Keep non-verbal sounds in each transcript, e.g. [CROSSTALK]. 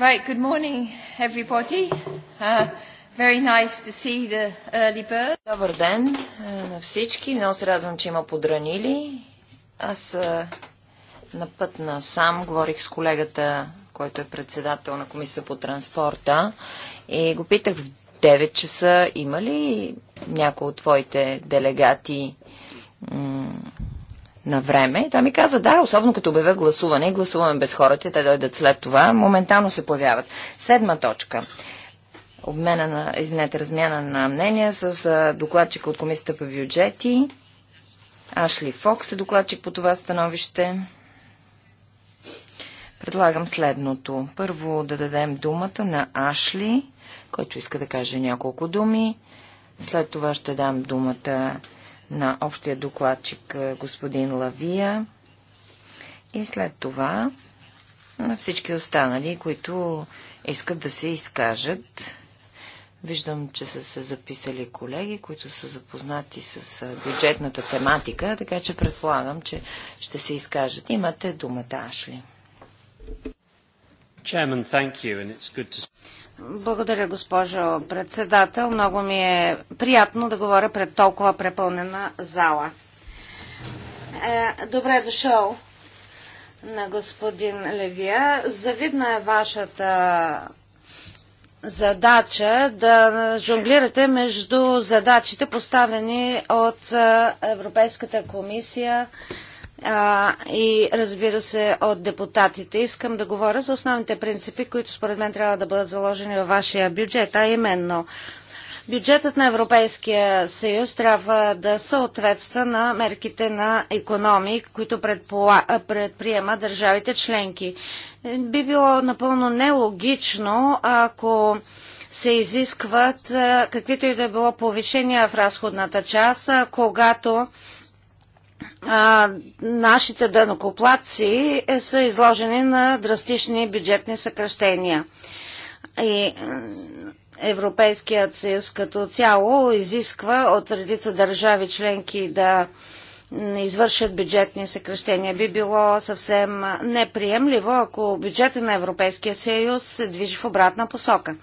Right, good morning, everybody. Uh, very nice to see the early bird. Добър ден на всички. Много се радвам, че има подранили. Аз на път на сам говорих с колегата, който е председател на Комисията по транспорта и го питах в 9 часа има ли някои от твоите делегати на време. И той ми каза, да, особено като обявя гласуване, гласуваме без хората, те дойдат след това, моментално се появяват. Седма точка обмена на, извинете, размяна на мнения с докладчика от Комисията по бюджети. Ашли Фокс е докладчик по това становище. Предлагам следното. Първо да дадем думата на Ашли, който иска да каже няколко думи. След това ще дам думата на общия докладчик е, господин Лавия и след това на всички останали, които искат да се изкажат. Виждам, че са се записали колеги, които са запознати с е, бюджетната тематика, така че предполагам, че ще се изкажат. Имате думата, Ашли. Благодаря, госпожо председател. Много ми е приятно да говоря пред толкова препълнена зала. Е, добре дошъл на господин Левия. Завидна е вашата задача да жонглирате между задачите поставени от е, Европейската комисия а, и разбира се от депутатите. Искам да говоря за основните принципи, които според мен трябва да бъдат заложени във вашия бюджет, а именно бюджетът на Европейския съюз трябва да съответства на мерките на економии, които предприема държавите членки. Би било напълно нелогично, ако се изискват каквито и да е било повишения в разходната част, когато а, нашите дънокоплаци е, са изложени на драстични бюджетни съкръщения. И Европейският съюз като цяло изисква от редица държави членки да извършат бюджетни съкрещения. Би било съвсем неприемливо, ако бюджета на Европейския съюз се движи в обратна посока.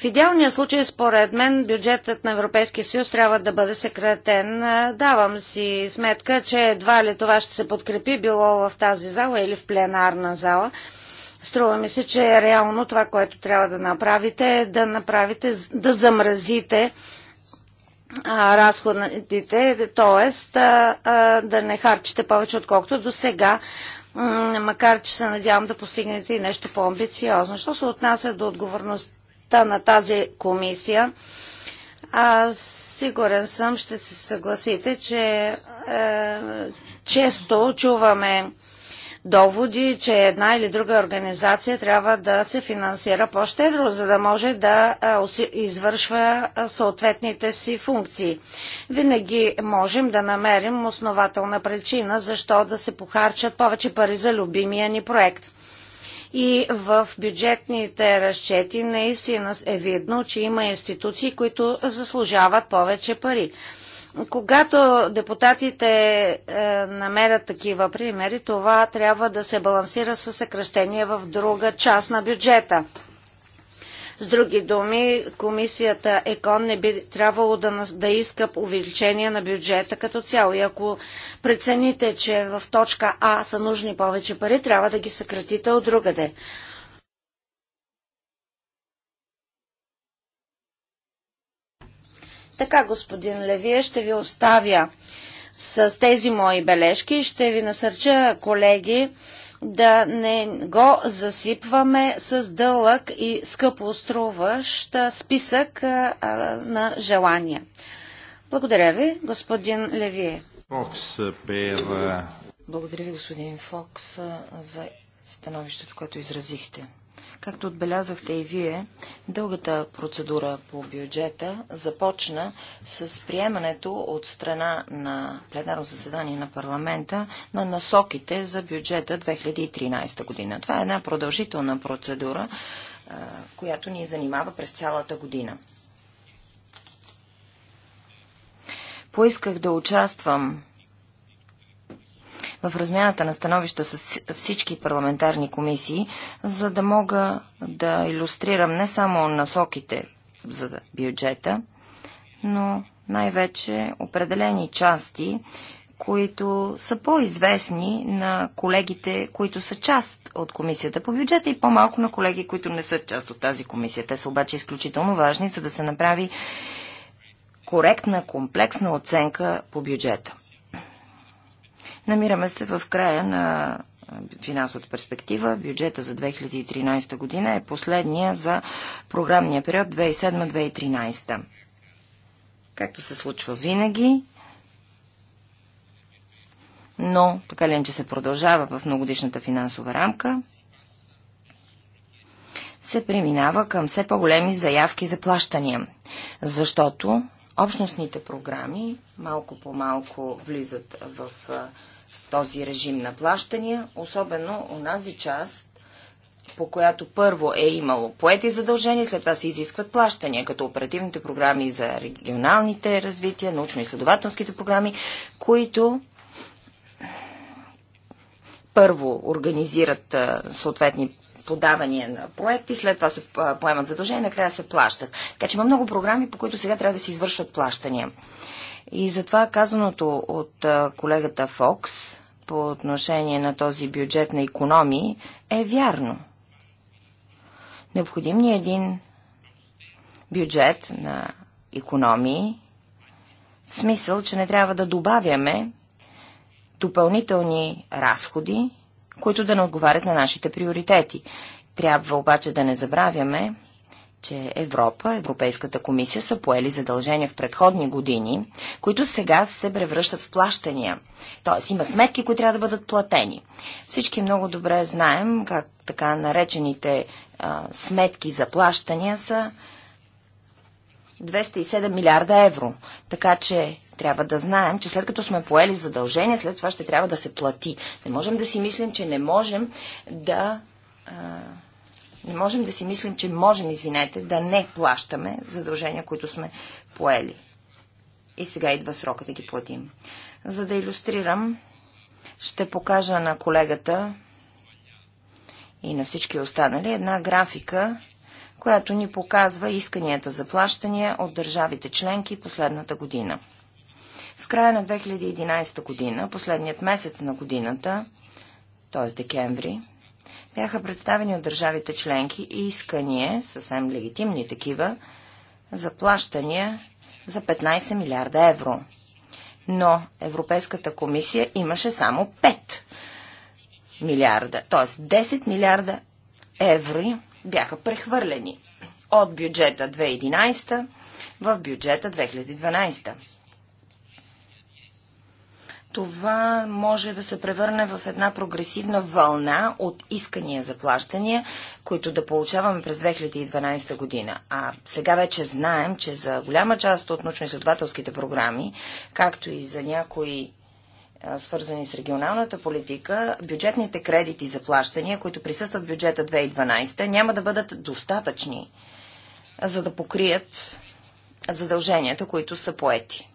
В идеалния случай, според мен, бюджетът на Европейския съюз трябва да бъде съкратен. Давам си сметка, че едва ли това ще се подкрепи, било в тази зала или в пленарна зала. Струва ми се, че реално това, което трябва да направите, е да направите, да замразите разходите, т.е. да не харчите повече, отколкото до сега, макар че се надявам да постигнете и нещо по-амбициозно. Що се отнася до отговорността дейността на тази комисия. А, сигурен съм, ще се съгласите, че е, често чуваме доводи, че една или друга организация трябва да се финансира по-щедро, за да може да е, извършва е, съответните си функции. Винаги можем да намерим основателна причина защо да се похарчат повече пари за любимия ни проект. И в бюджетните разчети наистина е видно, че има институции, които заслужават повече пари. Когато депутатите е, намерят такива примери, това трябва да се балансира с съкръщение в друга част на бюджета. С други думи, комисията ЕКОН не би трябвало да, да иска увеличение на бюджета като цяло. И ако прецените, че в точка А са нужни повече пари, трябва да ги съкратите от другаде. Така, господин Левие, ще ви оставя с тези мои бележки. и Ще ви насърча, колеги, да не го засипваме с дълъг и скъпоструващ списък на желания. Благодаря ви, господин Левие. Фокс, пер... Благодаря ви, господин Фокс, за становището, което изразихте. Както отбелязахте и вие, дългата процедура по бюджета започна с приемането от страна на пленарно заседание на парламента на насоките за бюджета 2013 година. Това е една продължителна процедура, която ни занимава през цялата година. Поисках да участвам в размяната на становища с всички парламентарни комисии, за да мога да иллюстрирам не само насоките за бюджета, но най-вече определени части, които са по-известни на колегите, които са част от комисията по бюджета и по-малко на колеги, които не са част от тази комисия. Те са обаче изключително важни, за да се направи коректна, комплексна оценка по бюджета. Намираме се в края на финансовата перспектива. Бюджета за 2013 година е последния за програмния период 2007-2013. Както се случва винаги, но така ли че се продължава в многодишната финансова рамка, се преминава към все по-големи заявки за плащания, защото общностните програми малко по малко влизат в този режим на плащания, особено онази част, по която първо е имало поети задължения, след това се изискват плащания, като оперативните програми за регионалните развития, научно-изследователските програми, които първо организират съответни подавания на проекти, след това се поемат задължения, накрая се плащат. Така че има много програми, по които сега трябва да се извършват плащания. И затова казаното от колегата Фокс по отношение на този бюджет на економии е вярно. Необходим ни е един бюджет на економии, в смисъл, че не трябва да добавяме допълнителни разходи, които да не отговарят на нашите приоритети. Трябва обаче да не забравяме, че Европа, Европейската комисия са поели задължения в предходни години, които сега се превръщат в плащания. Тоест има сметки, които трябва да бъдат платени. Всички много добре знаем как така наречените а, сметки за плащания са 207 милиарда евро. Така че трябва да знаем, че след като сме поели задължения, след това ще трябва да се плати. Не можем да си мислим, че не можем да а, не можем да си мислим, че можем, извинете, да не плащаме задължения, които сме поели. И сега идва срока да ги платим. За да иллюстрирам, ще покажа на колегата и на всички останали една графика, която ни показва исканията за плащания от държавите членки последната година. В края на 2011 година, последният месец на годината, т.е. декември, бяха представени от държавите членки и искания, съвсем легитимни такива, за плащания за 15 милиарда евро. Но Европейската комисия имаше само 5 милиарда, т.е. 10 милиарда евро бяха прехвърлени от бюджета 2011 в бюджета 2012 това може да се превърне в една прогресивна вълна от искания за плащания, които да получаваме през 2012 година. А сега вече знаем, че за голяма част от научно-изследователските програми, както и за някои свързани с регионалната политика, бюджетните кредити за плащания, които присъстват в бюджета 2012, няма да бъдат достатъчни, за да покрият задълженията, които са поети.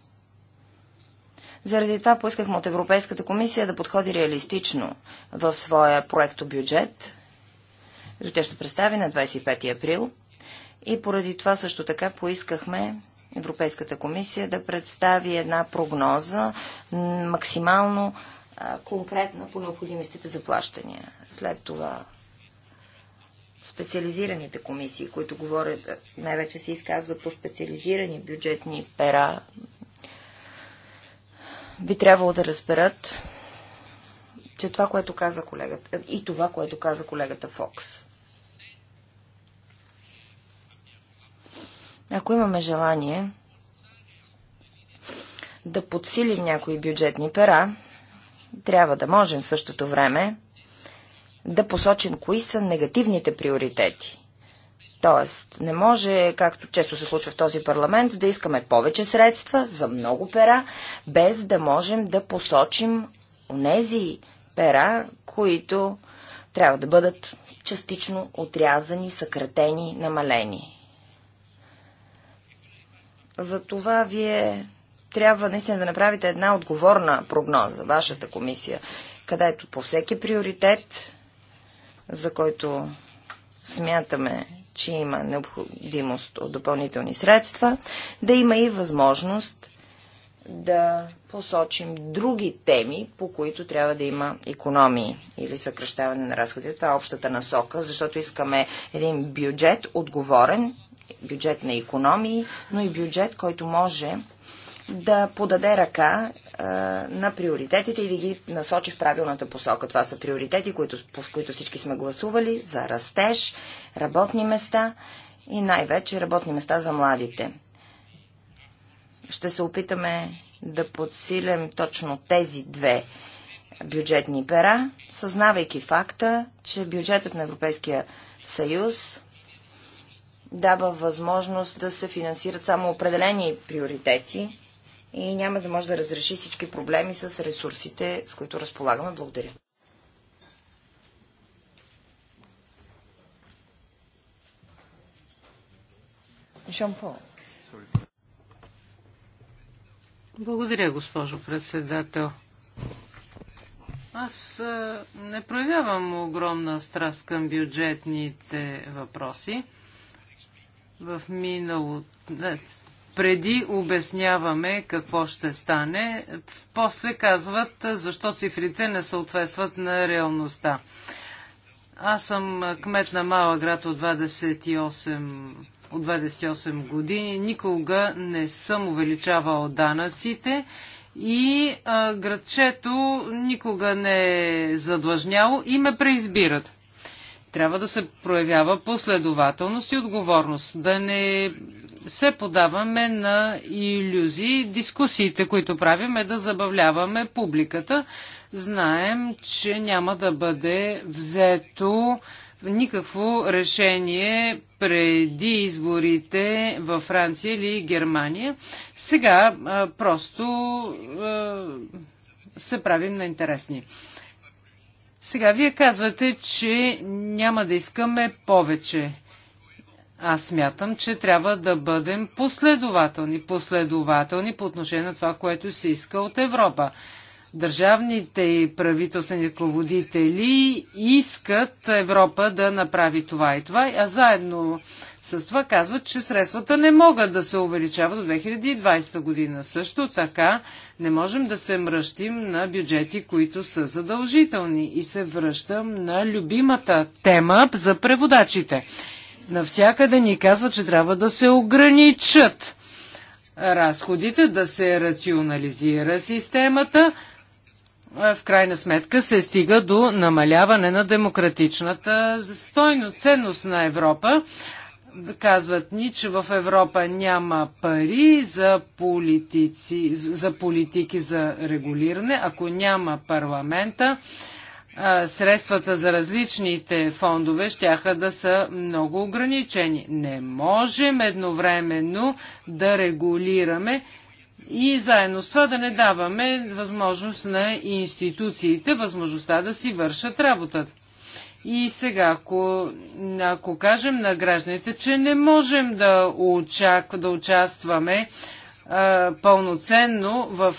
Заради това поискахме от Европейската комисия да подходи реалистично в своя проекто бюджет, който тя ще представи на 25 април. И поради това също така поискахме Европейската комисия да представи една прогноза максимално конкретна по необходимостите за плащания. След това специализираните комисии, които говорят, най-вече се изказват по специализирани бюджетни пера, би трябвало да разберат, че това, което каза колегата, и това, което каза колегата Фокс. Ако имаме желание да подсилим някои бюджетни пера, трябва да можем в същото време да посочим кои са негативните приоритети Тоест, не може, както често се случва в този парламент, да искаме повече средства за много пера, без да можем да посочим онези пера, които трябва да бъдат частично отрязани, съкратени, намалени. Затова вие трябва наистина да направите една отговорна прогноза, вашата комисия, където по всеки приоритет, за който смятаме, че има необходимост от допълнителни средства, да има и възможност да посочим други теми, по които трябва да има економии или съкръщаване на разходи. Това е общата насока, защото искаме един бюджет отговорен, бюджет на економии, но и бюджет, който може да подаде ръка на приоритетите и да ги насочи в правилната посока. Това са приоритети, които, по които всички сме гласували за растеж, работни места и най-вече работни места за младите. Ще се опитаме да подсилим точно тези две бюджетни пера, съзнавайки факта, че бюджетът на Европейския съюз дава възможност да се финансират само определени приоритети и няма да може да разреши всички проблеми с ресурсите, с които разполагаме. Благодаря. Жан-Пол. Благодаря, госпожо председател. Аз е, не проявявам огромна страст към бюджетните въпроси. В миналото, преди обясняваме какво ще стане, после казват защо цифрите не съответстват на реалността. Аз съм кмет на малък град от 28, от 28 години. Никога не съм увеличавал данъците и а, градчето никога не е задлъжняло и ме преизбират. Трябва да се проявява последователност и отговорност, да не се подаваме на иллюзии. Дискусиите, които правим е да забавляваме публиката. Знаем, че няма да бъде взето никакво решение преди изборите във Франция или Германия. Сега а, просто а, се правим на интересни. Сега вие казвате, че няма да искаме повече. Аз смятам, че трябва да бъдем последователни. Последователни по отношение на това, което се иска от Европа. Държавните и правителствени ръководители искат Европа да направи това и това, а заедно с това казват, че средствата не могат да се увеличават до 2020 година. Също така не можем да се мръщим на бюджети, които са задължителни. И се връщам на любимата тема за преводачите – Навсякъде ни казват, че трябва да се ограничат разходите, да се рационализира системата. В крайна сметка се стига до намаляване на демократичната стойно ценност на Европа. Казват ни, че в Европа няма пари за, политици, за политики за регулиране. Ако няма парламента, средствата за различните фондове щяха да са много ограничени. Не можем едновременно да регулираме и заедно с това да не даваме възможност на институциите, възможността да си вършат работата. И сега, ако, ако кажем на гражданите, че не можем да, очак, да участваме пълноценно в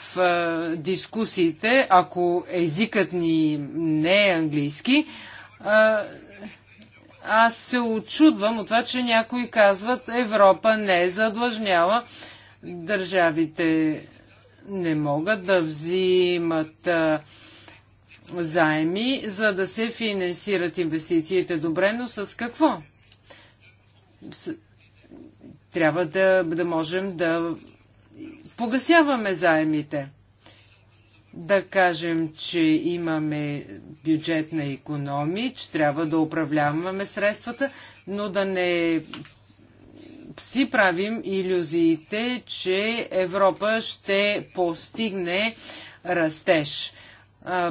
дискусиите, ако езикът ни не е английски. Аз се очудвам от това, че някои казват Европа не е задлъжняла. Държавите не могат да взимат заеми, за да се финансират инвестициите. Добре, но с какво? Трябва да, да можем да погасяваме заемите. Да кажем, че имаме бюджетна економия, че трябва да управляваме средствата, но да не си правим иллюзиите, че Европа ще постигне растеж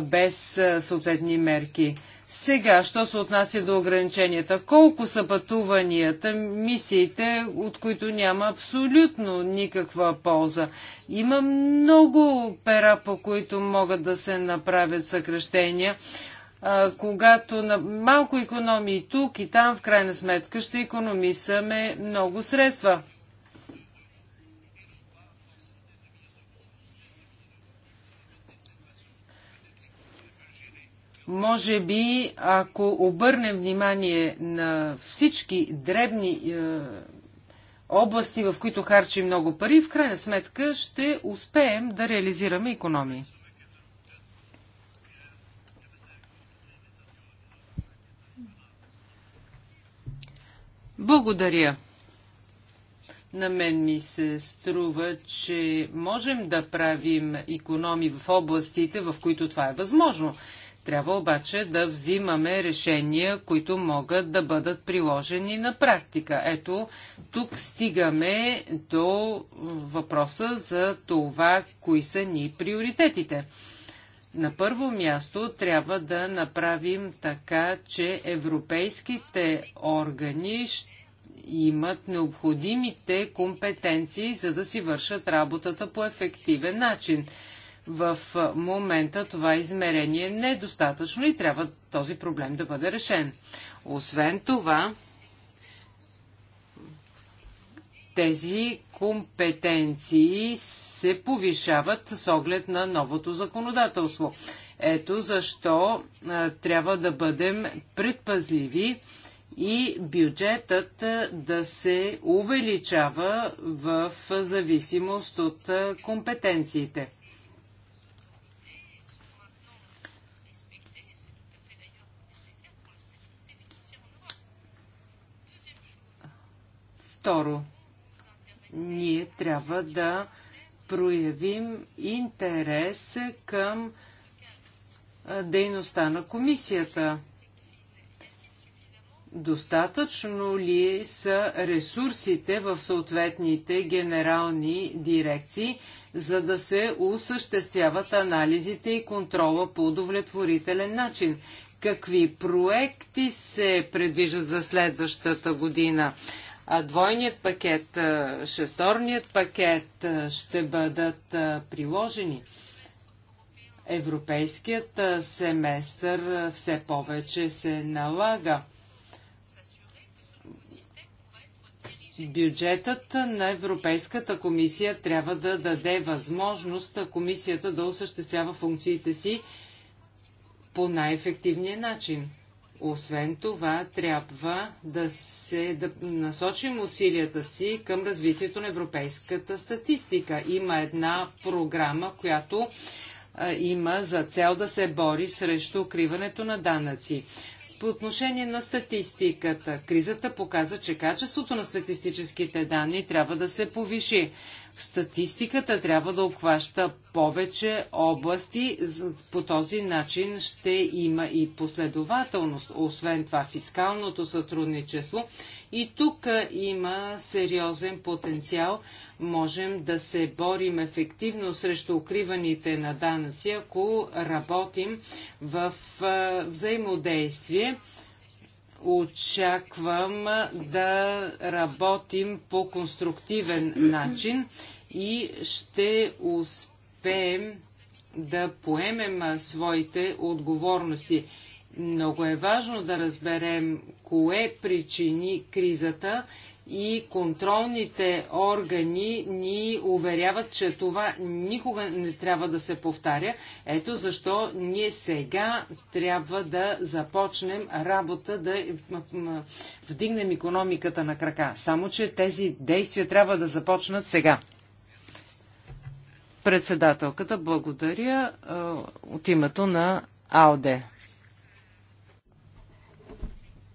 без съответни мерки. Сега, що се отнася до ограниченията? Колко са пътуванията, мисиите, от които няма абсолютно никаква полза? Има много пера, по които могат да се направят съкрещения. А, когато на малко економии тук и там, в крайна сметка, ще економисаме много средства. Може би, ако обърнем внимание на всички дребни е, области, в които харчи много пари, в крайна сметка ще успеем да реализираме економии. Благодаря. На мен ми се струва, че можем да правим економи в областите, в които това е възможно. Трябва обаче да взимаме решения, които могат да бъдат приложени на практика. Ето, тук стигаме до въпроса за това, кои са ни приоритетите. На първо място трябва да направим така, че европейските органи имат необходимите компетенции, за да си вършат работата по ефективен начин. В момента това измерение не е достатъчно и трябва този проблем да бъде решен. Освен това, тези компетенции се повишават с оглед на новото законодателство. Ето защо а, трябва да бъдем предпазливи и бюджетът да се увеличава в зависимост от компетенциите. Второ, ние трябва да проявим интерес към дейността на комисията. Достатъчно ли са ресурсите в съответните генерални дирекции, за да се осъществяват анализите и контрола по удовлетворителен начин? Какви проекти се предвижат за следващата година? а двойният пакет, шесторният пакет ще бъдат приложени. Европейският семестър все повече се налага. Бюджетът на Европейската комисия трябва да даде възможност комисията да осъществява функциите си по най-ефективния начин. Освен това, трябва да, се, да насочим усилията си към развитието на европейската статистика. Има една програма, която а, има за цел да се бори срещу укриването на данъци по отношение на статистиката. Кризата показа, че качеството на статистическите данни трябва да се повиши. Статистиката трябва да обхваща повече области. По този начин ще има и последователност. Освен това, фискалното сътрудничество и тук има сериозен потенциал. Можем да се борим ефективно срещу укриваните на данъци, ако работим в взаимодействие. Очаквам да работим по конструктивен начин и ще успеем да поемем своите отговорности. Много е важно да разберем кое причини кризата и контролните органи ни уверяват, че това никога не трябва да се повтаря. Ето защо ние сега трябва да започнем работа, да вдигнем економиката на крака. Само, че тези действия трябва да започнат сега. Председателката, благодаря от името на АОД.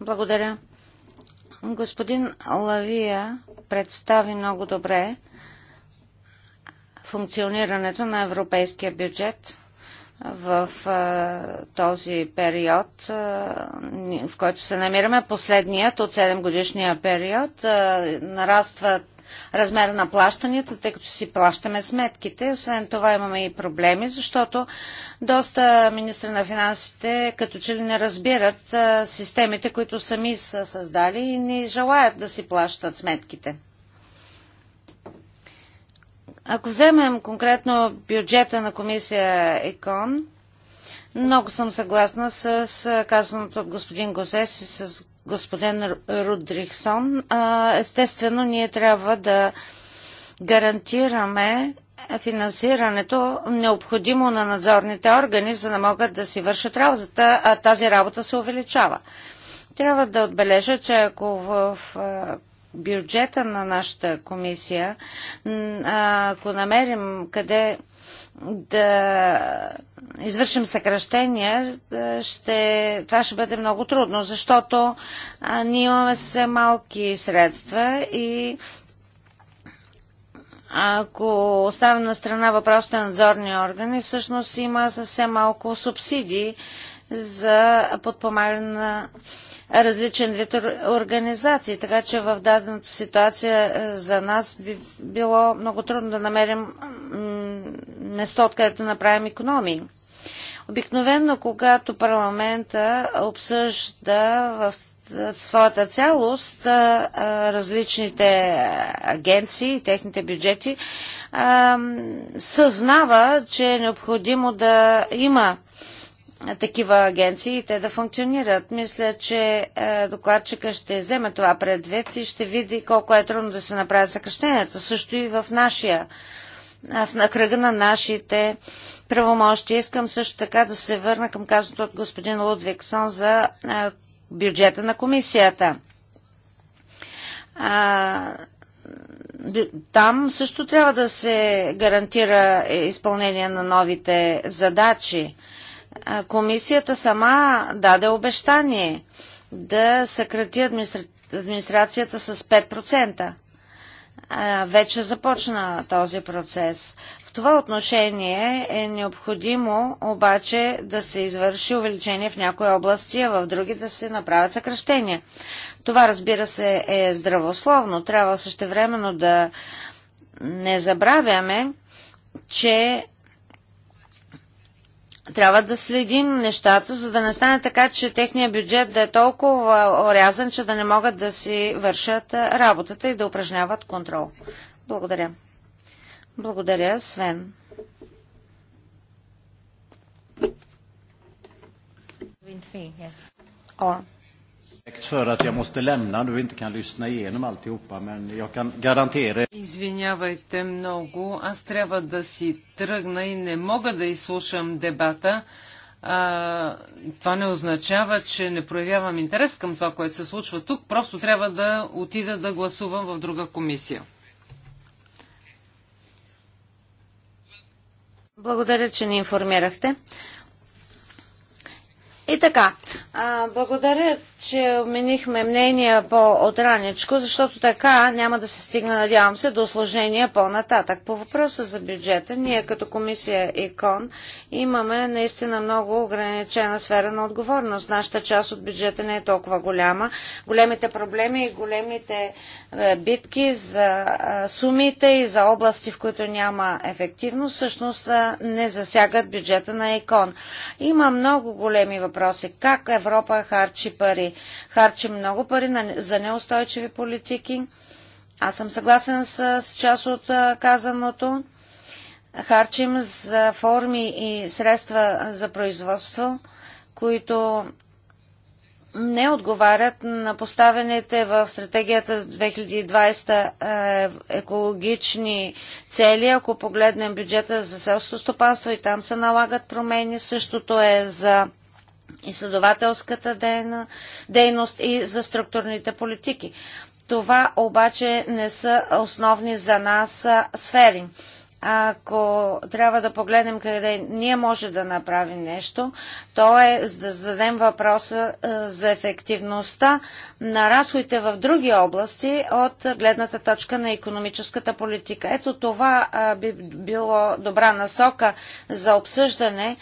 Благодаря. Господин Лавия представи много добре функционирането на европейския бюджет в а, този период, а, в който се намираме, последният от 7 годишния период, а, нарастват размера на плащанията, тъй като си плащаме сметките. Освен това имаме и проблеми, защото доста министри на финансите като че ли не разбират системите, които сами са създали и не желаят да си плащат сметките. Ако вземем конкретно бюджета на комисия ЕКОН, много съм съгласна с казаното от господин Гозес и с господин Рудрихсон. Естествено, ние трябва да гарантираме финансирането необходимо на надзорните органи, за да могат да си вършат работата, а тази работа се увеличава. Трябва да отбележа, че ако в бюджета на нашата комисия, ако намерим къде да извършим съкръщения, ще, това ще бъде много трудно, защото а, ние имаме съвсем малки средства и ако оставим на страна въпросите на надзорни органи, всъщност има съвсем малко субсидии за подпомагане на различен вид организации, така че в дадената ситуация е, за нас би било много трудно да намерим место, откъдето да направим економии. Обикновено, когато парламента обсъжда в своята цялост е, е, различните агенции, техните бюджети, съзнава, че е необходимо да има такива агенции и те да функционират. Мисля, че е, докладчика ще вземе това предвид и ще види колко е трудно да се направят съкръщенията. Също и в нашия в кръга на нашите правомощи. Искам също така да се върна към казаното от господин Лудвиксон за е, бюджета на комисията. там също трябва да се гарантира е, изпълнение на новите задачи. А, Комисията сама даде обещание да съкрати администра... администрацията с 5%. Вече започна този процес. В това отношение е необходимо обаче да се извърши увеличение в някои области, а в други да се направят съкръщения. Това разбира се е здравословно. Трябва същевременно да не забравяме, че трябва да следим нещата, за да не стане така, че техния бюджет да е толкова орязан, че да не могат да си вършат работата и да упражняват контрол. Благодаря. Благодаря, Свен. О, Извинявайте много, аз трябва да си тръгна и не мога да изслушам дебата. А, това не означава, че не проявявам интерес към това, което се случва тук. Просто трябва да отида да гласувам в друга комисия. Благодаря, че ни информирахте. И така, а, благодаря, че обменихме мнения по-отраничко, защото така няма да се стигне, надявам се, до осложнения по-нататък. По въпроса за бюджета, ние като комисия ИКОН имаме наистина много ограничена сфера на отговорност. Нашата част от бюджета не е толкова голяма. Големите проблеми и големите е, битки за е, сумите и за области, в които няма ефективност, всъщност е, не засягат бюджета на ИКОН. Има много големи въпроси въпрос е как Европа харчи пари. Харчи много пари за неустойчиви политики. Аз съм съгласен с, с част от казаното. Харчим за форми и средства за производство, които не отговарят на поставените в стратегията 2020 екологични цели. Ако погледнем бюджета за селско стопанство и там се налагат промени, същото е за изследователската дейност и за структурните политики. Това обаче не са основни за нас сфери ако трябва да погледнем къде ние може да направим нещо, то е да зададем въпроса е, за ефективността на разходите в други области от гледната точка на економическата политика. Ето това е, би било добра насока за обсъждане,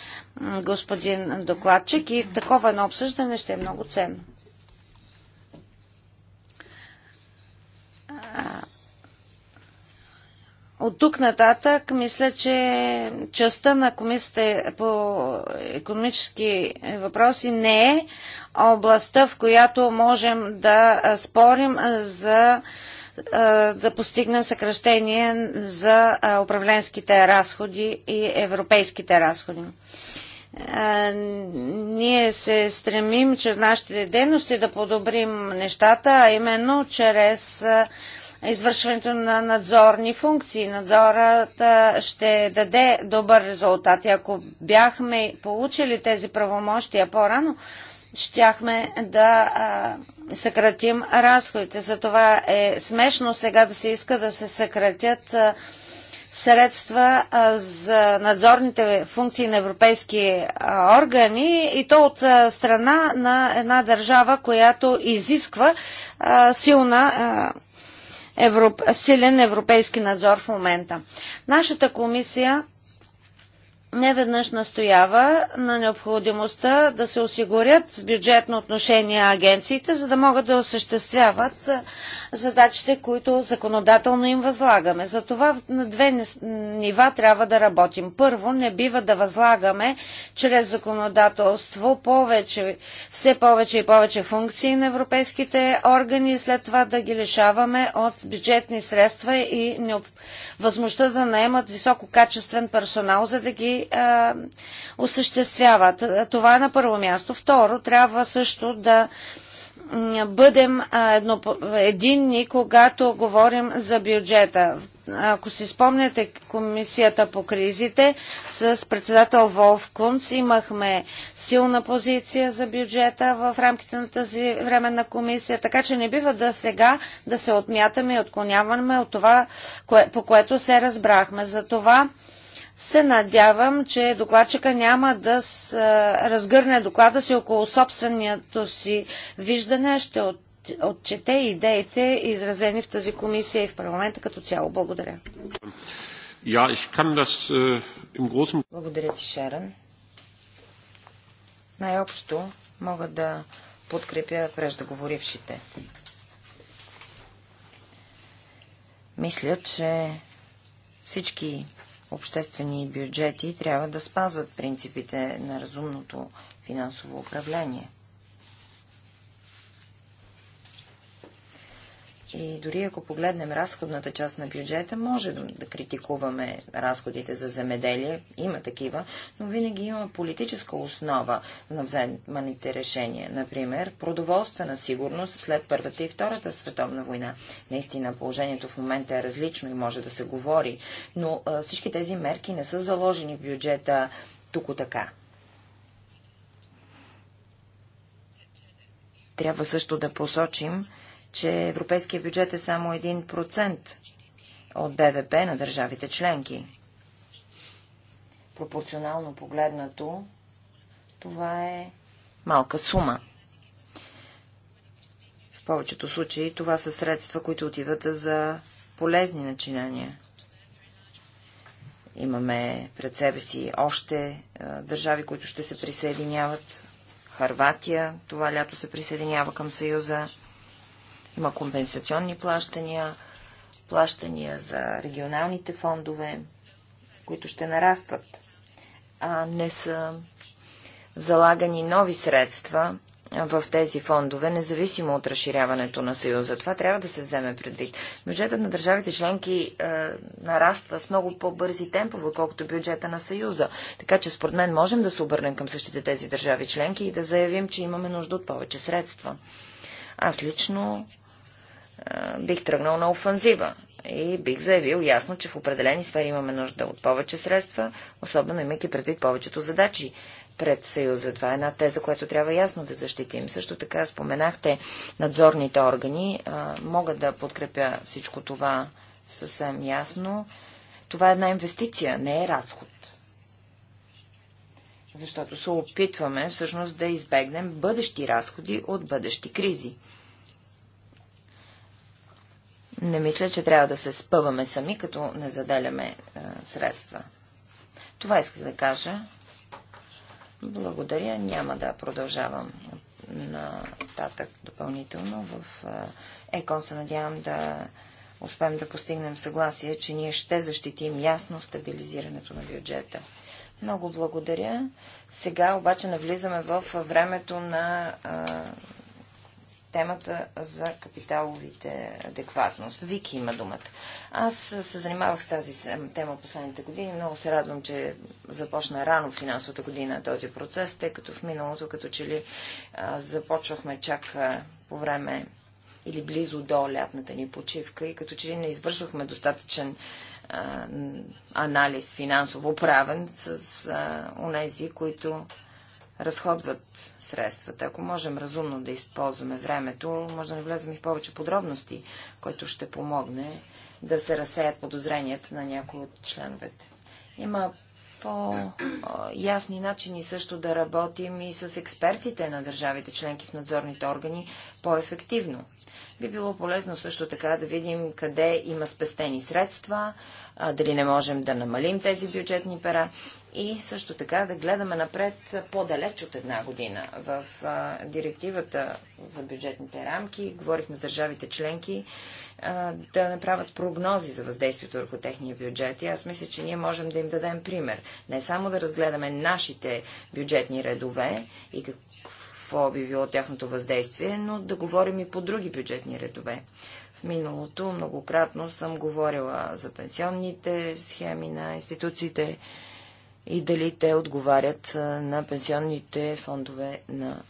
господин докладчик, и такова едно обсъждане ще е много ценно. От тук нататък мисля, че частта на комисията по економически въпроси не е областта, в която можем да спорим за да постигнем съкръщение за управленските разходи и европейските разходи. Ние се стремим чрез нашите дейности да подобрим нещата, а именно чрез извършването на надзорни функции. Надзорът ще даде добър резултат. И ако бяхме получили тези правомощия по-рано, щяхме да съкратим разходите. Затова е смешно сега да се иска да се съкратят средства за надзорните функции на европейски органи и то от страна на една държава, която изисква силна силен европейски надзор в момента. Нашата комисия неведнъж настоява на необходимостта да се осигурят с бюджетно отношение агенциите, за да могат да осъществяват задачите, които законодателно им възлагаме. За това на две нива трябва да работим. Първо, не бива да възлагаме чрез законодателство повече, все повече и повече функции на европейските органи и след това да ги лишаваме от бюджетни средства и необходимостта възможността да наемат висококачествен персонал, за да ги а, осъществяват. Това е на първо място. Второ, трябва също да бъдем единни, когато говорим за бюджета. Ако си спомняте комисията по кризите с председател Волф Кунц имахме силна позиция за бюджета в рамките на тази временна комисия, така че не бива да сега да се отмятаме и отклоняваме от това, кое, по което се разбрахме. За това се надявам, че докладчика няма да с, разгърне доклада си около собственото си виждане, ще от отчете идеите, изразени в тази комисия и в парламента като цяло. Благодаря. Ja, ich kann das, äh, im großen... Благодаря ти, Шерен. Най-общо мога да подкрепя преждеговорившите. Мисля, че всички обществени бюджети трябва да спазват принципите на разумното финансово управление – И дори ако погледнем разходната част на бюджета, може да критикуваме разходите за земеделие, има такива, но винаги има политическа основа на вземаните решения. Например, продоволствена сигурност след Първата и Втората световна война. Наистина, положението в момента е различно и може да се говори, но всички тези мерки не са заложени в бюджета тук така. Трябва също да посочим, че европейския бюджет е само 1% от БВП на държавите членки. Пропорционално погледнато, това е малка сума. В повечето случаи това са средства, които отиват за полезни начинания. Имаме пред себе си още е, държави, които ще се присъединяват. Харватия това лято се присъединява към Съюза. Има компенсационни плащания, плащания за регионалните фондове, които ще нарастват. А не са залагани нови средства в тези фондове, независимо от разширяването на Съюза. Това трябва да се вземе предвид. Бюджетът на държавите членки е, нараства с много по-бързи темпове, отколкото бюджета на Съюза. Така че, според мен, можем да се обърнем към същите тези държави членки и да заявим, че имаме нужда от повече средства. Аз лично бих тръгнал на офанзива и бих заявил ясно, че в определени сфери имаме нужда от повече средства, особено имайки предвид повечето задачи пред Съюза. Това е една теза, която трябва ясно да защитим. Също така споменахте надзорните органи. мога да подкрепя всичко това съвсем ясно. Това е една инвестиция, не е разход. Защото се опитваме всъщност да избегнем бъдещи разходи от бъдещи кризи. Не мисля, че трябва да се спъваме сами, като не заделяме е, средства. Това исках да кажа. Благодаря. Няма да продължавам нататък допълнително. В е, ЕКОН се надявам да успеем да постигнем съгласие, че ние ще защитим ясно стабилизирането на бюджета. Много благодаря. Сега обаче навлизаме в времето на е, темата за капиталовите адекватност. Вики има думата. Аз се занимавах с тази тема последните години. Много се радвам, че започна рано финансовата година този процес, тъй като в миналото, като че ли започвахме чак по време или близо до лятната ни почивка и като че ли не извършвахме достатъчен анализ финансово правен с а, онези, които разходват средствата. Ако можем разумно да използваме времето, може да влезем и в повече подробности, което ще помогне да се разсеят подозренията на някои от членовете. Има по-ясни начини също да работим и с експертите на държавите членки в надзорните органи по-ефективно. Би било полезно също така да видим къде има спестени средства, дали не можем да намалим тези бюджетни пера и също така да гледаме напред по-далеч от една година. В директивата за бюджетните рамки говорихме с държавите членки да направят прогнози за въздействието върху техния бюджет. И аз мисля, че ние можем да им дадем пример. Не само да разгледаме нашите бюджетни редове и какво би било тяхното въздействие, но да говорим и по други бюджетни редове миналото многократно съм говорила за пенсионните схеми на институциите и дали те отговарят на пенсионните фондове на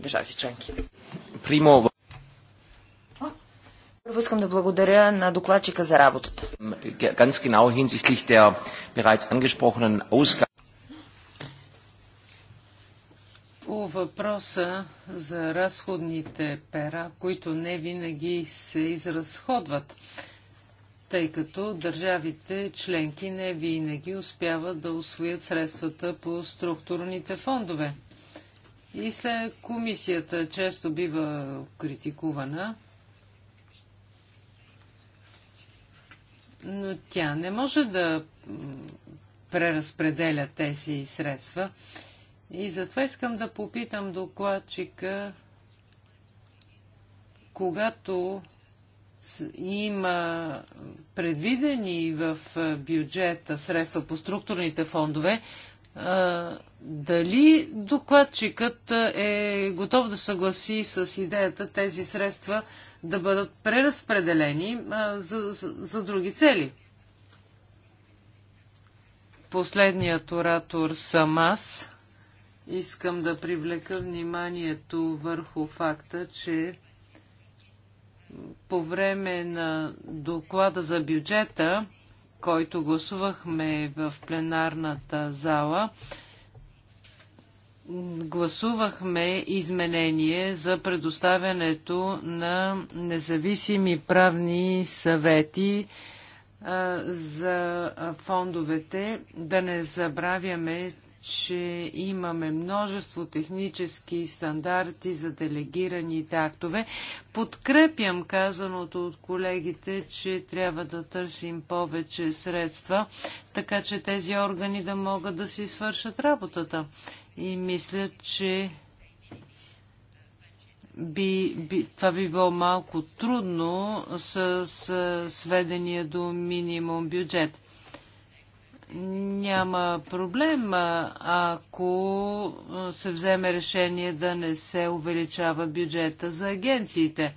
държави членки. Примова. Първо искам да благодаря на докладчика за работата. По въпроса за разходните пера, които не винаги се изразходват, тъй като държавите членки не винаги успяват да освоят средствата по структурните фондове. И след комисията често бива критикувана, но тя не може да преразпределя тези средства. И затова искам да попитам докладчика, когато има предвидени в бюджета средства по структурните фондове, дали докладчикът е готов да съгласи с идеята тези средства да бъдат преразпределени за, за, за други цели? Последният оратор съм аз. Искам да привлека вниманието върху факта, че по време на доклада за бюджета, който гласувахме в пленарната зала, гласувахме изменение за предоставянето на независими правни съвети а, за фондовете. Да не забравяме, че имаме множество технически стандарти за делегираните актове. Подкрепям казаното от колегите, че трябва да търсим повече средства, така че тези органи да могат да си свършат работата. И мисля, че би, би, това би било малко трудно с, с сведения до минимум бюджет няма проблем, ако се вземе решение да не се увеличава бюджета за агенциите.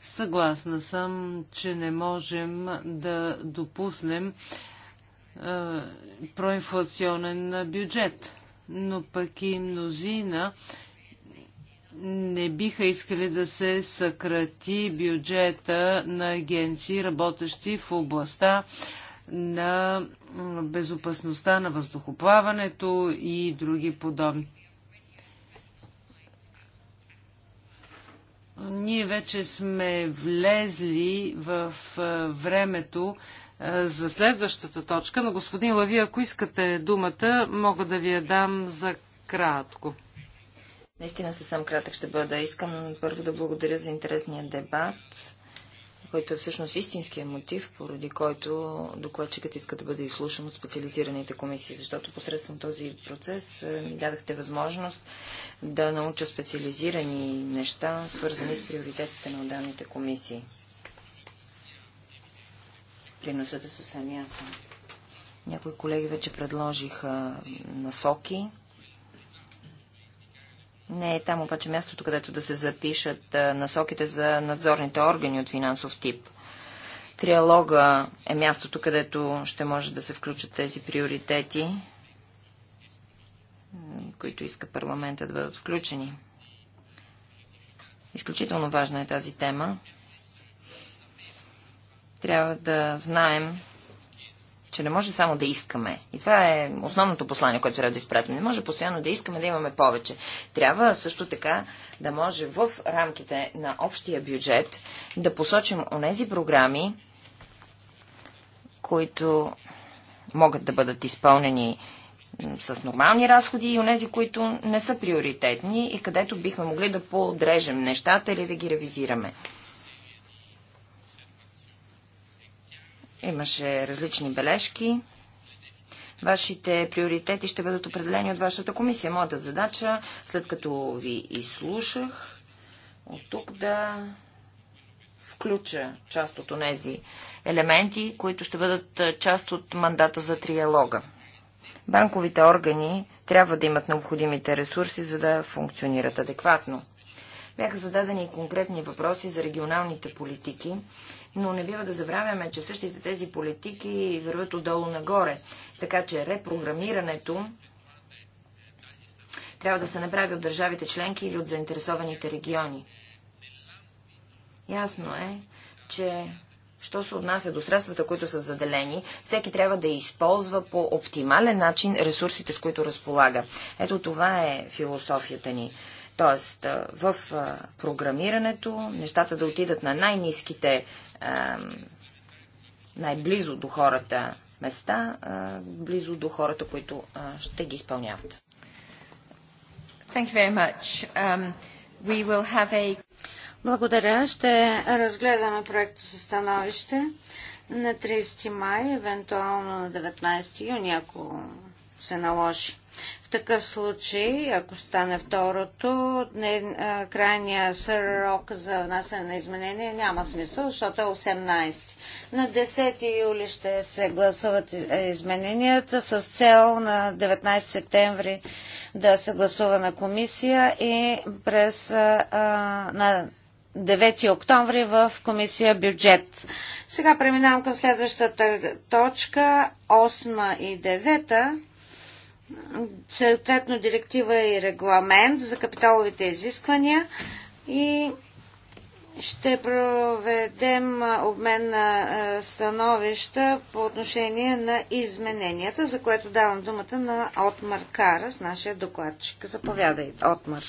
Съгласна съм, че не можем да допуснем е, проинфлационен бюджет, но пък и мнозина не биха искали да се съкрати бюджета на агенции, работещи в областта на безопасността на въздухоплаването и други подобни. Ние вече сме влезли в времето за следващата точка, но господин Лави, ако искате думата, мога да ви я дам за кратко. Наистина съвсем кратък ще бъда. Искам първо да благодаря за интересния дебат който е всъщност истинския мотив, поради който докладчикът иска да бъде изслушан от специализираните комисии, защото посредством този процес е, ми дадахте възможност да науча специализирани неща, свързани с приоритетите на отделните комисии. Приносът е съвсем ясен. Някои колеги вече предложиха насоки не е там обаче мястото, където да се запишат насоките за надзорните органи от финансов тип. Триалога е мястото, където ще може да се включат тези приоритети, които иска парламента да бъдат включени. Изключително важна е тази тема. Трябва да знаем че не може само да искаме. И това е основното послание, което трябва да изпратим. Не може постоянно да искаме да имаме повече. Трябва също така да може в рамките на общия бюджет да посочим онези програми, които могат да бъдат изпълнени с нормални разходи и онези, които не са приоритетни и където бихме могли да подрежем нещата или да ги ревизираме. Имаше различни бележки. Вашите приоритети ще бъдат определени от вашата комисия. Моята задача, след като ви изслушах, от тук да включа част от тези елементи, които ще бъдат част от мандата за триалога. Банковите органи трябва да имат необходимите ресурси, за да функционират адекватно. Бяха зададени конкретни въпроси за регионалните политики но не бива да забравяме, че същите тези политики върват отдолу нагоре. Така че репрограмирането трябва да се направи от държавите членки или от заинтересованите региони. Ясно е, че що се отнася до средствата, които са заделени, всеки трябва да използва по оптимален начин ресурсите, с които разполага. Ето това е философията ни. Тоест, в програмирането нещата да отидат на най-низките най-близо до хората места, а, близо до хората, които а, ще ги изпълняват. Thank you very much. Um, we will have a... Благодаря. Ще разгледаме проекто със становище на 30 май, евентуално на 19 юни, ако се наложи такъв случай, ако стане второто, а, крайния срок за внасяне на изменения няма смисъл, защото е 18. На 10 юли ще се гласуват е, измененията с цел на 19 септември да се гласува на комисия и през а, на 9 октомври в комисия бюджет. Сега преминавам към следващата точка, 8 и 9 съответно директива и регламент за капиталовите изисквания и ще проведем обмен на е, становища по отношение на измененията, за което давам думата на Отмар Карас, нашия докладчик. Заповядай, Отмар.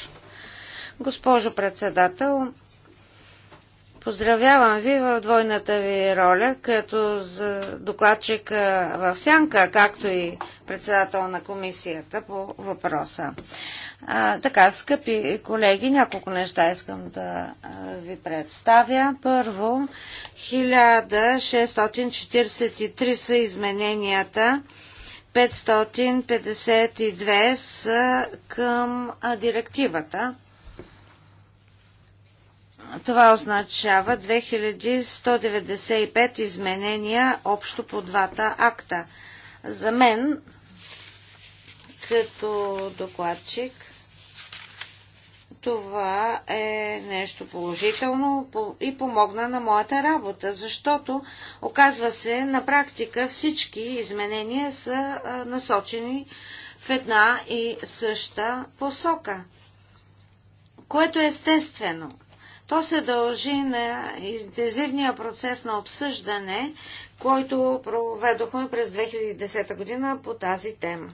Госпожо председател, Поздравявам ви в двойната ви роля, като за докладчик в Сянка, както и председател на комисията по въпроса. А, така, скъпи колеги, няколко неща искам да ви представя. Първо, 1643 са измененията, 552 са към директивата това означава 2195 изменения общо по двата акта. За мен, като докладчик, това е нещо положително и помогна на моята работа, защото оказва се на практика всички изменения са насочени в една и съща посока, което е естествено то се дължи на интензивния процес на обсъждане, който проведохме през 2010 година по тази тема.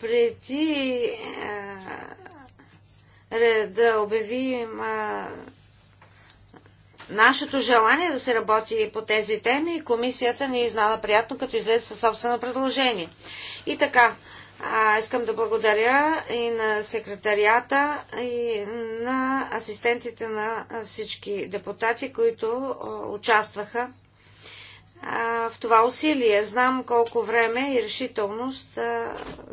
Преди е, да обявим е, нашето желание е да се работи по тези теми и комисията ни е изнада приятно, като излезе със собствено предложение. И така, а, искам да благодаря и на секретарията, и на асистентите на всички депутати, които участваха в това усилие. Знам колко време и решителност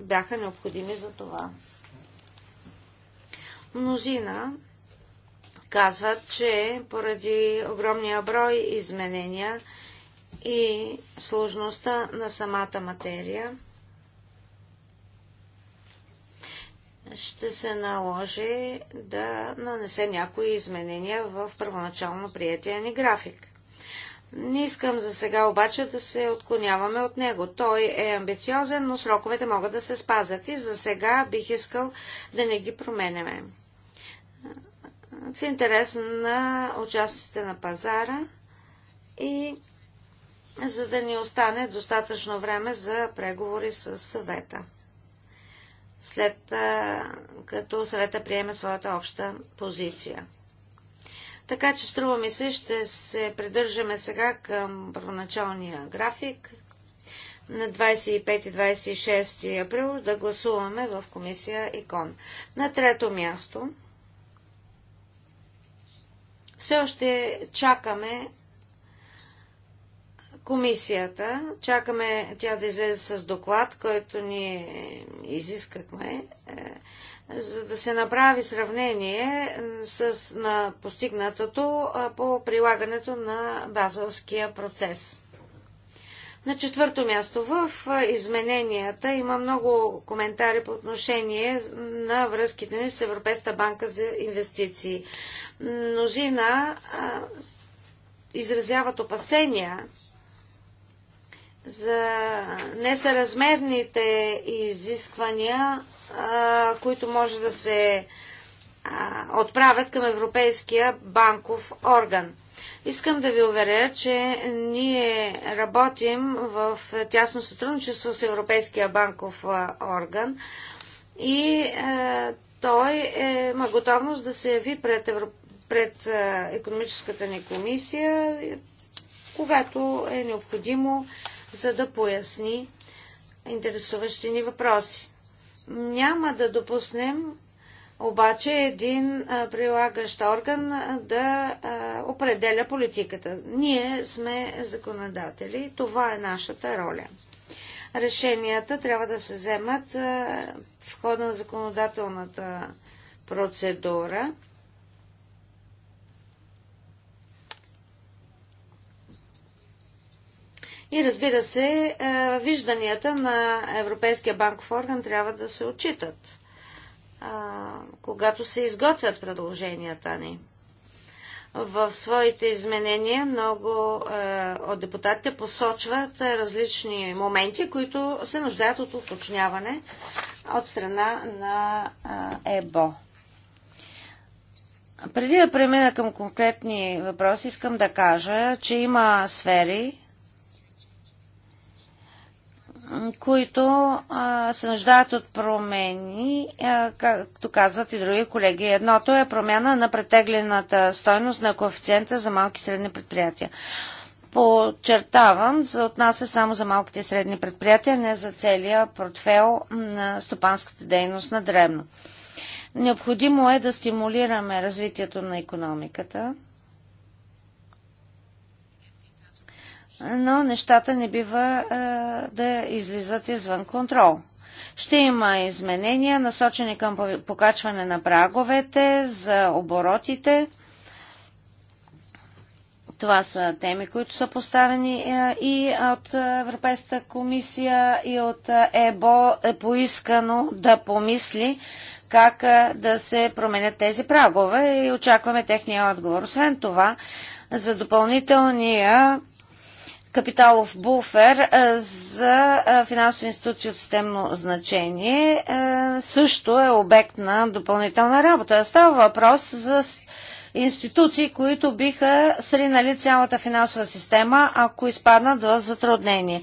бяха необходими за това. Мнозина казват, че поради огромния брой изменения и сложността на самата материя, ще се наложи да нанесе някои изменения в първоначално приятия ни график. Не искам за сега обаче да се отклоняваме от него. Той е амбициозен, но сроковете могат да се спазят и за сега бих искал да не ги променяме в интерес на участниците на пазара и за да ни остане достатъчно време за преговори с съвета. След като съвета приеме своята обща позиция. Така че струва ми се, ще се придържаме сега към първоначалния график на 25 и 26 април да гласуваме в комисия ИКОН. На трето място все още чакаме комисията, чакаме тя да излезе с доклад, който ние изискахме, е, за да се направи сравнение е, с на постигнатото по прилагането на базовския процес. На четвърто място в измененията има много коментари по отношение на връзките ни с Европейската банка за инвестиции. Мнозина а, изразяват опасения за несъразмерните изисквания, а, които може да се а, отправят към Европейския банков орган. Искам да ви уверя, че ние работим в тясно сътрудничество с Европейския банков орган и е, той е, има готовност да се яви пред Европ пред економическата ни комисия, когато е необходимо, за да поясни интересуващи ни въпроси. Няма да допуснем обаче един прилагащ орган да определя политиката. Ние сме законодатели, това е нашата роля. Решенията трябва да се вземат в хода на законодателната процедура И разбира се, е, вижданията на Европейския банков орган трябва да се отчитат, е, когато се изготвят предложенията ни. В своите изменения много е, от депутатите посочват различни моменти, които се нуждаят от уточняване от страна на ЕБО. Преди да премина към конкретни въпроси, искам да кажа, че има сфери, които а, се нуждаят от промени, а, както казват и други колеги. Едното е промяна на претеглената стойност на коефициента за малки и средни предприятия. Подчертавам, за отнася само за малките и средни предприятия, не за целия портфел на стопанската дейност на древно. Необходимо е да стимулираме развитието на економиката, но нещата не бива а, да излизат извън контрол. Ще има изменения, насочени към покачване на праговете, за оборотите. Това са теми, които са поставени и от Европейската комисия, и от ЕБО е поискано да помисли как да се променят тези прагове и очакваме техния отговор. Освен това, за допълнителния капиталов буфер за финансови институции от системно значение също е обект на допълнителна работа. Става въпрос за институции, които биха сринали цялата финансова система, ако изпаднат в затруднение.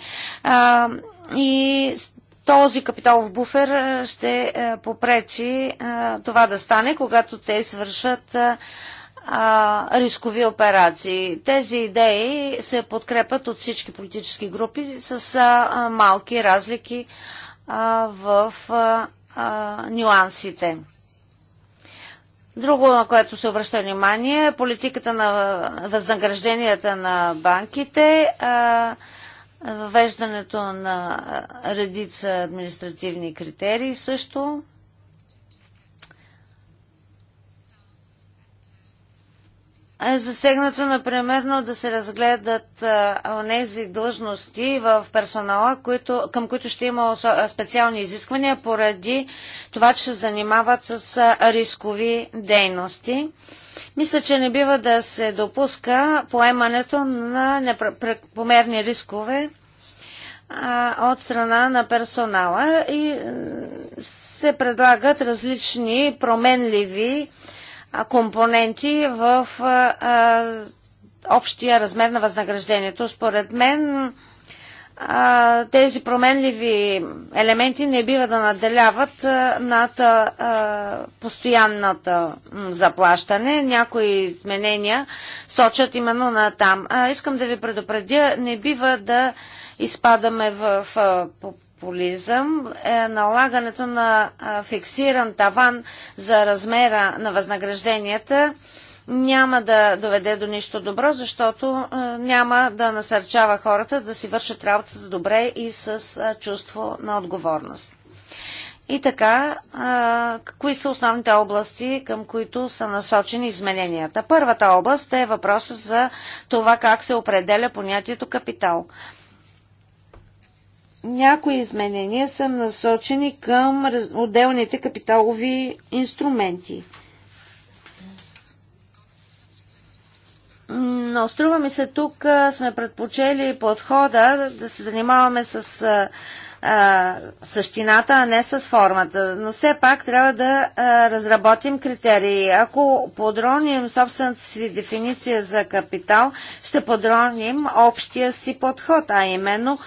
И този капиталов буфер ще попречи това да стане, когато те свършат рискови операции. Тези идеи се подкрепят от всички политически групи с а, малки разлики а, в а, а, нюансите. Друго, на което се обръща внимание, е политиката на възнагражденията на банките, въвеждането на редица административни критерии също е засегнато, например, да се разгледат тези е, длъжности в персонала, които, към които ще има е, специални изисквания поради това, че се занимават с а, е, рискови дейности. Мисля, че не бива да се допуска поемането на непомерни рискове а, от страна на персонала и се предлагат различни променливи компоненти в общия размер на възнаграждението. Според мен тези променливи елементи не бива да наделяват над постоянната заплащане. Някои изменения сочат именно на там. Искам да ви предупредя, не бива да изпадаме в популизъм е налагането на фиксиран таван за размера на възнагражденията няма да доведе до нищо добро, защото няма да насърчава хората да си вършат работата добре и с чувство на отговорност. И така, кои са основните области, към които са насочени измененията? Първата област е въпроса за това как се определя понятието капитал. Някои изменения са насочени към отделните капиталови инструменти. Но струва ми се, тук сме предпочели подхода да се занимаваме с а, същината, а не с формата. Но все пак трябва да а, разработим критерии. Ако подроним собствената си дефиниция за капитал, ще подроним общия си подход, а именно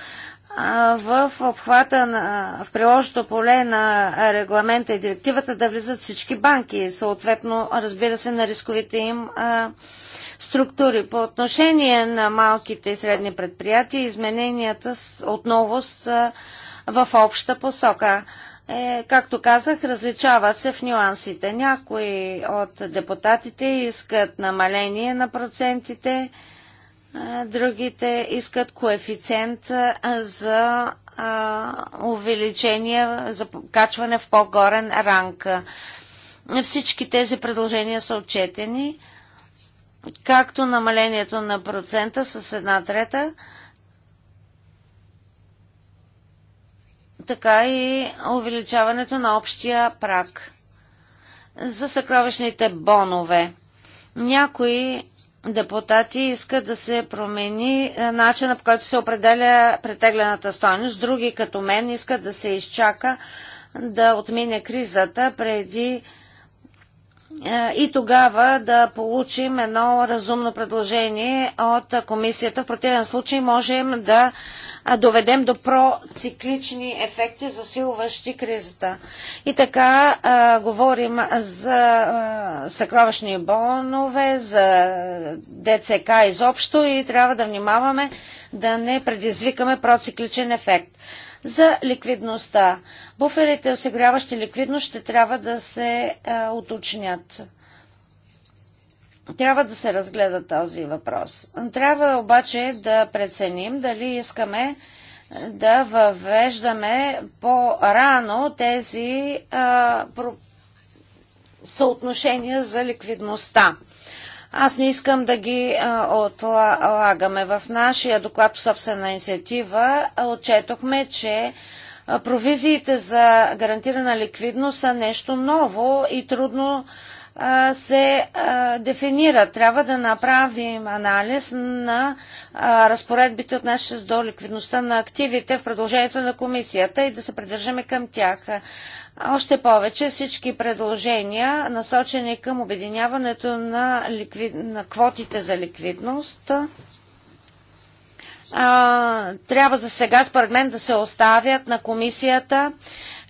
в обхвата на, в приложното поле на регламента и директивата да влизат всички банки, съответно, разбира се, на рисковите им а, структури. По отношение на малките и средни предприятия, измененията с, отново са в обща посока. Е, както казах, различават се в нюансите. Някои от депутатите искат намаление на процентите, Другите искат коефициент за увеличение, за качване в по-горен ранг. Всички тези предложения са отчетени, както намалението на процента с една трета, така и увеличаването на общия прак. За съкровищните бонове. Някои депутати искат да се промени е, начина по който се определя претеглената стойност. Други, като мен, искат да се изчака да отмине кризата преди е, и тогава да получим едно разумно предложение от комисията. В противен случай можем да доведем до проциклични ефекти, засилващи кризата. И така а, говорим за а, съкровищни бонове, за ДЦК изобщо и трябва да внимаваме да не предизвикаме процикличен ефект за ликвидността. Буферите, осигуряващи ликвидност, ще трябва да се а, уточнят. Трябва да се разгледа този въпрос. Трябва обаче да преценим дали искаме да въвеждаме по-рано тези а, про... съотношения за ликвидността. Аз не искам да ги а, отлагаме. В нашия доклад по собствена инициатива отчетохме, че провизиите за гарантирана ликвидност са нещо ново и трудно се дефинира. Трябва да направим анализ на разпоредбите, от се до ликвидността на активите в предложението на комисията и да се придържаме към тях. Още повече всички предложения, насочени към обединяването на, на квотите за ликвидност, трябва за сега, според мен, да се оставят на комисията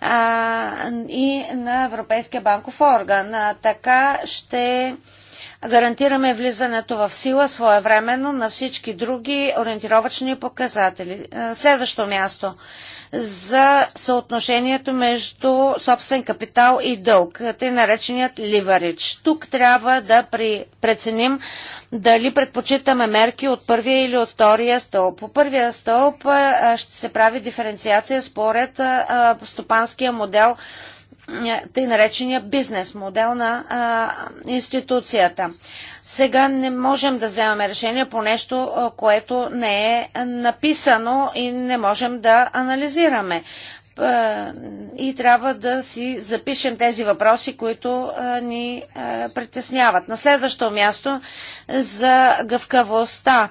а, и на Европейския банков орган. А, така ще гарантираме влизането в сила своевременно на всички други ориентировачни показатели. Следващо място за съотношението между собствен капитал и дълг, тъй нареченият ливарич. Тук трябва да при, преценим дали предпочитаме мерки от първия или от втория стълб. По първия стълб ще се прави диференциация според стопанския модел е, тъй наречения бизнес модел на а, институцията. Сега не можем да вземаме решение по нещо, което не е написано и не можем да анализираме. И трябва да си запишем тези въпроси, които ни притесняват. На следващо място за гъвкавостта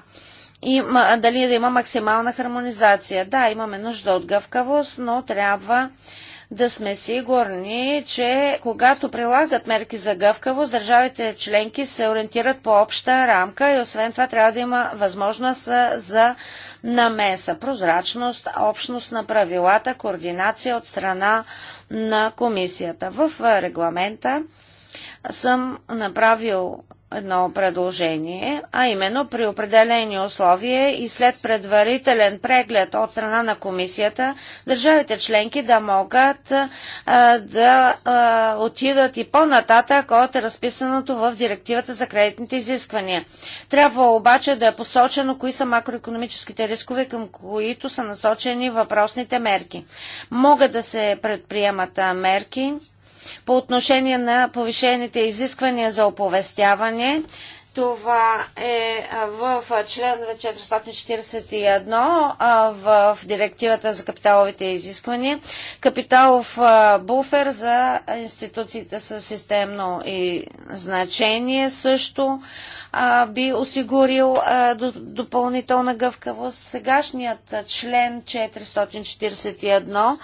има, дали да има максимална хармонизация. Да, имаме нужда от гъвкавост, но трябва да сме сигурни, че когато прилагат мерки за гъвкавост, държавите членки се ориентират по обща рамка и освен това трябва да има възможност за намеса, прозрачност, общност на правилата, координация от страна на комисията. В регламента съм направил едно предложение, а именно при определени условия и след предварителен преглед от страна на комисията, държавите членки да могат а, да а, отидат и по-нататък от разписаното в директивата за кредитните изисквания. Трябва обаче да е посочено кои са макроекономическите рискове, към които са насочени въпросните мерки. Могат да се предприемат мерки, по отношение на повишените изисквания за оповестяване. Това е в член 441 в директивата за капиталовите изисквания. Капиталов буфер за институциите с системно и значение също би осигурил допълнителна гъвкавост. Сегашният член 441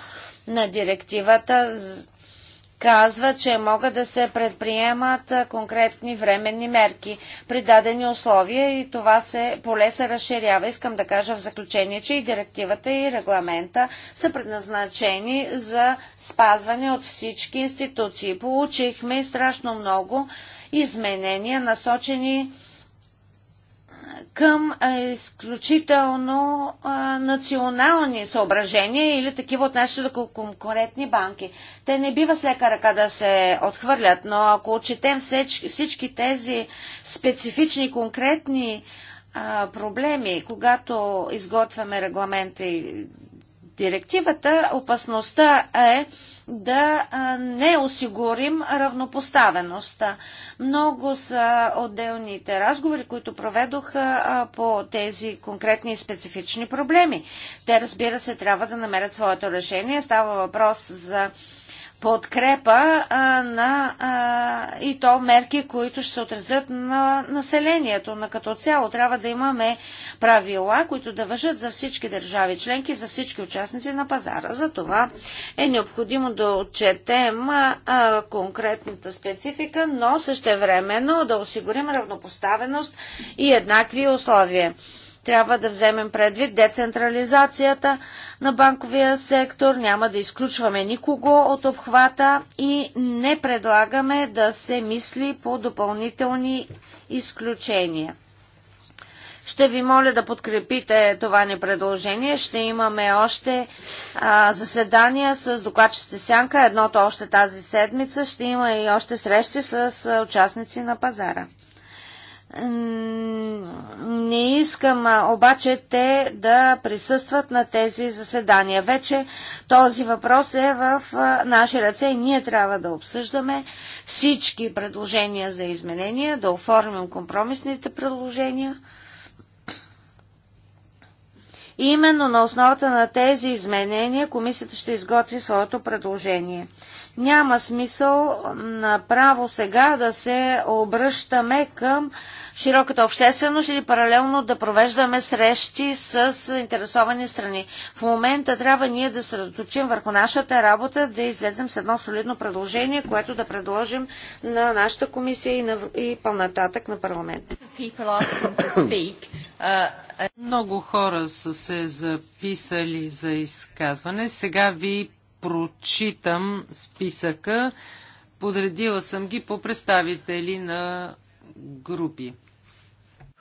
на директивата казва, че могат да се предприемат конкретни временни мерки при дадени условия и това се, поле се разширява. Искам да кажа в заключение, че и директивата и регламента са предназначени за спазване от всички институции. Получихме страшно много изменения, насочени към е, изключително национални съображения или такива от нашите конкурентни банки. Те не бива с лека ръка да се отхвърлят, но ако отчетем всички, тези специфични, конкретни а, проблеми, когато изготвяме регламента и директивата, опасността е да не осигурим равнопоставеността. Много са отделните разговори, които проведоха по тези конкретни и специфични проблеми. Те, разбира се, трябва да намерят своето решение. Става въпрос за подкрепа а, на а, и то мерки, които ще се отразят на населението. На като цяло трябва да имаме правила, които да въжат за всички държави членки, за всички участници на пазара. За това е необходимо да отчетем а, а, конкретната специфика, но същевременно да осигурим равнопоставеност и еднакви условия трябва да вземем предвид децентрализацията на банковия сектор, няма да изключваме никого от обхвата и не предлагаме да се мисли по допълнителни изключения. Ще ви моля да подкрепите това ни предложение. Ще имаме още а, заседания с докладчите Сянка, едното още тази седмица. Ще има и още срещи с а, участници на пазара. Не искам обаче те да присъстват на тези заседания. Вече този въпрос е в наши ръце и ние трябва да обсъждаме всички предложения за изменения, да оформим компромисните предложения. И именно на основата на тези изменения комисията ще изготви своето предложение. Няма смисъл направо сега да се обръщаме към широката общественост или паралелно да провеждаме срещи с интересовани страни. В момента трябва ние да се разточим върху нашата работа, да излезем с едно солидно предложение, което да предложим на нашата комисия и, на, и по-нататък на парламент. Uh, uh, Много хора са се записали за изказване. Сега ви прочитам списъка. Подредила съм ги по представители на групи.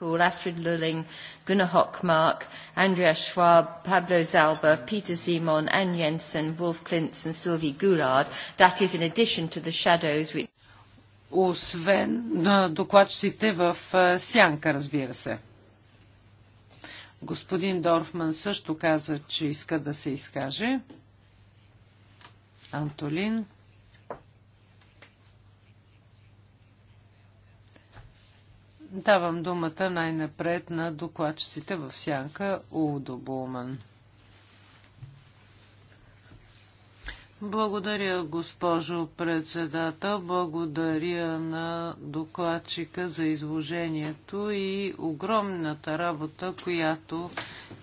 Astrid Lulling, Gunnar Hockmark, Andreas Schwab, Pablo Zalba, Peter Simon, Anne Jensen, Wolf Klintz and Sylvie Goulard. That is in addition to the shadows which... Освен на докладчиците в сянка, разбира се. Господин Дорфман също каза, че иска да се изкаже. Антолин. Давам думата най-напред на докладчиците в сянка Удо Булман. Благодаря, госпожо председател. Благодаря на докладчика за изложението и огромната работа, която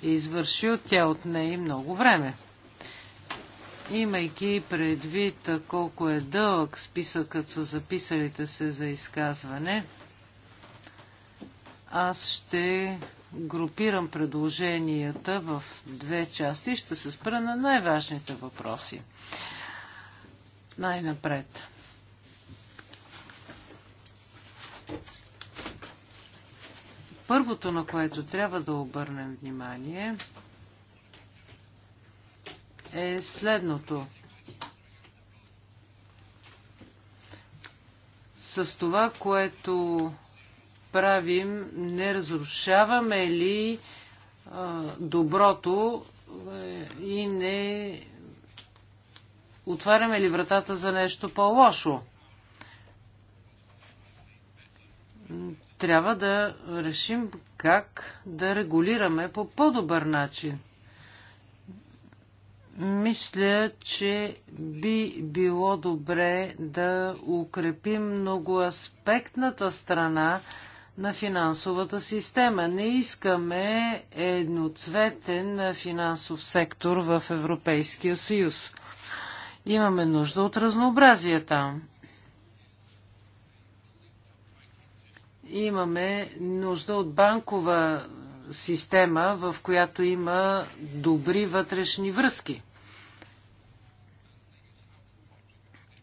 е извършил. Тя от нея и много време. Имайки предвид колко е дълъг списъкът с записалите се за изказване – аз ще групирам предложенията в две части и ще се спра на най-важните въпроси. Най-напред. Първото, на което трябва да обърнем внимание, е следното. С това, което правим? Не разрушаваме ли а, доброто е, и не отваряме ли вратата за нещо по-лошо? Трябва да решим как да регулираме по по-добър начин. Мисля, че би било добре да укрепим многоаспектната страна на финансовата система. Не искаме едноцветен финансов сектор в Европейския съюз. Имаме нужда от разнообразие там. Имаме нужда от банкова система, в която има добри вътрешни връзки.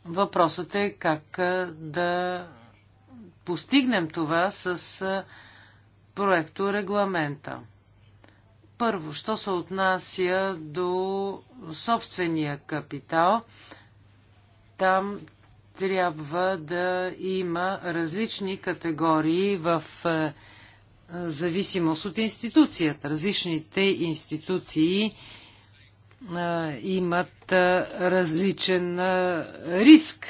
Въпросът е как да постигнем това с проекто регламента. Първо, що се отнася до собствения капитал, там трябва да има различни категории в зависимост от институцията. Различните институции а, имат а, различен а, риск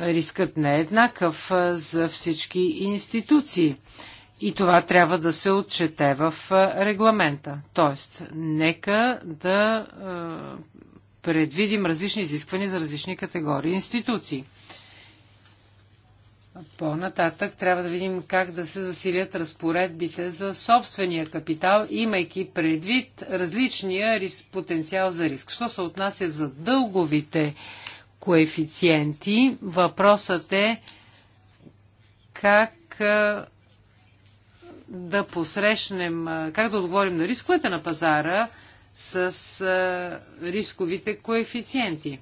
рискът не е еднакъв за всички институции. И това трябва да се отчете в регламента. Тоест, нека да предвидим различни изисквания за различни категории институции. По-нататък трябва да видим как да се засилят разпоредбите за собствения капитал, имайки предвид различния риск, потенциал за риск. Що се отнася за дълговите коефициенти. Въпросът е как да посрещнем, как да отговорим на рисковете на пазара с рисковите коефициенти.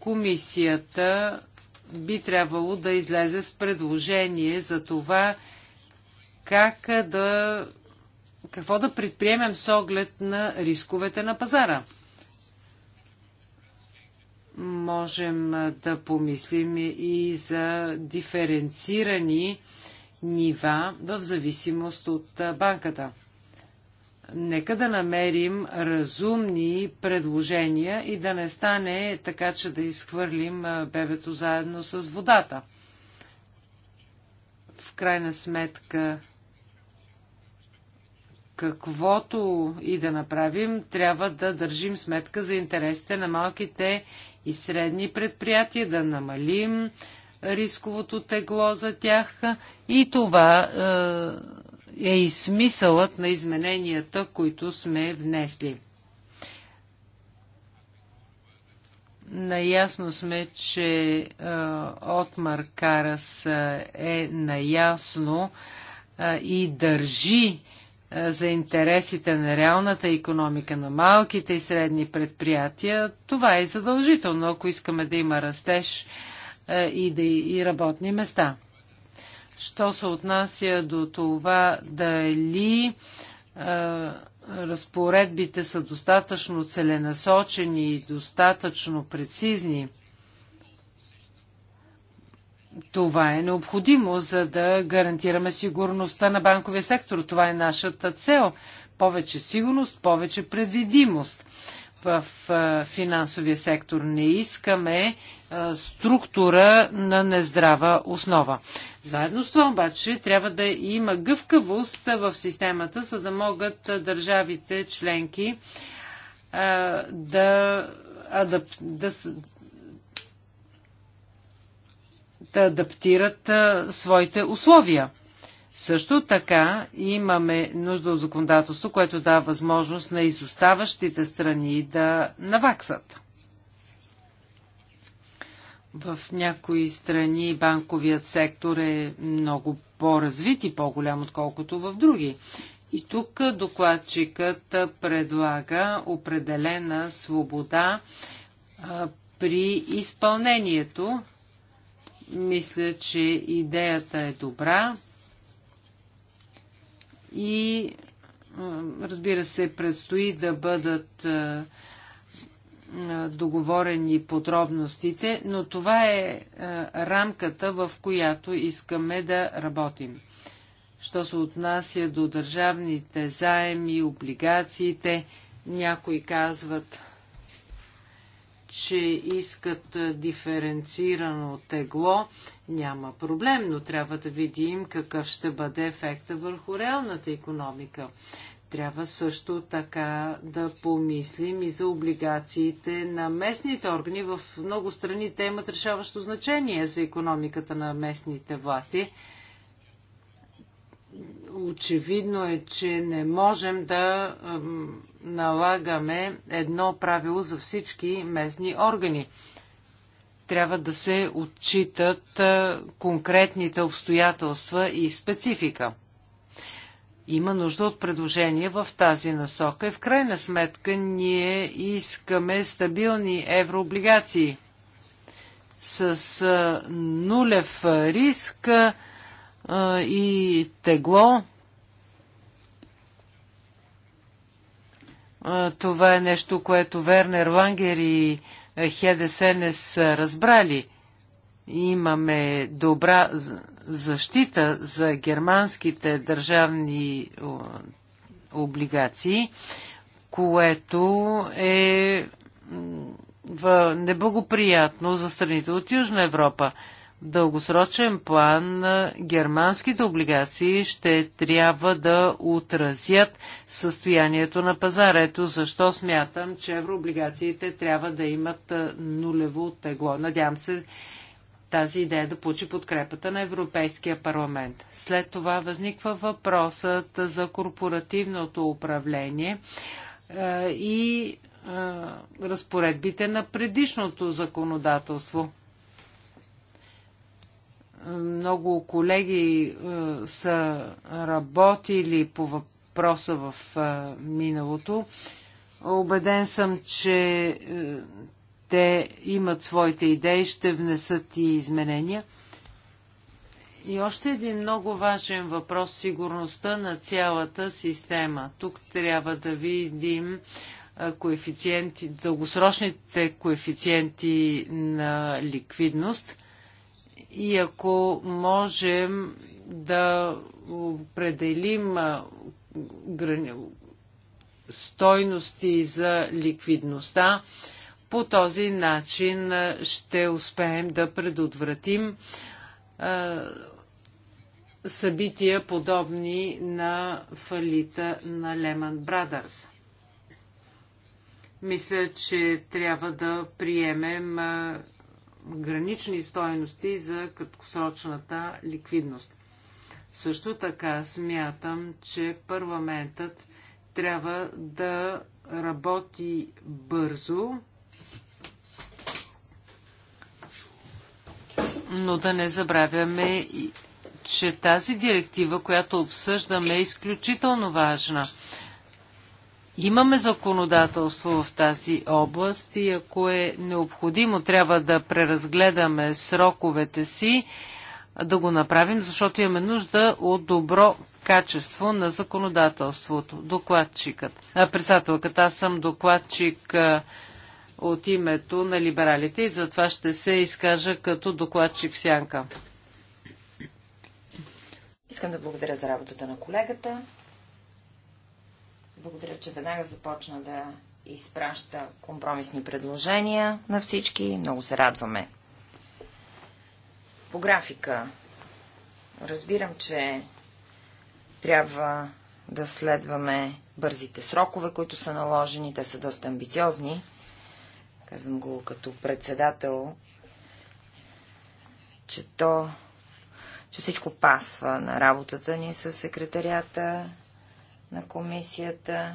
Комисията би трябвало да излезе с предложение за това как да какво да предприемем с оглед на рисковете на пазара можем да помислим и за диференцирани нива в зависимост от банката. Нека да намерим разумни предложения и да не стане така, че да изхвърлим бебето заедно с водата. В крайна сметка, каквото и да направим, трябва да държим сметка за интересите на малките и средни предприятия, да намалим рисковото тегло за тях. И това е, е и смисълът на измененията, които сме внесли. Наясно сме, че е, Отмар е, е наясно е, и държи е, е, за интересите на реалната економика на малките и средни предприятия, това е задължително, ако искаме да има растеж е, и, да, и работни места. Що се отнася до това дали е, разпоредбите са достатъчно целенасочени и достатъчно прецизни – това е необходимо, за да гарантираме сигурността на банковия сектор. Това е нашата цел. Повече сигурност, повече предвидимост в финансовия сектор. Не искаме структура на нездрава основа. Заедно с това обаче трябва да има гъвкавост в системата, за да могат държавите членки да, адап, да да адаптират своите условия. Също така имаме нужда от законодателство, което дава възможност на изоставащите страни да наваксат. В някои страни банковият сектор е много по-развит и по-голям, отколкото в други. И тук докладчикът предлага определена свобода при изпълнението мисля, че идеята е добра и разбира се, предстои да бъдат договорени подробностите, но това е рамката, в която искаме да работим. Що се отнася до държавните заеми, облигациите, някои казват, че искат диференцирано тегло, няма проблем, но трябва да видим какъв ще бъде ефекта върху реалната економика. Трябва също така да помислим и за облигациите на местните органи. В много страни те имат решаващо значение за економиката на местните власти. Очевидно е, че не можем да налагаме едно правило за всички местни органи. Трябва да се отчитат конкретните обстоятелства и специфика. Има нужда от предложения в тази насока и в крайна сметка ние искаме стабилни еврооблигации с нулев риск и тегло. Това е нещо, което Вернер Лангер и Хедесене са разбрали. Имаме добра защита за германските държавни облигации, което е неблагоприятно за страните от Южна Европа дългосрочен план германските облигации ще трябва да отразят състоянието на пазара. Ето защо смятам, че еврооблигациите трябва да имат нулево тегло? Надявам се тази идея да получи подкрепата на Европейския парламент. След това възниква въпросът за корпоративното управление и разпоредбите на предишното законодателство много колеги е, са работили по въпроса в е, миналото. Обеден съм, че е, те имат своите идеи, ще внесат и изменения. И още един много важен въпрос – сигурността на цялата система. Тук трябва да видим коефициенти, дългосрочните коефициенти на ликвидност. И ако можем да определим стойности за ликвидността, по този начин ще успеем да предотвратим събития, подобни на фалита на Леман Брадърс. Мисля, че трябва да приемем гранични стоености за краткосрочната ликвидност. Също така смятам, че парламентът трябва да работи бързо, но да не забравяме, че тази директива, която обсъждаме, е изключително важна – Имаме законодателство в тази област и ако е необходимо, трябва да преразгледаме сроковете си, да го направим, защото имаме нужда от добро качество на законодателството. Докладчикът. А, председателката, аз съм докладчик от името на либералите и затова ще се изкажа като докладчик сянка. Искам да благодаря за работата на колегата. Благодаря, че веднага започна да изпраща компромисни предложения на всички. Много се радваме. По графика. Разбирам, че трябва да следваме бързите срокове, които са наложени. Те са доста амбициозни. Казвам го като председател, че то, че всичко пасва на работата ни с секретарията на комисията.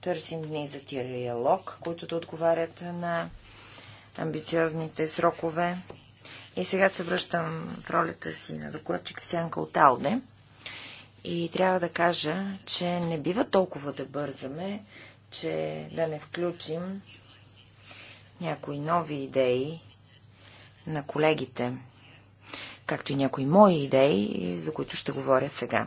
Търсим дни за диалог, които да отговарят на амбициозните срокове. И сега се връщам в ролята си на докладчик Сянка от Алде. И трябва да кажа, че не бива толкова да бързаме, че да не включим някои нови идеи на колегите, както и някои мои идеи, за които ще говоря сега.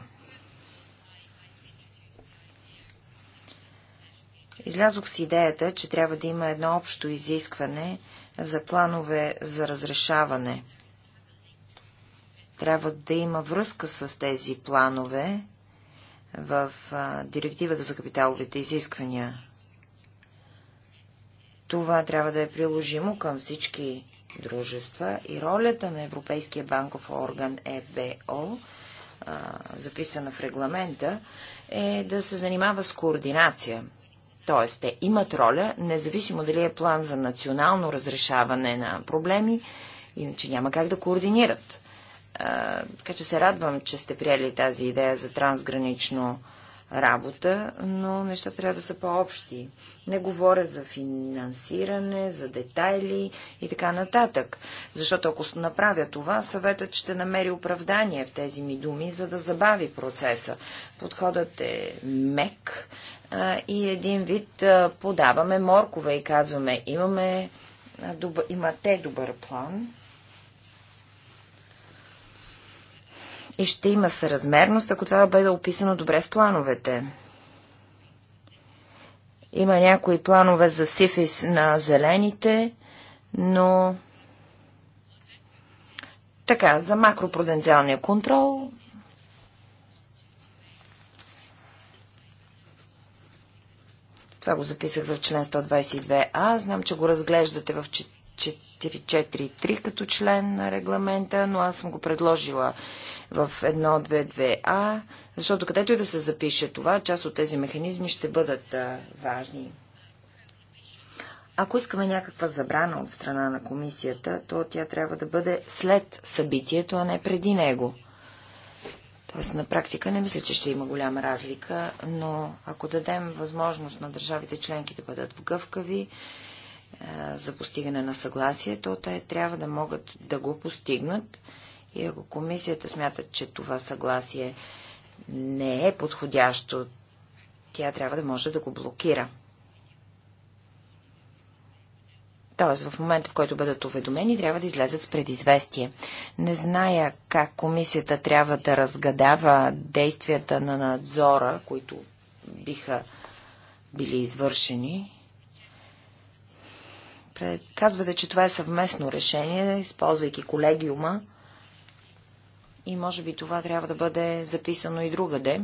Излязох с идеята, че трябва да има едно общо изискване за планове за разрешаване. Трябва да има връзка с тези планове в а, директивата за капиталовите изисквания. Това трябва да е приложимо към всички дружества и ролята на Европейския банков орган ЕБО, записана в регламента, е да се занимава с координация. Т.е. те имат роля, независимо дали е план за национално разрешаване на проблеми, иначе няма как да координират. А, така че се радвам, че сте приели тази идея за трансгранично работа, но неща трябва да са по-общи. Не говоря за финансиране, за детайли и така нататък. Защото ако направя това, съветът ще намери оправдание в тези ми думи, за да забави процеса. Подходът е мек и един вид подаваме моркове и казваме, имаме, добър, имате добър план и ще има съразмерност, ако това бъде описано добре в плановете. Има някои планове за сифис на зелените, но така, за макропруденциалния контрол Това го записах в член 122а. Знам, че го разглеждате в 443 като член на регламента, но аз съм го предложила в 122а, защото където и да се запише това, част от тези механизми ще бъдат а, важни. Ако искаме някаква забрана от страна на комисията, то тя трябва да бъде след събитието, а не преди него. Тоест на практика не мисля, че ще има голяма разлика, но ако дадем възможност на държавите членки да бъдат гъвкави е, за постигане на съгласие, то те трябва да могат да го постигнат. И ако комисията смята, че това съгласие не е подходящо, тя трябва да може да го блокира. Тоест, в момента, в който бъдат уведомени, трябва да излезат с предизвестие. Не зная как комисията трябва да разгадава действията на надзора, които биха били извършени. Казвате, че това е съвместно решение, използвайки колегиума. И може би това трябва да бъде записано и другаде.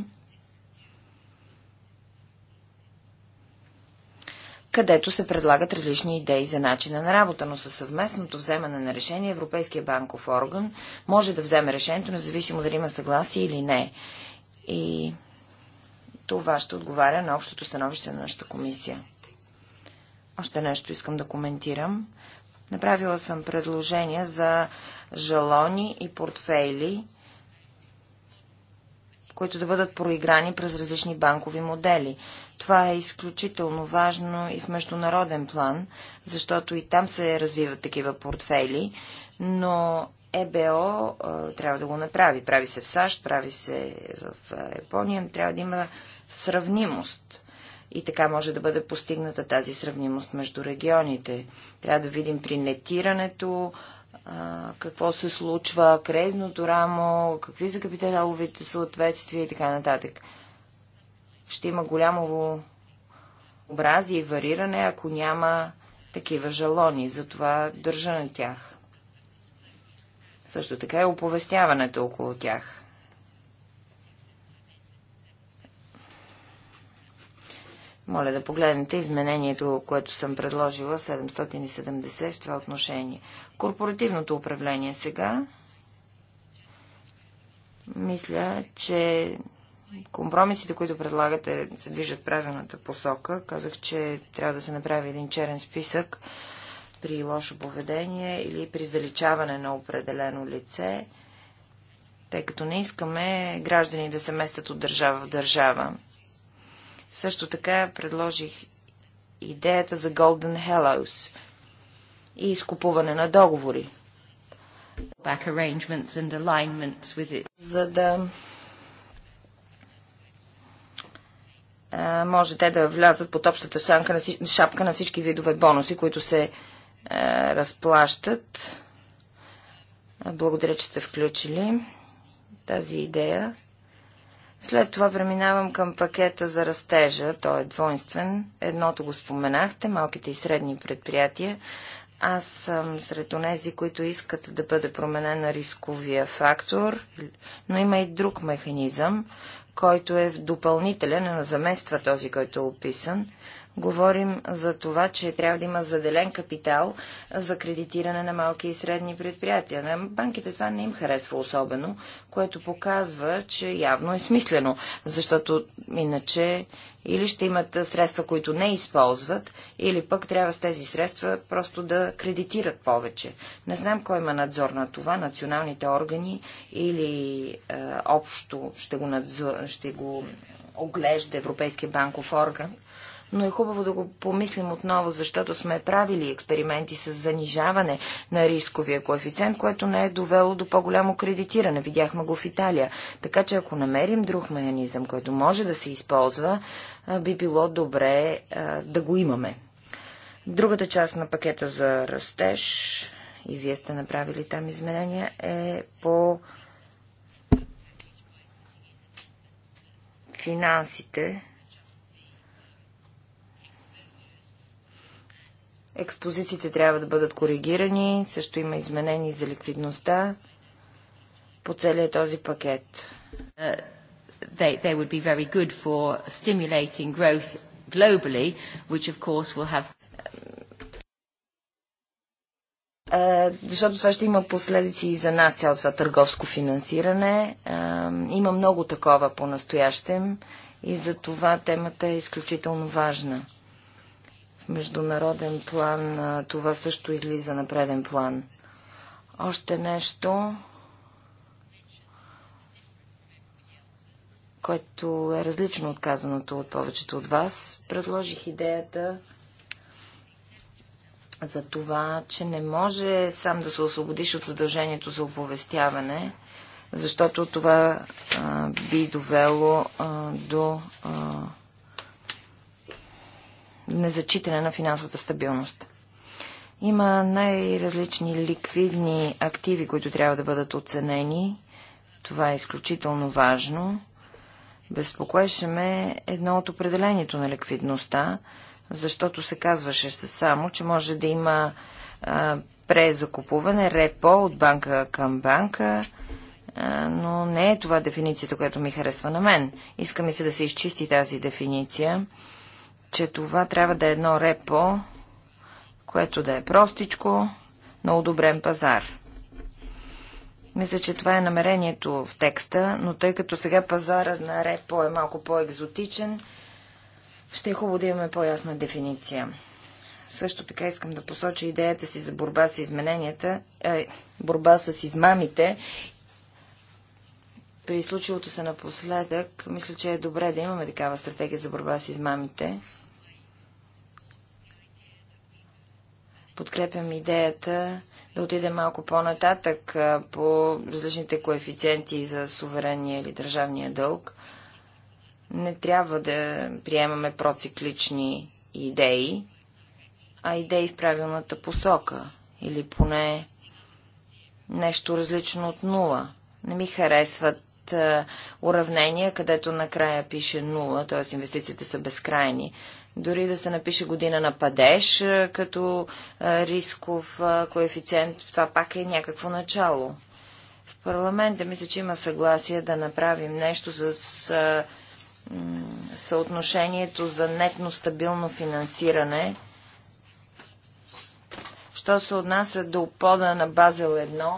където се предлагат различни идеи за начина на работа, но със съвместното вземане на решение Европейския банков орган може да вземе решението, независимо дали има съгласие или не. И това ще отговаря на общото становище на нашата комисия. Още нещо искам да коментирам. Направила съм предложения за жалони и портфейли, които да бъдат проиграни през различни банкови модели. Това е изключително важно и в международен план, защото и там се развиват такива портфели, но ЕБО а, трябва да го направи. Прави се в САЩ, прави се в Япония, но трябва да има сравнимост. И така може да бъде постигната тази сравнимост между регионите. Трябва да видим при нетирането, а, какво се случва, кредитното рамо, какви са капиталовите съответствия и така нататък ще има голямо образие и вариране, ако няма такива жалони. Затова държа на тях. Също така е оповестяването около тях. Моля да погледнете изменението, което съм предложила, 770 в това отношение. Корпоративното управление сега. Мисля, че компромисите, които предлагате, се движат правилната посока. Казах, че трябва да се направи един черен списък при лошо поведение или при заличаване на определено лице, тъй като не искаме граждани да се местят от държава в държава. Също така предложих идеята за Golden Hellows и изкупуване на договори. За да може те да влязат под общата шанка на, шапка на всички видове бонуси, които се а, разплащат. Благодаря, че сте включили тази идея. След това преминавам към пакета за растежа. Той е двойствен. Едното го споменахте, малките и средни предприятия. Аз съм сред онези, които искат да бъде променен на рисковия фактор, но има и друг механизъм, който е допълнителен, а замества този, който е описан, говорим за това, че трябва да има заделен капитал за кредитиране на малки и средни предприятия. На банките това не им харесва особено, което показва, че явно е смислено, защото иначе или ще имат средства, които не използват, или пък трябва с тези средства просто да кредитират повече. Не знам кой има надзор на това, националните органи или е, общо ще го, надзор, ще го оглежда Европейския банков орган, но е хубаво да го помислим отново, защото сме правили експерименти с занижаване на рисковия коефициент, което не е довело до по-голямо кредитиране. Видяхме го в Италия. Така че ако намерим друг механизъм, който може да се използва, би било добре да го имаме. Другата част на пакета за растеж, и вие сте направили там изменения, е по финансите Експозициите трябва да бъдат коригирани, също има изменени за ликвидността по целия този пакет. Uh, they, they would be very good for stimulating growth globally, which of course will have uh, защото това ще има последици и за нас, цялото това търговско финансиране. Има много такова по-настоящем и за това темата е изключително важна международен план това също излиза на преден план. Още нещо, което е различно от казаното от повечето от вас. Предложих идеята за това, че не може сам да се освободиш от задължението за оповестяване, защото това а, би довело а, до а, незачитане на финансовата стабилност. Има най-различни ликвидни активи, които трябва да бъдат оценени. Това е изключително важно. Безпокоеше ме едно от определението на ликвидността, защото се казваше се само, че може да има а, презакупуване, репо от банка към банка, а, но не е това дефиницията, която ми харесва на мен. Иска ми се да се изчисти тази дефиниция че това трябва да е едно репо, което да е простичко, на одобрен пазар. Мисля, че това е намерението в текста, но тъй като сега пазара на репо е малко по-екзотичен, ще е хубаво да имаме по-ясна дефиниция. Също така искам да посоча идеята си за борба с измененията, е, борба с измамите. При случилото се напоследък, мисля, че е добре да имаме такава стратегия за борба с измамите, Подкрепям идеята да отиде малко по-нататък по различните коефициенти за суверения или държавния дълг. Не трябва да приемаме проциклични идеи, а идеи в правилната посока или поне нещо различно от нула. Не ми харесват уравнения, където накрая пише нула, т.е. инвестициите са безкрайни. Дори да се напише година на падеж като рисков коефициент, това пак е някакво начало. В парламента мисля, че има съгласие да направим нещо с съотношението за нетно стабилно финансиране. Що се отнася до пода на Базел 1,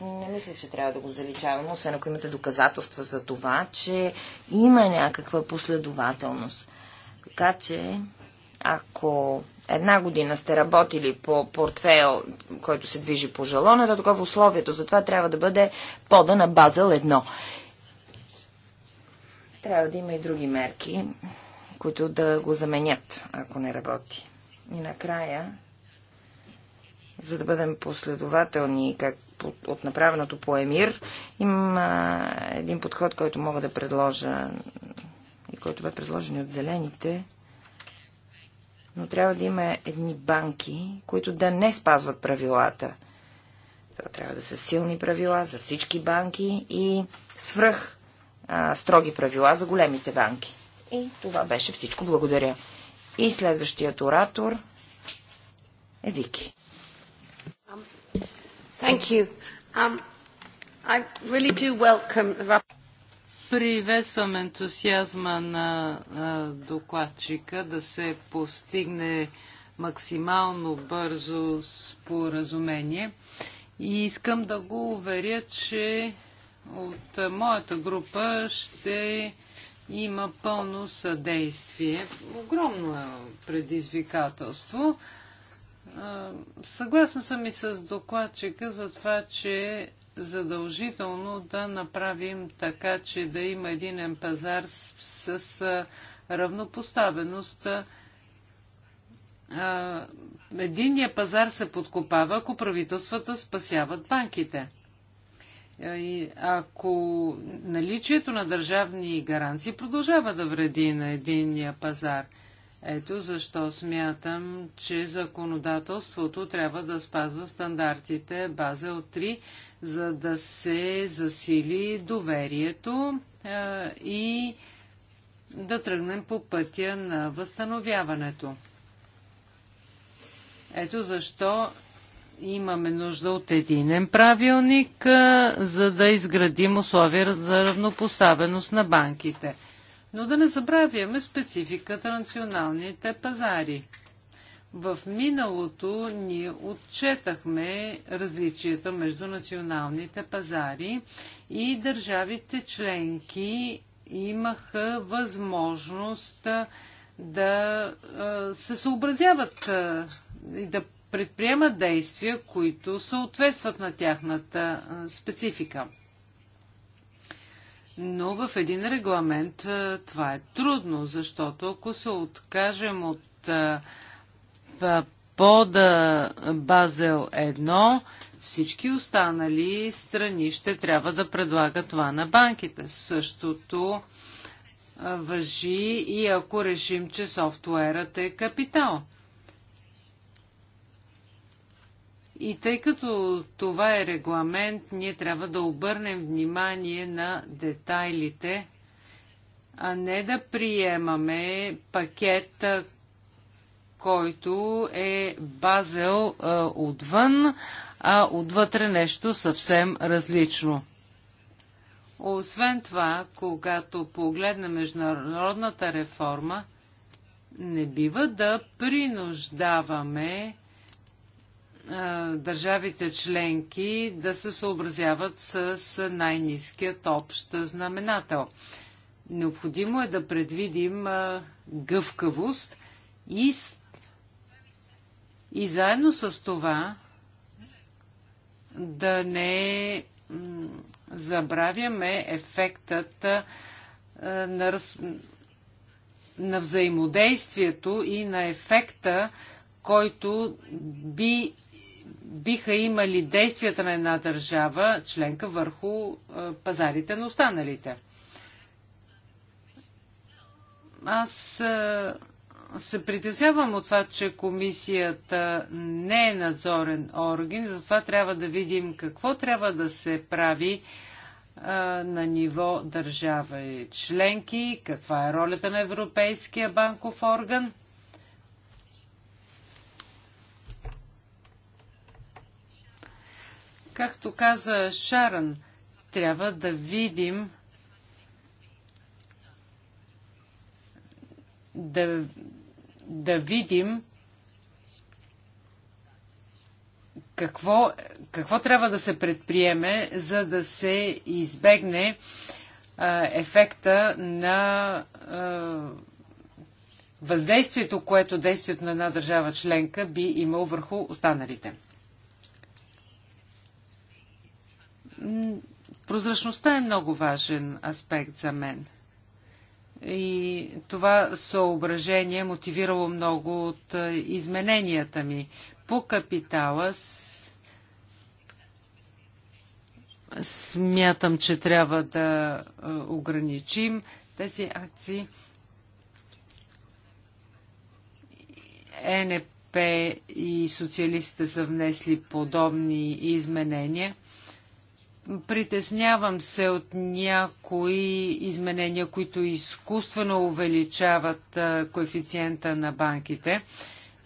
не мисля, че трябва да го заличаваме, освен ако имате доказателства за това, че има някаква последователност. Така че, ако една година сте работили по портфейл, който се движи по то тогава условието за това трябва да бъде пода на Базел 1. Трябва да има и други мерки, които да го заменят, ако не работи. И накрая, за да бъдем последователни как от направеното по Емир, има един подход, който мога да предложа и който бе предложен от зелените, но трябва да има едни банки, които да не спазват правилата. Това трябва да са силни правила за всички банки и свръх а, строги правила за големите банки. И това беше всичко. Благодаря. И следващият оратор е Вики. Um, thank you. Um, I really do welcome the Приветствам ентусиазма на докладчика да се постигне максимално бързо споразумение и искам да го уверя, че от моята група ще има пълно съдействие. Огромно е предизвикателство. Съгласна съм и с докладчика за това, че задължително да направим така, че да има единен пазар с, с равнопоставеност. Единия пазар се подкопава, ако правителствата спасяват банките. И ако наличието на държавни гаранции продължава да вреди на единния пазар – ето защо смятам, че законодателството трябва да спазва стандартите Базел 3, за да се засили доверието е, и да тръгнем по пътя на възстановяването. Ето защо имаме нужда от единен правилник, за да изградим условия за равнопоставеност на банките – но да не забравяме спецификата на националните пазари. В миналото ние отчетахме различията между националните пазари и държавите членки имаха възможност да се съобразяват и да предприемат действия, които съответстват на тяхната специфика. Но в един регламент това е трудно, защото ако се откажем от пода Базел 1, всички останали страни ще трябва да предлагат това на банките. Същото въжи и ако решим, че софтуерът е капитал. И тъй като това е регламент, ние трябва да обърнем внимание на детайлите, а не да приемаме пакет, който е базел а, отвън, а отвътре нещо съвсем различно. Освен това, когато погледна международната реформа, не бива да принуждаваме държавите членки да се съобразяват с най-низкият общ знаменател. Необходимо е да предвидим гъвкавост и, и заедно с това да не забравяме ефектът на, раз... на взаимодействието и на ефекта, който би биха имали действията на една държава членка върху пазарите на останалите. Аз се притеснявам от това, че комисията не е надзорен орган, затова трябва да видим какво трябва да се прави на ниво държава и членки, каква е ролята на Европейския банков орган – Както каза Шаран, трябва да видим да, да видим какво, какво трябва да се предприеме, за да се избегне а, ефекта на а, въздействието, което действието на една държава членка би имал върху останалите. Прозрачността е много важен аспект за мен. И това съображение мотивирало много от измененията ми. По капитала смятам, че трябва да ограничим тези акции. Е, НП и социалистите са внесли подобни изменения – Притеснявам се от някои изменения, които изкуствено увеличават коефициента на банките.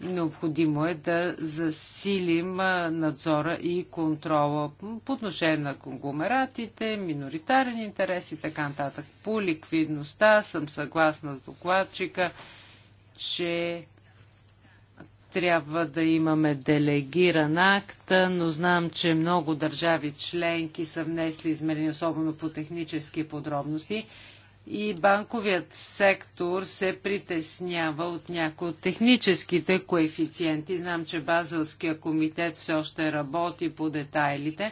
Необходимо е да засилим надзора и контрола по отношение на конгломератите, миноритарен интерес и така нататък. По ликвидността съм съгласна с докладчика, че трябва да имаме делегиран акт, но знам, че много държави членки са внесли измерения, особено по технически подробности. И банковият сектор се притеснява от някои от техническите коефициенти. Знам, че Базелския комитет все още работи по детайлите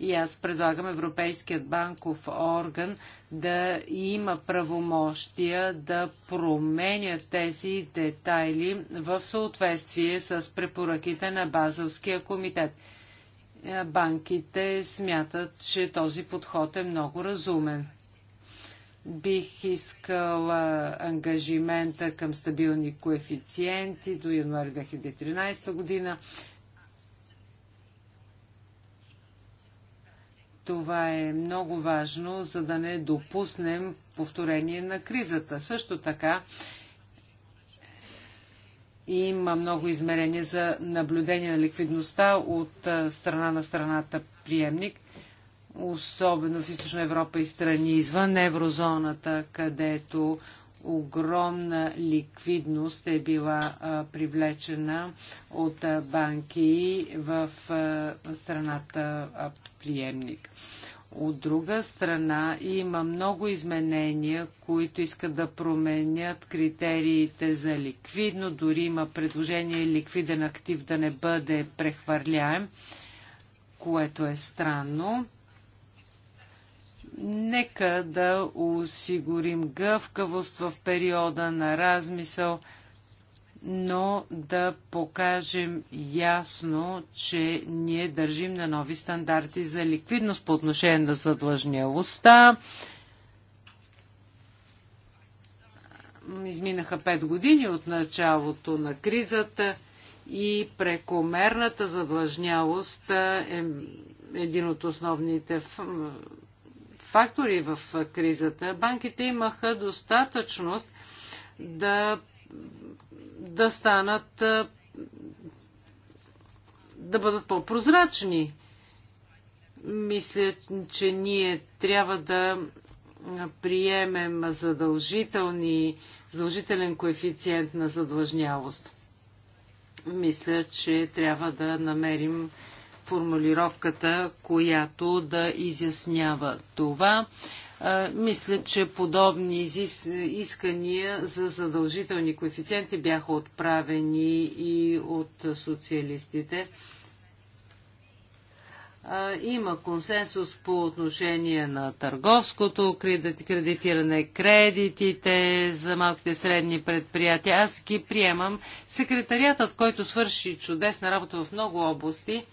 и аз предлагам Европейският банков орган да има правомощия да променя тези детайли в съответствие с препоръките на Базелския комитет. Е, банките смятат, че този подход е много разумен бих искал ангажимента към стабилни коефициенти до януари 2013 година Това е много важно, за да не допуснем повторение на кризата. Също така има много измерения за наблюдение на ликвидността от страна на страната приемник, особено в Източна Европа и страни извън еврозоната, където огромна ликвидност е била а, привлечена от а, банки в а, страната приемник. От друга страна има много изменения, които искат да променят критериите за ликвидно. Дори има предложение ликвиден актив да не бъде прехвърляем, което е странно Нека да осигурим гъвкавост в периода на размисъл, но да покажем ясно, че ние държим на нови стандарти за ликвидност по отношение на задлъжнялостта. Изминаха 5 години от началото на кризата и прекомерната задлъжнялост е един от основните фактори в кризата, банките имаха достатъчност да, да станат да бъдат по-прозрачни. Мисля, че ние трябва да приемем задължителни, задължителен коефициент на задлъжнявост. Мисля, че трябва да намерим формулировката, която да изяснява това. Мисля, че подобни искания за задължителни коефициенти бяха отправени и от социалистите. Има консенсус по отношение на търговското кредитиране, кредитите за малките и средни предприятия. Аз ги приемам. Секретариатът, който свърши чудесна работа в много области,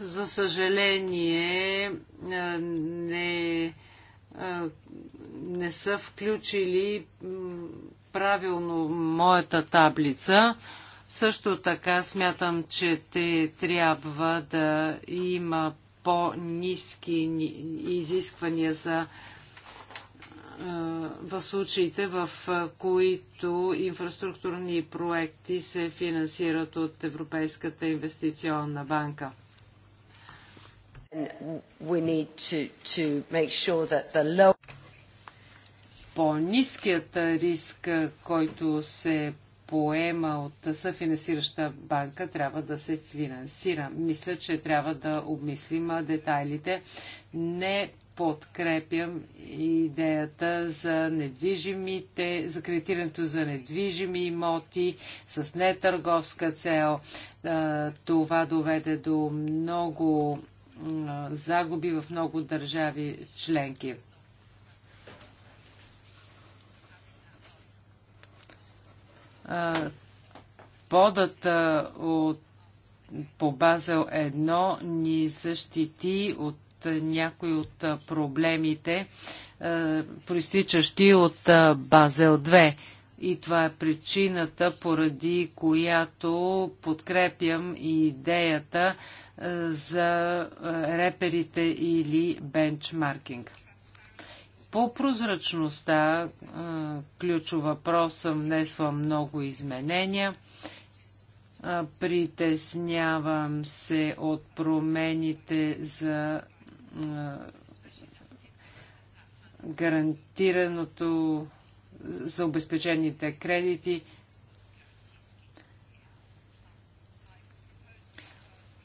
за съжаление, не, не са включили правилно моята таблица. Също така смятам, че те трябва да има по-низки изисквания за в случаите, в които инфраструктурни проекти се финансират от Европейската инвестиционна банка. По-низкият риск, който се поема от съфинансираща банка трябва да се финансира. Мисля, че трябва да обмислим детайлите. Не подкрепям идеята за недвижимите, за кредитирането за недвижими имоти с нетърговска цел. Това доведе до много загуби в много държави членки. Подата от по Базел 1 ни защити от някои от проблемите, проистичащи от Базел 2. И това е причината, поради която подкрепям и идеята за реперите или бенчмаркинг. По прозрачността, ключов въпрос, съм внесла много изменения. Притеснявам се от промените за гарантираното за обезпечените кредити.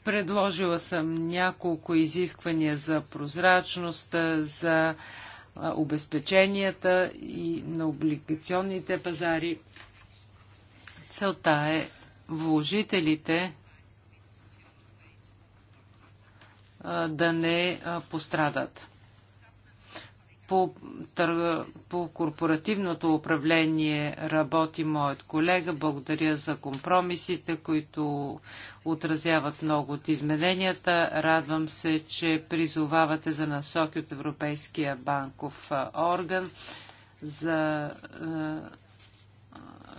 Предложила съм няколко изисквания за прозрачност, за обезпеченията и на облигационните пазари. Целта е вложителите да не пострадат. По, тър... по корпоративното управление работи моят колега. Благодаря за компромисите, които отразяват много от измененията. Радвам се, че призовавате за насоки от Европейския банков орган за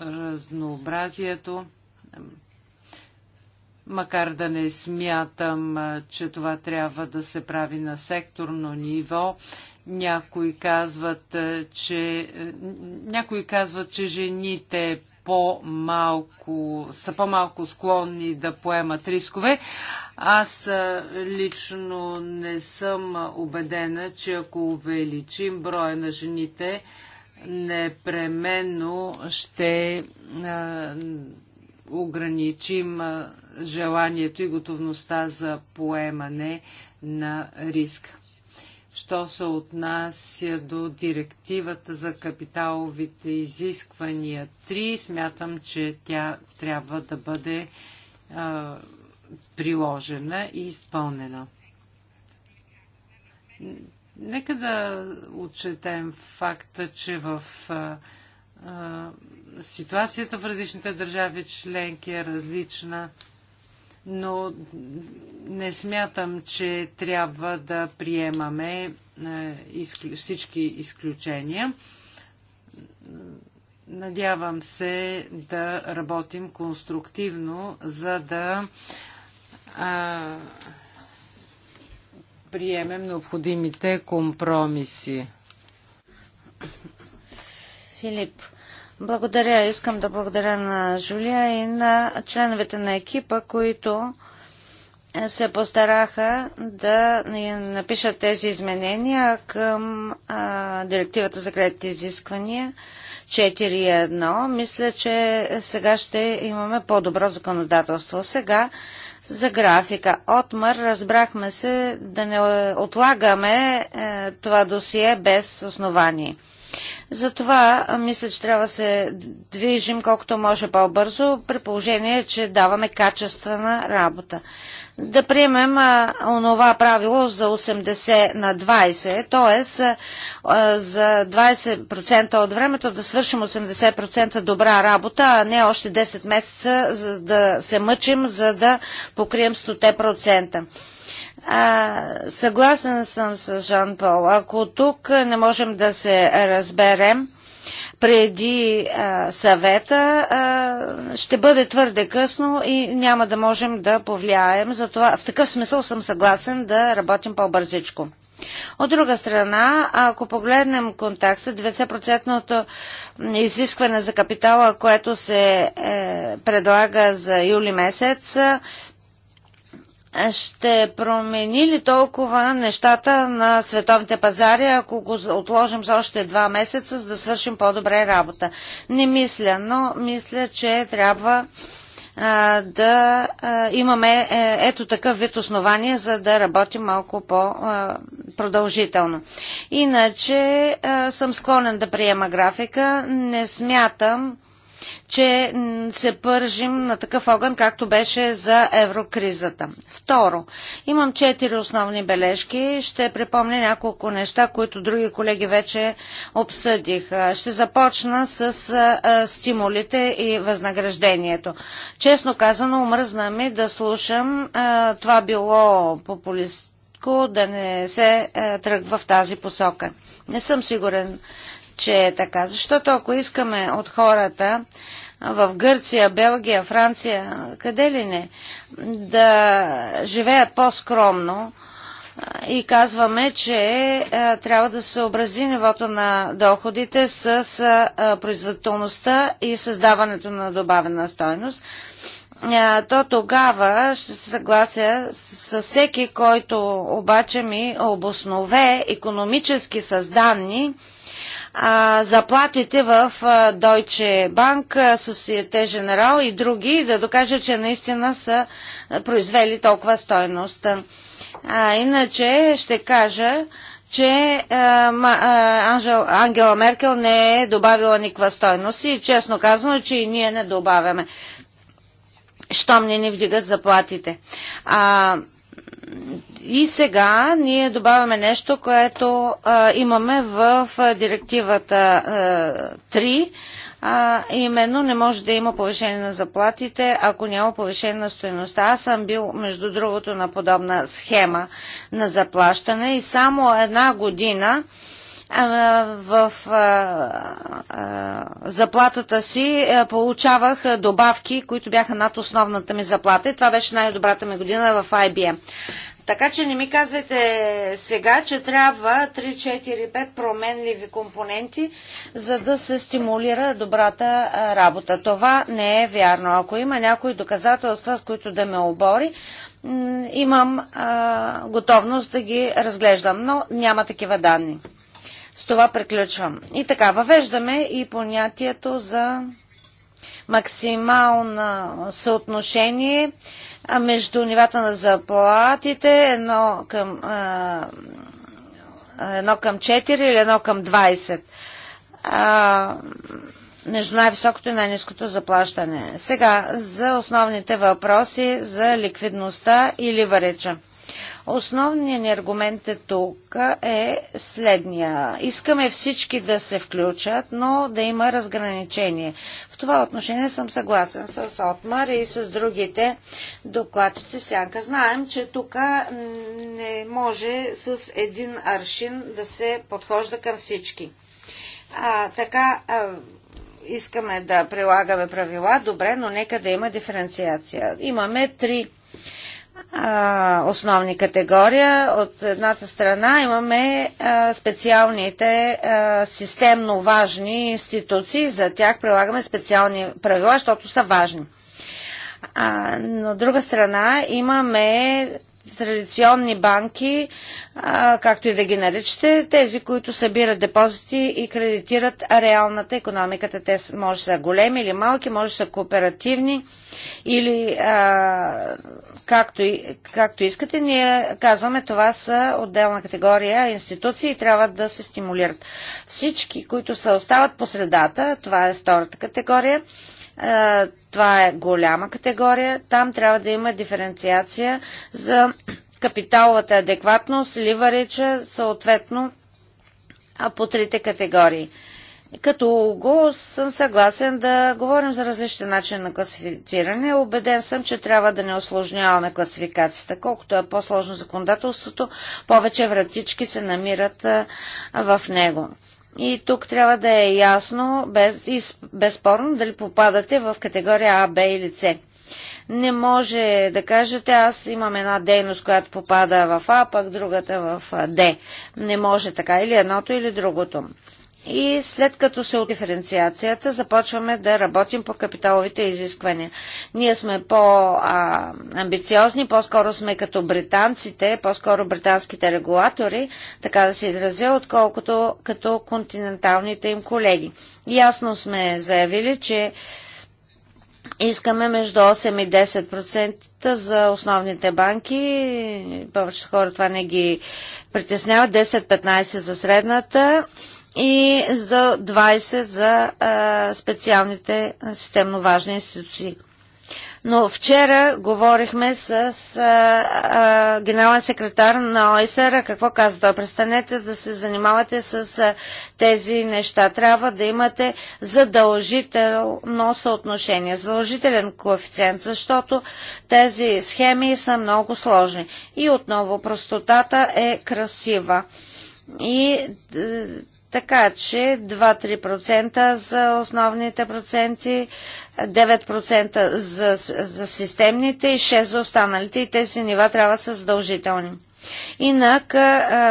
разнообразието макар да не смятам, че това трябва да се прави на секторно ниво. Някои казват, че, някои казват, че жените по-малко, са по-малко склонни да поемат рискове. Аз лично не съм убедена, че ако увеличим броя на жените, непременно ще ограничим желанието и готовността за поемане на риск. Що се отнася до директивата за капиталовите изисквания 3, смятам, че тя трябва да бъде а, приложена и изпълнена. Нека да отчетем факта, че в а, ситуацията в различните държави членки е различна, но не смятам, че трябва да приемаме е, всички изключения. Надявам се да работим конструктивно, за да а, приемем необходимите компромиси. Филип, благодаря. Искам да благодаря на Жулия и на членовете на екипа, които се постараха да напишат тези изменения към а, директивата за кредитни изисквания 4.1. Мисля, че сега ще имаме по-добро законодателство. Сега за графика. Отмър разбрахме се да не отлагаме е, това досие без основание. Затова мисля, че трябва да се движим колкото може по-бързо, при положение, че даваме качествена работа. Да приемем а, онова правило за 80 на 20, т.е. за 20% от времето да свършим 80% добра работа, а не още 10 месеца за да се мъчим, за да покрием 100%. А, съгласен съм с Жан Пол. Ако тук не можем да се разберем преди а, съвета, а, ще бъде твърде късно и няма да можем да повлияем. Затова в такъв смисъл съм съгласен да работим по-бързичко. От друга страна, ако погледнем контакта, 90% изискване за капитала, което се е, предлага за юли месец, ще промени ли толкова нещата на световните пазари, ако го отложим за още два месеца, за да свършим по-добре работа? Не мисля, но мисля, че трябва а, да а, имаме е, ето такъв вид основания, за да работим малко по-продължително. Иначе а, съм склонен да приема графика. Не смятам, че се пържим на такъв огън, както беше за еврокризата. Второ, имам четири основни бележки. Ще припомня няколко неща, които други колеги вече обсъдих. Ще започна с стимулите и възнаграждението. Честно казано, омръзна ми да слушам това било популистко да не се тръгва в тази посока. Не съм сигурен че е така. Защото ако искаме от хората в Гърция, Белгия, Франция, къде ли не, да живеят по-скромно, и казваме, че трябва да се съобрази нивото на доходите с производителността и създаването на добавена стойност, то тогава ще се съглася с, всеки, който обаче ми обоснове економически създани данни а, заплатите в а, Deutsche Bank, Societe General и други, да докаже, че наистина са произвели толкова стойност. А, иначе ще кажа, че а, а, Анжел, Ангела Меркел не е добавила никаква стойност и честно казано, че и ние не добавяме щом не ни вдигат заплатите. А, и сега ние добавяме нещо, което а, имаме в директивата а, 3, а, именно не може да има повишение на заплатите, ако няма повишение на стоеността. Аз съм бил, между другото, на подобна схема на заплащане и само една година в заплатата си е, получавах добавки, които бяха над основната ми заплата и това беше най-добрата ми година в IBM. Така че не ми казвайте сега, че трябва 3-4-5 променливи компоненти, за да се стимулира добрата работа. Това не е вярно. Ако има някои доказателства, с които да ме обори, имам а, готовност да ги разглеждам, но няма такива данни. С това приключвам. И така, въвеждаме и понятието за максимално съотношение между нивата на заплатите едно към, а, едно към 4 или едно към 20. А, между най-високото и най-низкото заплащане. Сега за основните въпроси за ликвидността или вареча. Основният ни аргумент е тук е следния. Искаме всички да се включат, но да има разграничение. В това отношение съм съгласен с Отмар и с другите докладчици сянка. Знаем, че тук не може с един аршин да се подхожда към всички. А, така, а, искаме да прилагаме правила, добре, но нека да има диференциация. Имаме три основни категория. От едната страна имаме специалните системно важни институции. За тях прилагаме специални правила, защото са важни. На от друга страна имаме традиционни банки, както и да ги наричате, тези, които събират депозити и кредитират реалната економиката. Те може да са големи или малки, може да са кооперативни или както, и, както искате, ние казваме, това са отделна категория институции и трябва да се стимулират. Всички, които се остават по средата, това е втората категория, това е голяма категория, там трябва да има диференциация за капиталовата адекватност, ливарича, съответно по трите категории. Като го съм съгласен да говорим за различни начини на класифициране. Обеден съм, че трябва да не осложняваме класификацията. Колкото е по-сложно законодателството, повече вратички се намират в него. И тук трябва да е ясно, без, безспорно, дали попадате в категория А, Б или С. Не може да кажете, аз имам една дейност, която попада в А, пък другата в Д. Не може така, или едното, или другото и след като се от диференциацията започваме да работим по капиталовите изисквания. Ние сме по-амбициозни, по-скоро сме като британците, по-скоро британските регулатори, така да се изразя, отколкото като континенталните им колеги. Ясно сме заявили, че Искаме между 8 и 10% за основните банки. Повечето хора това не ги притеснява. 10-15% за средната и за 20 за а, специалните системно важни институции. Но вчера говорихме с а, а, генерален секретар на ОСР. Какво каза той? Престанете да се занимавате с а, тези неща. Трябва да имате задължително съотношение, задължителен коефициент, защото тези схеми са много сложни. И отново, простотата е красива. И така че 2-3% за основните проценти, 9% за, за системните и 6% за останалите и тези нива трябва да са задължителни. Инак,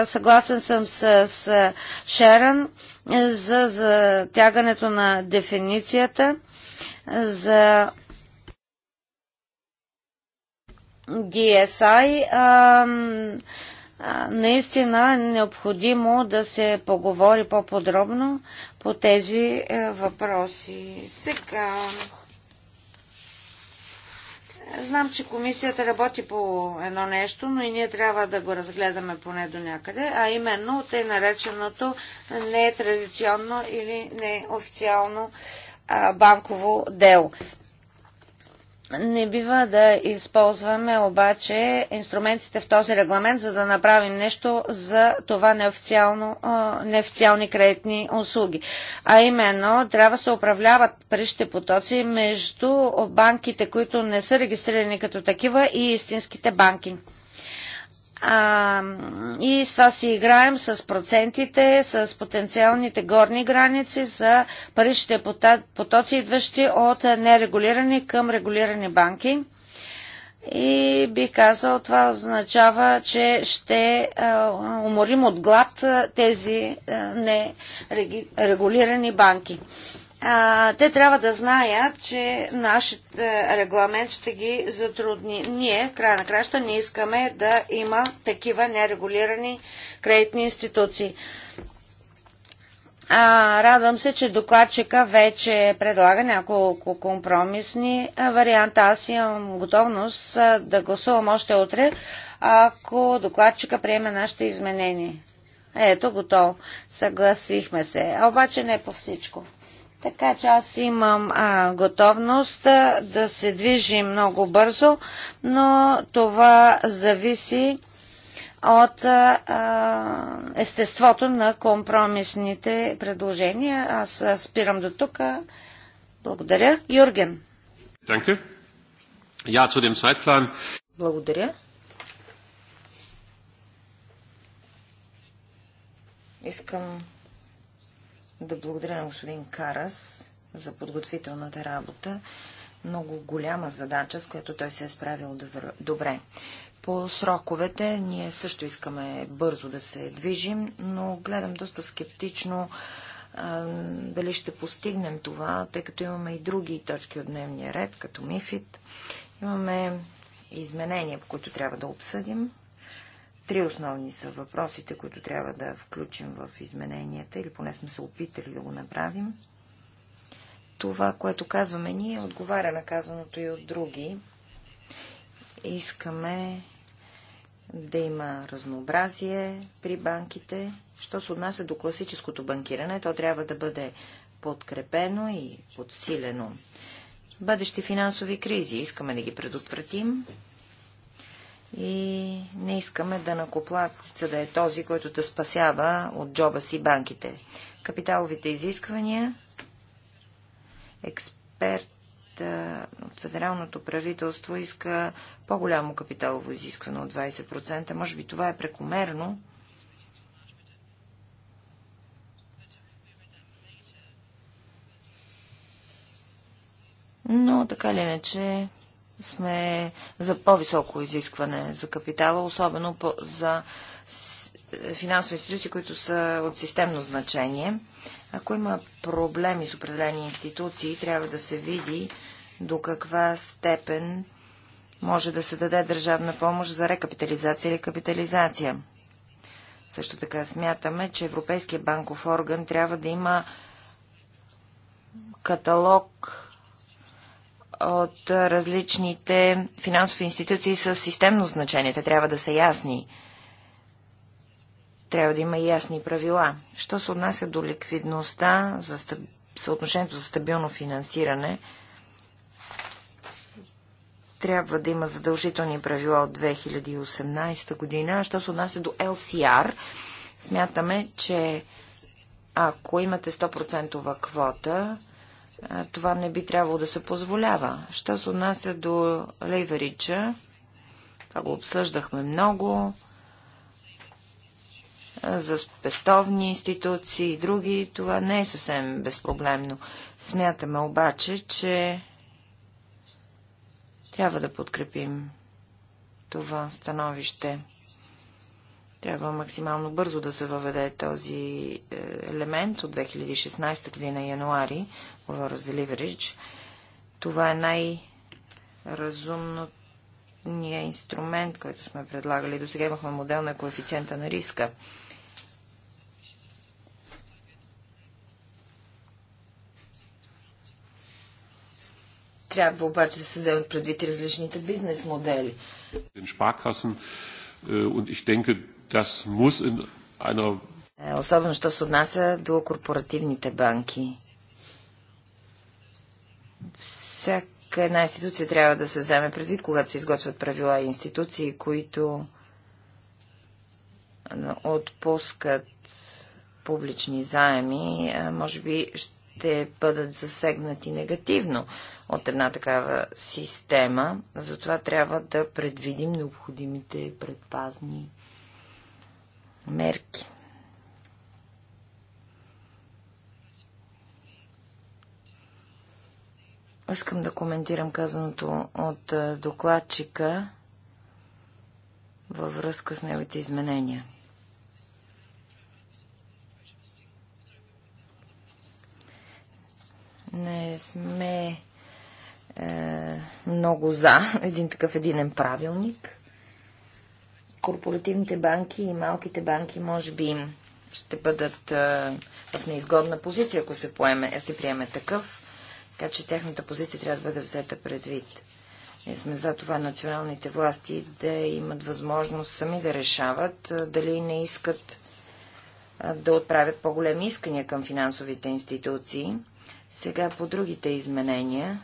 съгласен съм с, с Шерън за затягането на дефиницията за DSI. А, наистина е необходимо да се поговори по-подробно по тези е, въпроси. Сега. Знам, че комисията работи по едно нещо, но и ние трябва да го разгледаме поне до някъде, а именно тъй нареченото нетрадиционно или неофициално банково дело. Не бива да използваме обаче инструментите в този регламент, за да направим нещо за това неофициално, неофициални кредитни услуги. А именно, трябва да се управляват парищите потоци между банките, които не са регистрирани като такива и истинските банки. А, и с това си играем с процентите, с потенциалните горни граници за паричните потоци, идващи от нерегулирани към регулирани банки. И бих казал, това означава, че ще а, уморим от глад тези а, нерегулирани банки а, те трябва да знаят, че нашият е, регламент ще ги затрудни. Ние, края на краща, не искаме да има такива нерегулирани кредитни институции. А, радвам се, че докладчика вече предлага няколко компромисни варианта. Аз имам готовност да гласувам още утре, ако докладчика приеме нашите изменения. Ето, готово. Съгласихме се. обаче не по всичко. Така че аз имам а, готовност а, да се движи много бързо, но това зависи от а, естеството на компромисните предложения. Аз спирам до тук. Благодаря. Юрген. Благодаря. Искам да благодаря на господин Карас за подготвителната работа. Много голяма задача, с която той се е справил добре. По сроковете ние също искаме бързо да се движим, но гледам доста скептично а, дали ще постигнем това, тъй като имаме и други точки от дневния ред, като МИФИТ. Имаме изменения, по които трябва да обсъдим. Три основни са въпросите, които трябва да включим в измененията, или поне сме се опитали да го направим. Това, което казваме ние, отговаря на казаното и от други. Искаме да има разнообразие при банките. Що се отнася до класическото банкиране, то трябва да бъде подкрепено и подсилено. Бъдещи финансови кризи искаме да ги предотвратим и не искаме да накоплатца да е този, който да спасява от джоба си банките. Капиталовите изисквания, експерт от федералното правителство иска по-голямо капиталово изискване от 20%. Може би това е прекомерно. Но така или иначе, сме за по-високо изискване за капитала, особено за финансови институции, които са от системно значение. Ако има проблеми с определени институции, трябва да се види до каква степен може да се даде държавна помощ за рекапитализация или капитализация. Също така смятаме, че Европейския банков орган трябва да има каталог от различните финансови институции с системно значение. Те трябва да са ясни. Трябва да има и ясни правила. Що се отнася до ликвидността, за стаб... съотношението за стабилно финансиране, трябва да има задължителни правила от 2018 година. Що се отнася до LCR, смятаме, че ако имате 100% квота, това не би трябвало да се позволява. Що се отнася до лейверича, това го обсъждахме много, за спестовни институции и други, това не е съвсем безпроблемно. Смятаме обаче, че трябва да подкрепим това становище. Трябва максимално бързо да се въведе този е, елемент от 2016 година януари, говоря за ливеридж, това е най разумният инструмент, който сме предлагали. До сега имахме модел на коефициента на риска. Трябва обаче да се вземат предвид и различните бизнес модели. Е, е, особено, що се отнася до корпоративните банки всяка една институция трябва да се вземе предвид, когато се изготвят правила и институции, които отпускат публични заеми, може би ще бъдат засегнати негативно от една такава система. Затова трябва да предвидим необходимите предпазни мерки. Искам да коментирам казаното от е, докладчика във връзка с неговите изменения. Не сме е, много за [LAUGHS] един такъв единен правилник. Корпоративните банки и малките банки може би ще бъдат е, в неизгодна позиция, ако се, поеме, се приеме такъв така че тяхната позиция трябва да бъде взета предвид. Ние сме за това националните власти да имат възможност сами да решават дали не искат да отправят по-големи искания към финансовите институции. Сега по другите изменения.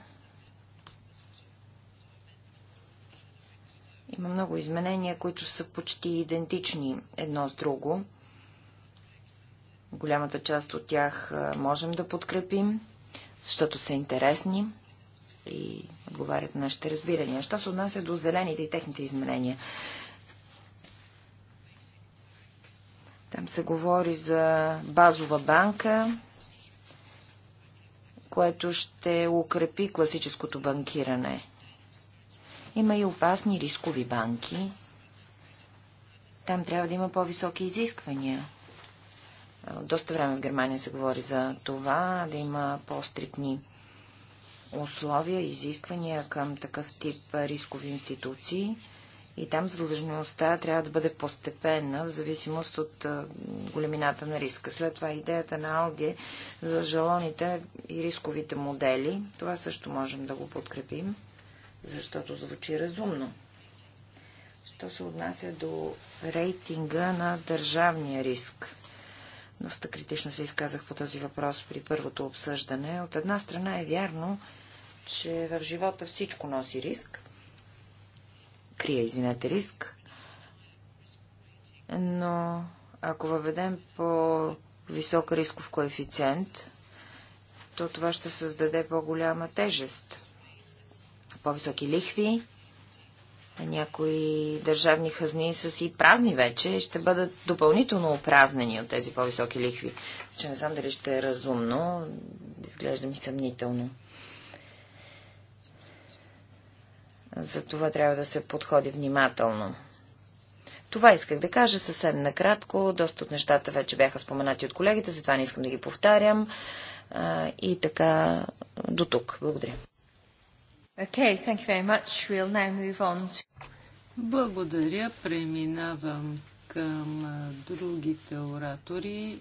Има много изменения, които са почти идентични едно с друго. Голямата част от тях можем да подкрепим защото са интересни и отговарят на нашите разбирания. Що се отнася до зелените и техните изменения? Там се говори за базова банка, което ще укрепи класическото банкиране. Има и опасни рискови банки. Там трябва да има по-високи изисквания. Е, доста време в Германия се говори за това, да има по-стрикни условия, изисквания към такъв тип рискови институции. И там задължеността трябва да бъде постепенна, в зависимост от е, големината на риска. След това идеята на Алге за жалоните и рисковите модели. Това също можем да го подкрепим, защото звучи разумно. Що се отнася до рейтинга на държавния риск? Доста критично се изказах по този въпрос при първото обсъждане. От една страна е вярно, че в живота всичко носи риск. Крие, извинете, риск. Но ако въведем по висок рисков коефициент, то това ще създаде по-голяма тежест. По-високи лихви, някои държавни хазни са си празни вече, и ще бъдат допълнително опразнени от тези по-високи лихви. Че не знам дали ще е разумно, изглежда ми съмнително. За това трябва да се подходи внимателно. Това исках да кажа съвсем накратко. Доста от нещата вече бяха споменати от колегите, затова не искам да ги повтарям. И така, до тук. Благодаря. Okay, thank you very much. We'll now move on to... Благодаря. Преминавам към другите оратори.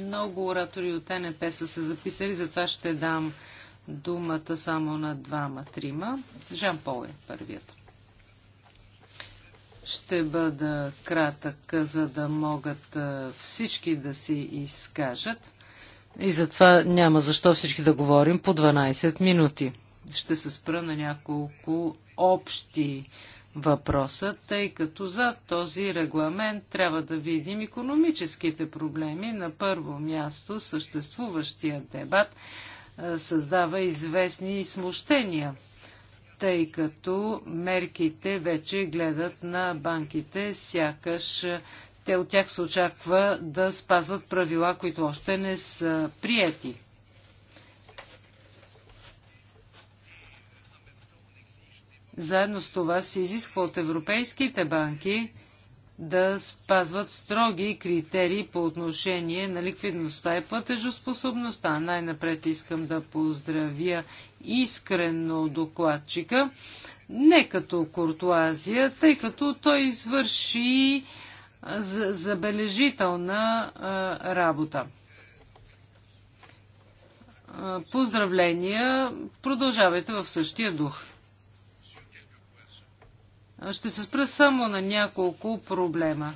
Много оратори от НП са се записали, затова ще дам думата само на двама-трима. Жан Пол е първият. Ще бъда кратък, за да могат всички да си изкажат. И затова няма защо всички да говорим по 12 минути ще се спра на няколко общи въпроса, тъй като за този регламент трябва да видим економическите проблеми. На първо място съществуващия дебат създава известни смущения, тъй като мерките вече гледат на банките, сякаш те от тях се очаква да спазват правила, които още не са приети. Заедно с това се изисква от европейските банки да спазват строги критерии по отношение на ликвидността и платежоспособността. Най-напред искам да поздравя искрено докладчика, не като Куртуазия, тъй като той извърши забележителна работа. Поздравления! Продължавайте в същия дух. Ще се спра само на няколко проблема.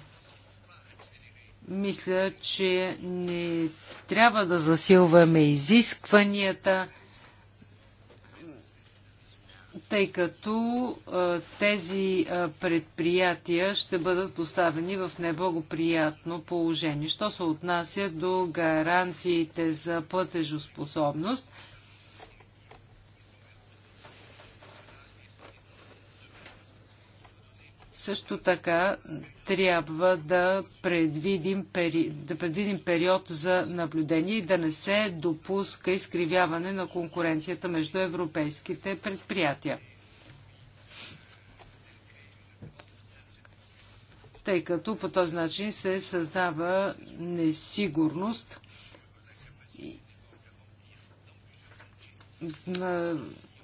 Мисля, че не трябва да засилваме изискванията, тъй като тези предприятия ще бъдат поставени в неблагоприятно положение. Що се отнася до гаранциите за платежоспособност, Също така трябва да предвидим, пери... да предвидим период за наблюдение и да не се допуска изкривяване на конкуренцията между европейските предприятия. Тъй като по този начин се създава несигурност на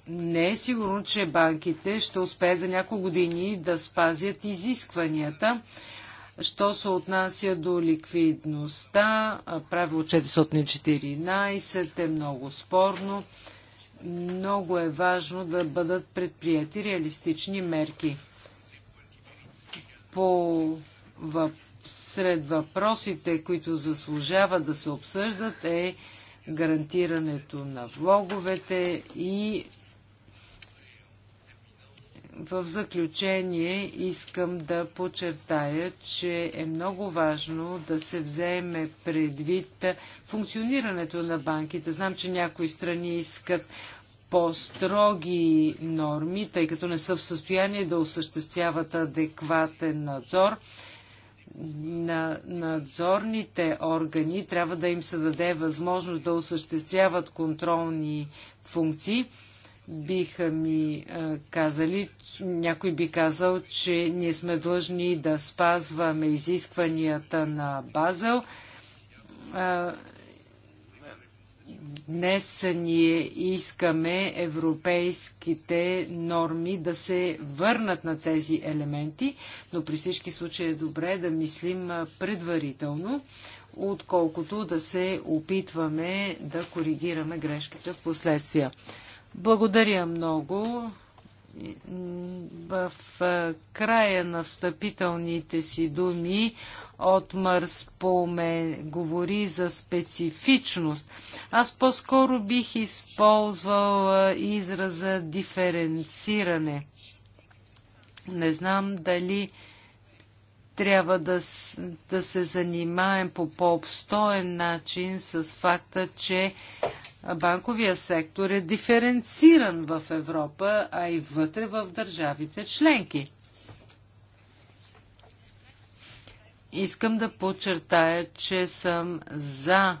не е сигурно, че банките ще успеят за няколко години да спазят изискванията. Що се отнася до ликвидността, правило 414 е много спорно. Много е важно да бъдат предприяти реалистични мерки. По въп... Сред въпросите, които заслужава да се обсъждат е гарантирането на влоговете и в заключение искам да подчертая, че е много важно да се вземе предвид функционирането на банките. Знам, че някои страни искат по-строги норми, тъй като не са в състояние да осъществяват адекватен надзор. На надзорните органи трябва да им се даде възможност да осъществяват контролни функции биха ми казали, някой би казал, че ние сме длъжни да спазваме изискванията на Базел. Днес ние искаме европейските норми да се върнат на тези елементи, но при всички случаи е добре да мислим предварително, отколкото да се опитваме да коригираме грешките в последствия. Благодаря много. В края на встъпителните си думи от мърс поме говори за специфичност. Аз по-скоро бих използвал израза диференциране. Не знам дали трябва да, да се занимаем по по-обстоен начин с факта, че банковия сектор е диференциран в Европа, а и вътре в държавите членки. Искам да подчертая, че съм за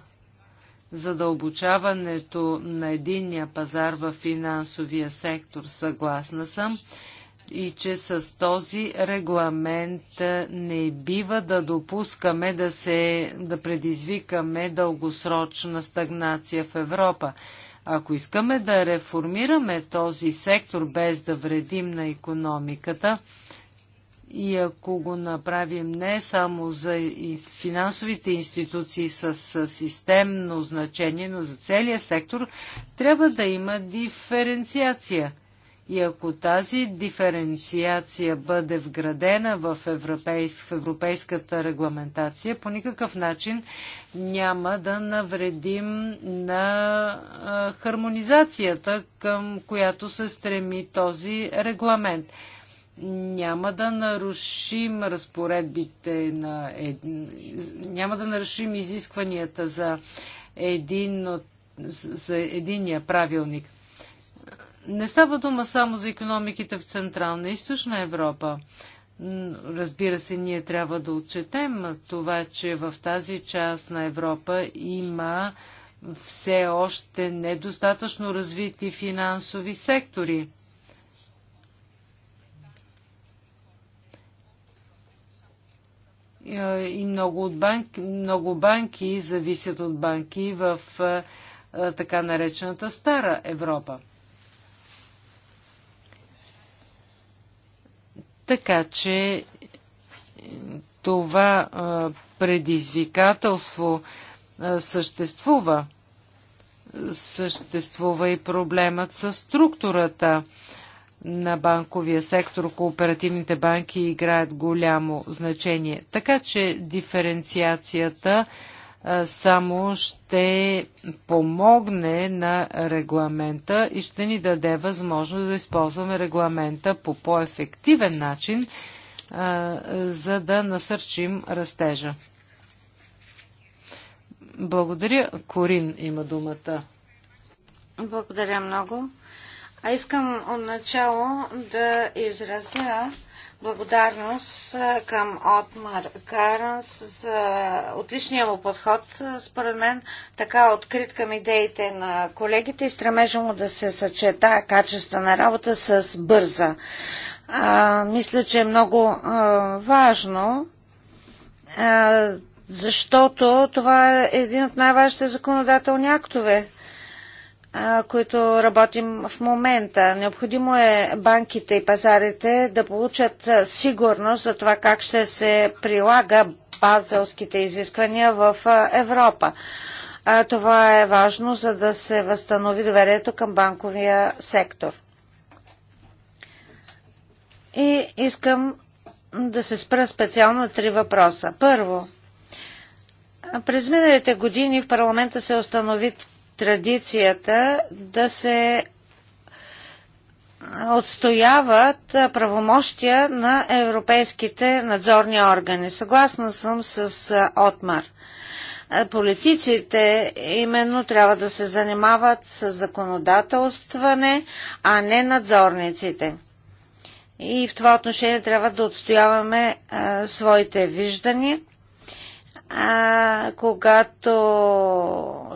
задълбочаването на единния пазар в финансовия сектор. Съгласна съм, и че с този регламент не бива да допускаме да, се, да предизвикаме дългосрочна стагнация в Европа. Ако искаме да реформираме този сектор без да вредим на економиката, и ако го направим не само за финансовите институции с системно значение, но за целия сектор, трябва да има диференциация – и ако тази диференциация бъде вградена в, в европейската регламентация, по никакъв начин няма да навредим на хармонизацията, към която се стреми този регламент. Няма да нарушим разпоредбите на. Ед... Няма да нарушим изискванията за, един, за единия правилник не става дума само за економиките в Централна и Източна Европа. Разбира се, ние трябва да отчетем това, че в тази част на Европа има все още недостатъчно развити финансови сектори. Е, и много, от банки, много банки зависят от банки в е, така наречената Стара Европа. Така че това предизвикателство съществува. Съществува и проблемът с структурата на банковия сектор. Кооперативните банки играят голямо значение. Така че диференциацията само ще помогне на регламента и ще ни даде възможност да използваме регламента по по-ефективен начин, за да насърчим растежа. Благодаря. Корин има думата. Благодаря много. А искам отначало да изразя благодарност към Отмар Каранс за отличния му подход, според мен, така открит към идеите на колегите и стремежа му да се съчета качествена работа с бърза. А, мисля, че е много а, важно а, защото това е един от най-важните законодателни актове които работим в момента. Необходимо е банките и пазарите да получат сигурност за това как ще се прилага базелските изисквания в Европа. Това е важно, за да се възстанови доверието към банковия сектор. И искам да се спра специално на три въпроса. Първо, през миналите години в парламента се установи традицията да се отстояват правомощия на европейските надзорни органи. Съгласна съм с Отмар. Политиците именно трябва да се занимават с законодателстване, а не надзорниците. И в това отношение трябва да отстояваме а, своите виждания. А, когато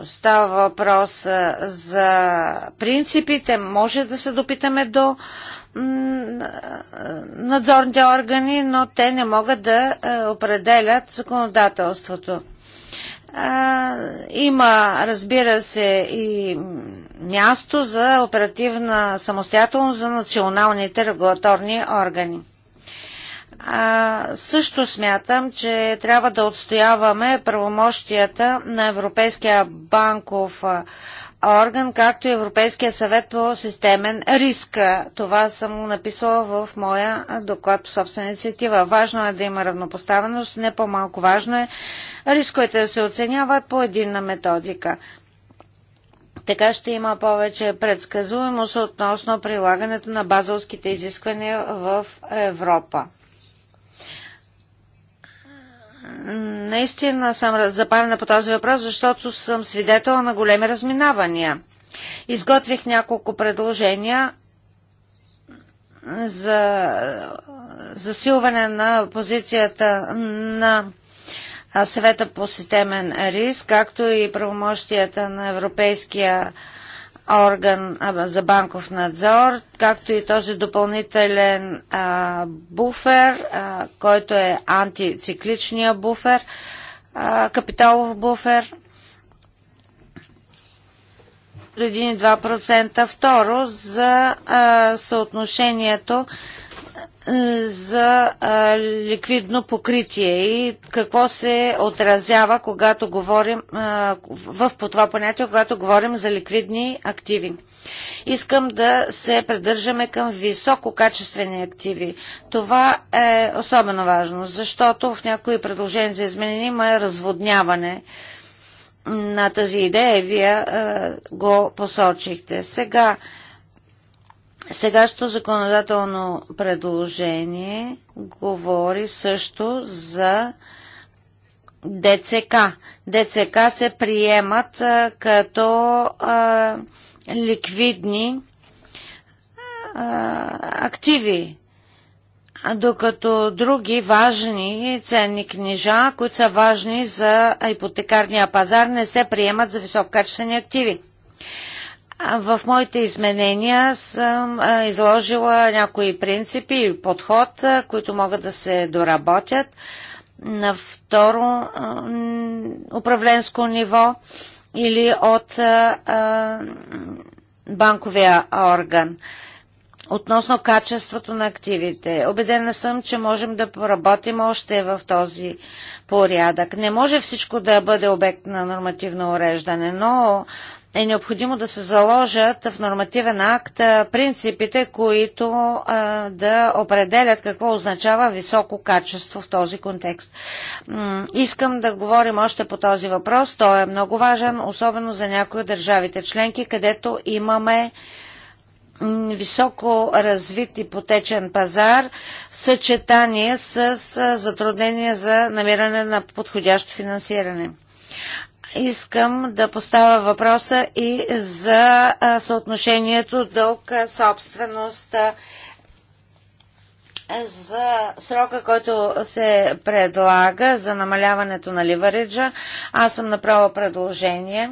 става въпрос за принципите, може да се допитаме до надзорните органи, но те не могат да определят законодателството. Има, разбира се, и място за оперативна самостоятелност за националните регулаторни органи. А, също смятам, че трябва да отстояваме правомощията на Европейския банков орган, както и Европейския съвет по системен риск. Това съм написала в моя доклад по собствена инициатива. Важно е да има равнопоставеност, не по-малко важно е рисковете да се оценяват по единна методика. Така ще има повече предсказуемост относно прилагането на базовските изисквания в Европа наистина съм запалена по този въпрос, защото съм свидетел на големи разминавания. Изготвих няколко предложения за засилване на позицията на съвета по системен риск, както и правомощията на Европейския орган за банков надзор, както и този допълнителен буфер, който е антицикличния буфер, капиталов буфер до 1-2%. Второ, за съотношението за а, ликвидно покритие и какво се отразява, когато говорим а, в по това понятие, когато говорим за ликвидни активи. Искам да се придържаме към висококачествени активи. Това е особено важно, защото в някои предложения за изменение има разводняване на тази идея. Вие а, го посочихте. Сега, Сегашното законодателно предложение говори също за ДЦК. ДЦК се приемат а, като а, ликвидни а, активи, докато други важни ценни книжа, които са важни за ипотекарния пазар, не се приемат за висококачествени активи. В моите изменения съм изложила някои принципи и подход, които могат да се доработят на второ управленско ниво или от банковия орган относно качеството на активите. Обедена съм, че можем да поработим още в този порядък. Не може всичко да бъде обект на нормативно уреждане, но е необходимо да се заложат в нормативен акт принципите, които да определят какво означава високо качество в този контекст. искам да говорим още по този въпрос. Той е много важен, особено за някои от държавите членки, където имаме високо развит ипотечен пазар в съчетание с затруднения за намиране на подходящо финансиране. Искам да поставя въпроса и за съотношението дълг-собственост за срока, който се предлага за намаляването на ливариджа. Аз съм направила предложение,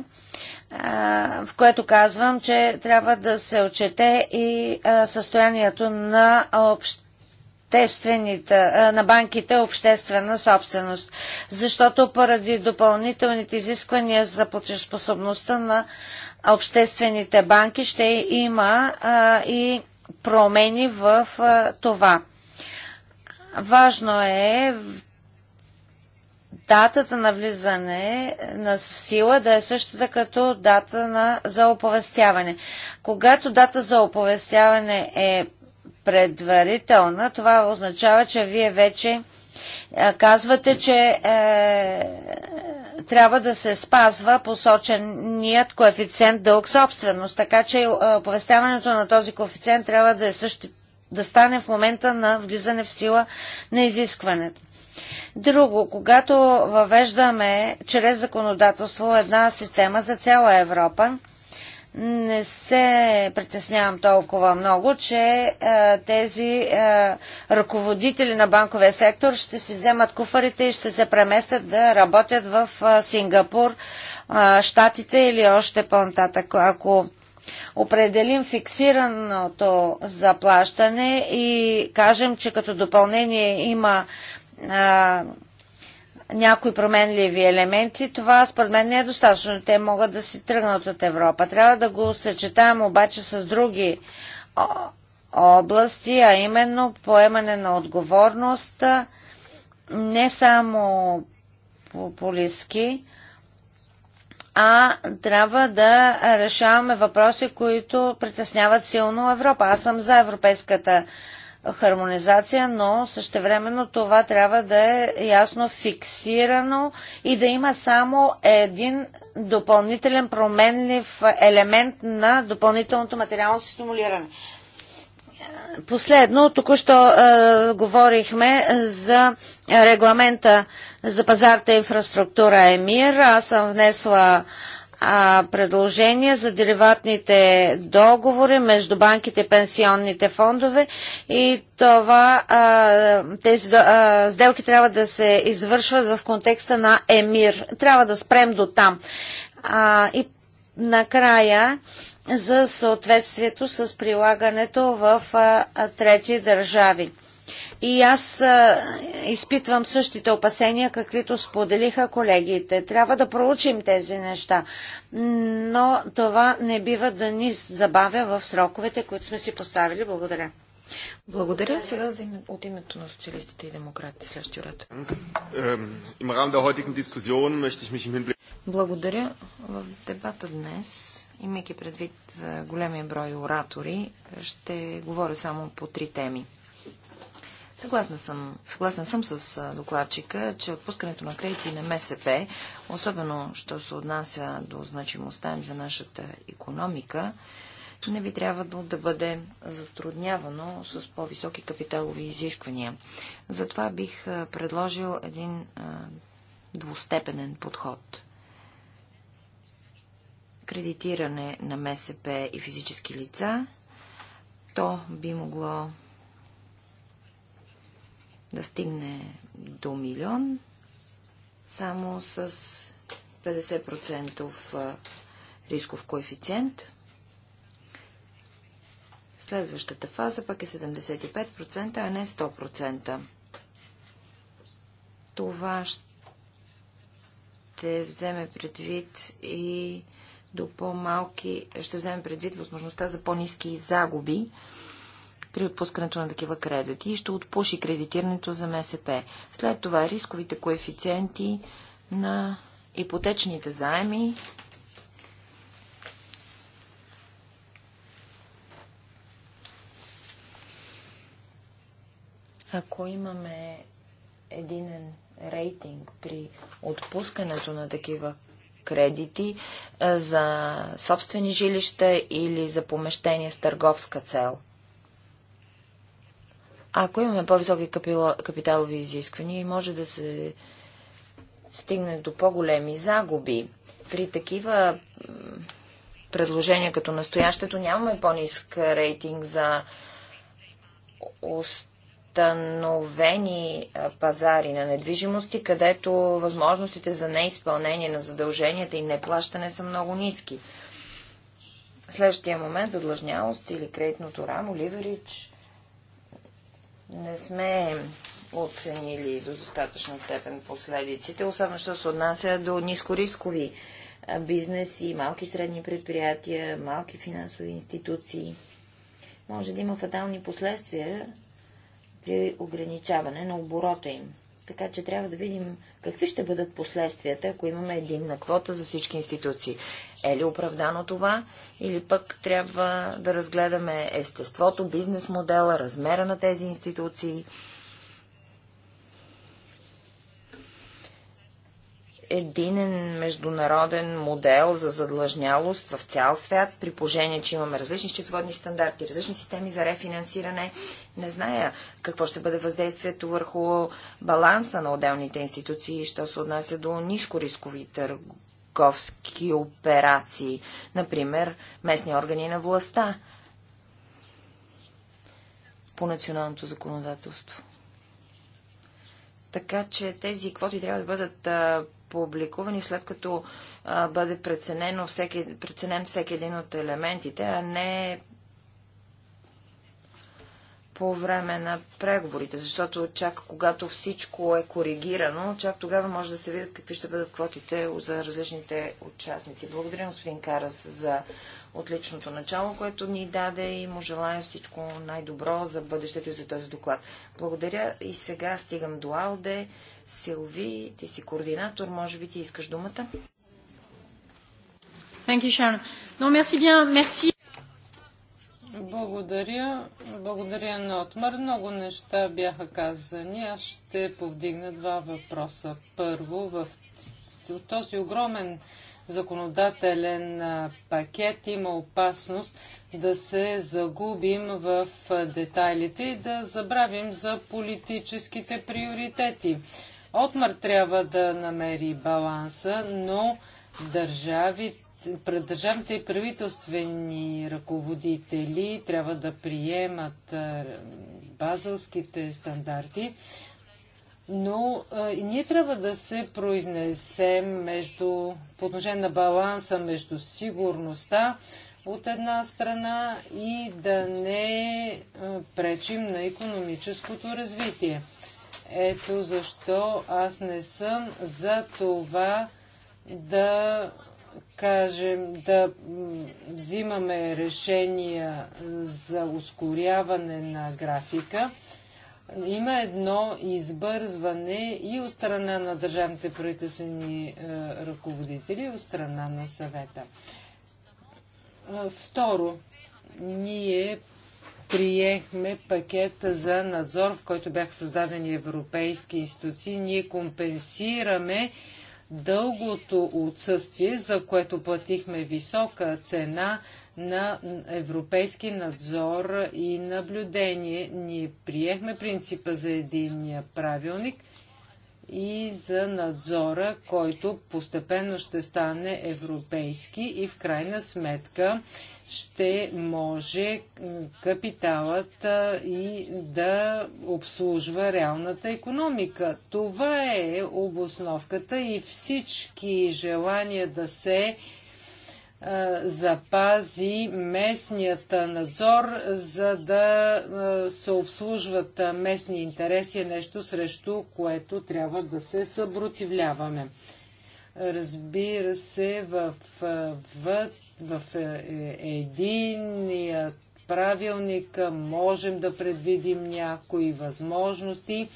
в което казвам, че трябва да се отчете и състоянието на общ на банките обществена собственост, защото поради допълнителните изисквания за платежоспособността на обществените банки ще има а, и промени в а, това. Важно е датата на влизане на в сила да е същата като дата на, за оповестяване. Когато дата за оповестяване е предварителна, това означава, че вие вече казвате, че е, трябва да се спазва посоченият коефициент дълг собственост, така че е, оповестяването на този коефициент трябва да, е същи, да стане в момента на влизане в сила на изискването. Друго, когато въвеждаме чрез законодателство една система за цяла Европа, не се притеснявам толкова много, че а, е, тези а, е, ръководители на банковия сектор ще си вземат куфарите и ще се преместят да работят в а, е, Сингапур, а, Штатите или още по-нататък. Ако определим фиксираното заплащане и кажем, че като допълнение има а, някои променливи елементи, това според мен не е достатъчно. Те могат да си тръгнат от Европа. Трябва да го съчетаем обаче с други области, а именно поемане на отговорност не само популистски, а трябва да решаваме въпроси, които притесняват силно Европа. Аз съм за Европейската хармонизация, но същевременно това трябва да е ясно фиксирано и да има само един допълнителен променлив елемент на допълнителното материално стимулиране. Последно, току-що е, говорихме за регламента за пазарта инфраструктура ЕМИР. Аз съм внесла а, предложения за дериватните договори между банките и пенсионните фондове и това а, тези а, сделки трябва да се извършват в контекста на ЕМИР. Трябва да спрем до там. А, и накрая за съответствието с прилагането в а, трети държави. И аз а, изпитвам същите опасения, каквито споделиха колегите. Трябва да проучим тези неща, но това не бива да ни забавя в сроковете, които сме си поставили. Благодаря. Благодаря. Сега за от името на социалистите и демократите следващия ред. Благодаря. В дебата днес, имайки предвид е, големия брой оратори, ще говоря само по три теми. Съгласна съм, съгласна съм с докладчика, че отпускането на кредити на МСП, особено що се отнася до значимостта им за нашата економика, не би трябвало да бъде затруднявано с по-високи капиталови изисквания. Затова бих предложил един двустепенен подход. Кредитиране на МСП и физически лица, то би могло да стигне до милион само с 50% рисков коефициент. Следващата фаза пък е 75%, а не 100%. Това ще вземе предвид и до по-малки, ще вземе предвид възможността за по-низки загуби при отпускането на такива кредити и ще отпуши кредитирането за МСП. След това рисковите коефициенти на ипотечните заеми Ако имаме единен рейтинг при отпускането на такива кредити за собствени жилища или за помещение с търговска цел – ако имаме по-високи капиталови изисквания, може да се стигне до по-големи загуби. При такива предложения като настоящето нямаме по-низък рейтинг за установени пазари на недвижимости, където възможностите за неизпълнение на задълженията и неплащане са много ниски. Следващия момент задлъжнялост или кредитното рамо, ливерич, не сме оценили до достатъчна степен последиците, особено що се отнася до нискорискови бизнеси, малки средни предприятия, малки финансови институции. Може да има фатални последствия при ограничаване на оборота им. Така че трябва да видим какви ще бъдат последствията, ако имаме единна квота за всички институции. Е ли оправдано това? Или пък трябва да разгледаме естеството, бизнес модела, размера на тези институции? единен международен модел за задлъжнялост в цял свят, при положение, че имаме различни счетоводни стандарти, различни системи за рефинансиране. Не зная какво ще бъде въздействието върху баланса на отделните институции, що се отнася до нискорискови търговски операции, например местни органи на властта по националното законодателство. Така че тези квоти трябва да бъдат а, публикувани след като а, бъде преценено всеки, преценен всеки един от елементите, а не по време на преговорите, защото чак когато всичко е коригирано, чак тогава може да се видят какви ще бъдат квотите за различните участници. Благодаря, господин Карас, за отличното начало, което ни даде и му желая всичко най-добро за бъдещето и за този доклад. Благодаря и сега стигам до Алде. Силви, ти си координатор, може би ти искаш думата. Thank you, Sharon. No, merci bien. Merci. Благодаря. Благодаря на Отмър. Много неща бяха казани. Аз ще повдигна два въпроса. Първо, в този огромен законодателен пакет има опасност да се загубим в детайлите и да забравим за политическите приоритети. Отмар трябва да намери баланса, но държавните и правителствени ръководители трябва да приемат базовските стандарти, но и ние трябва да се произнесем между, по отношение на баланса между сигурността от една страна и да не пречим на економическото развитие. Ето защо аз не съм за това да кажем, да взимаме решения за ускоряване на графика. Има едно избързване и от страна на държавните правителствени е, ръководители, и от страна на съвета. Е, второ, ние приехме пакет за надзор, в който бяха създадени европейски институции. Ние компенсираме дългото отсъствие, за което платихме висока цена на европейски надзор и наблюдение. Ние приехме принципа за единния правилник и за надзора, който постепенно ще стане европейски и в крайна сметка ще може капиталът и да обслужва реалната економика. Това е обосновката и всички желания да се запази местният надзор, за да се обслужват местни интереси е нещо срещу което трябва да се съпротивляваме. Разбира се, в, вътре в е, е, единият правилник можем да предвидим някои възможности,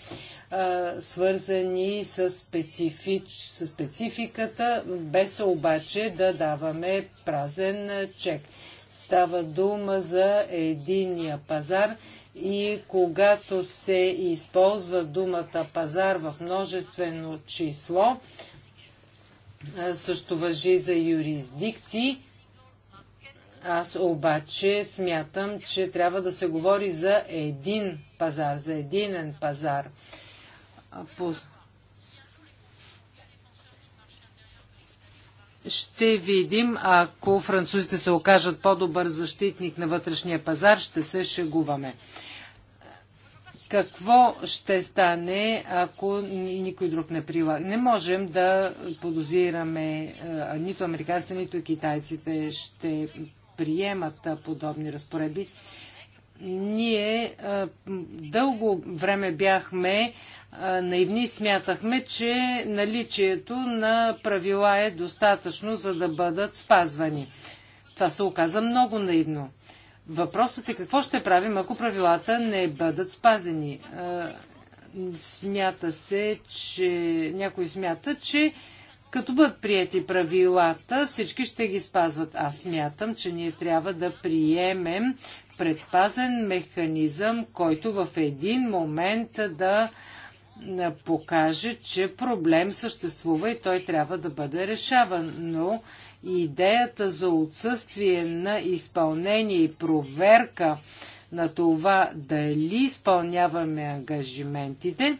свързани с, специфич, с спецификата, без обаче да даваме празен чек. Става дума за единия пазар и когато се използва думата пазар в множествено число, също въжи за юрисдикции, аз обаче смятам, че трябва да се говори за един пазар, за единен пазар. По... Ще видим, ако французите се окажат по-добър защитник на вътрешния пазар, ще се шегуваме. Какво ще стане, ако никой друг не прилага? Не можем да подозираме, нито американците, нито китайците ще приемат подобни разпоредби. Ние дълго време бяхме наивни и смятахме, че наличието на правила е достатъчно, за да бъдат спазвани. Това се оказа много наивно. Въпросът е какво ще правим, ако правилата не бъдат спазени. Смята се, че някой смята, че като бъдат прияти правилата, всички ще ги спазват. Аз мятам, че ние трябва да приемем предпазен механизъм, който в един момент да покаже, че проблем съществува и той трябва да бъде решаван. Но идеята за отсъствие на изпълнение и проверка на това дали изпълняваме ангажиментите,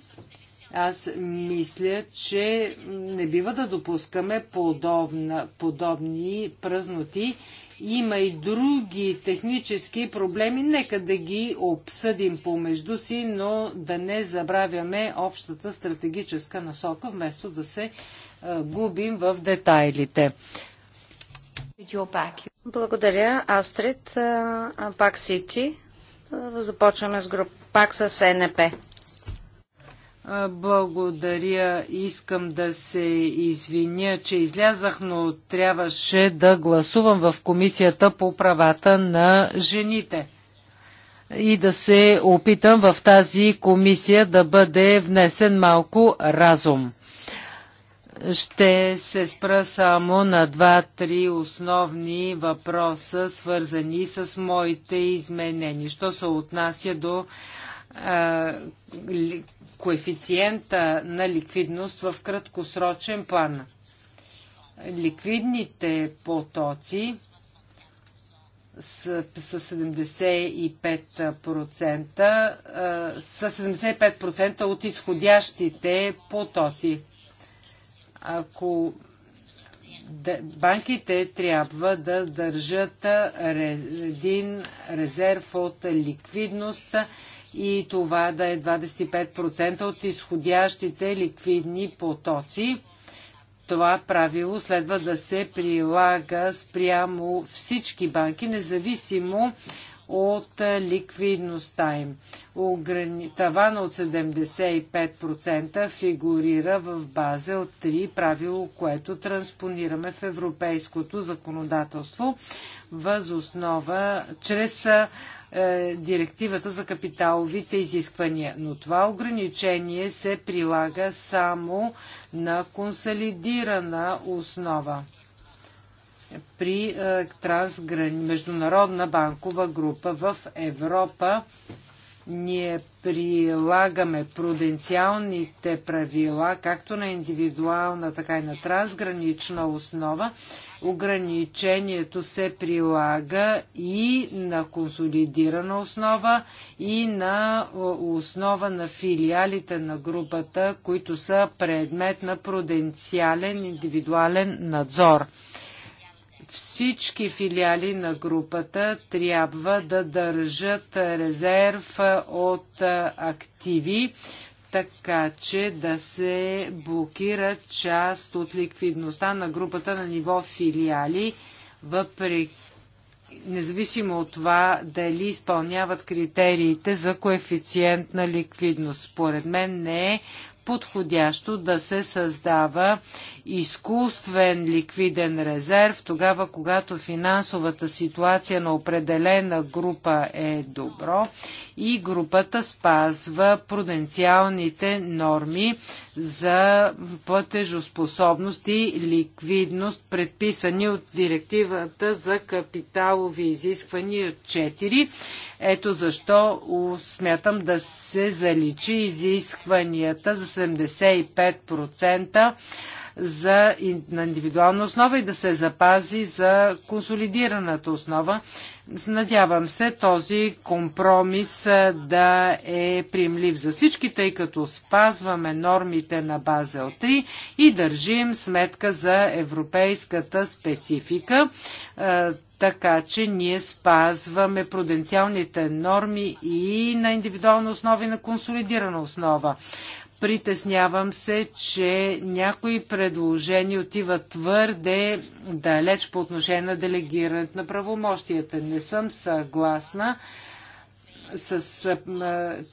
аз мисля, че не бива да допускаме подобна, подобни празноти. Има и други технически проблеми. Нека да ги обсъдим помежду си, но да не забравяме общата стратегическа насока, вместо да се а, губим в детайлите. Благодаря, Астрид. Пак Сити. Започваме с група пак с НП. Благодаря. Искам да се извиня, че излязах, но трябваше да гласувам в комисията по правата на жените и да се опитам в тази комисия да бъде внесен малко разум. Ще се спра само на два-три основни въпроса, свързани с моите изменения. Що се отнася до коефициента на ликвидност в краткосрочен план. Ликвидните потоци с, 75%, с 75% от изходящите потоци. Ако банките трябва да държат един резерв от ликвидност и това да е 25% от изходящите ликвидни потоци. Това правило следва да се прилага спрямо всички банки, независимо от ликвидността им. Тавана от 75% фигурира в база от 3 правило, което транспонираме в европейското законодателство възоснова чрез е, директивата за капиталовите изисквания. Но това ограничение се прилага само на консолидирана основа при е, трансграни... международна банкова група в Европа. Ние прилагаме пруденциалните правила както на индивидуална, така и на трансгранична основа ограничението се прилага и на консолидирана основа, и на основа на филиалите на групата, които са предмет на пруденциален индивидуален надзор всички филиали на групата трябва да държат резерв от активи така че да се блокира част от ликвидността на групата на ниво филиали, въпреки независимо от това дали изпълняват критериите за коефициент на ликвидност. Според мен не е подходящо да се създава изкуствен ликвиден резерв, тогава когато финансовата ситуация на определена група е добро и групата спазва пруденциалните норми за платежоспособност и ликвидност, предписани от директивата за капиталови изисквания 4. Ето защо смятам да се заличи изискванията за 75% за, на индивидуална основа и да се запази за консолидираната основа. Надявам се този компромис да е приемлив за всички, тъй като спазваме нормите на Базел 3 и държим сметка за европейската специфика, така че ние спазваме пруденциалните норми и на индивидуална основа и на консолидирана основа. Притеснявам се, че някои предложения отиват твърде далеч по отношение на делегирането на правомощията. Не съм съгласна с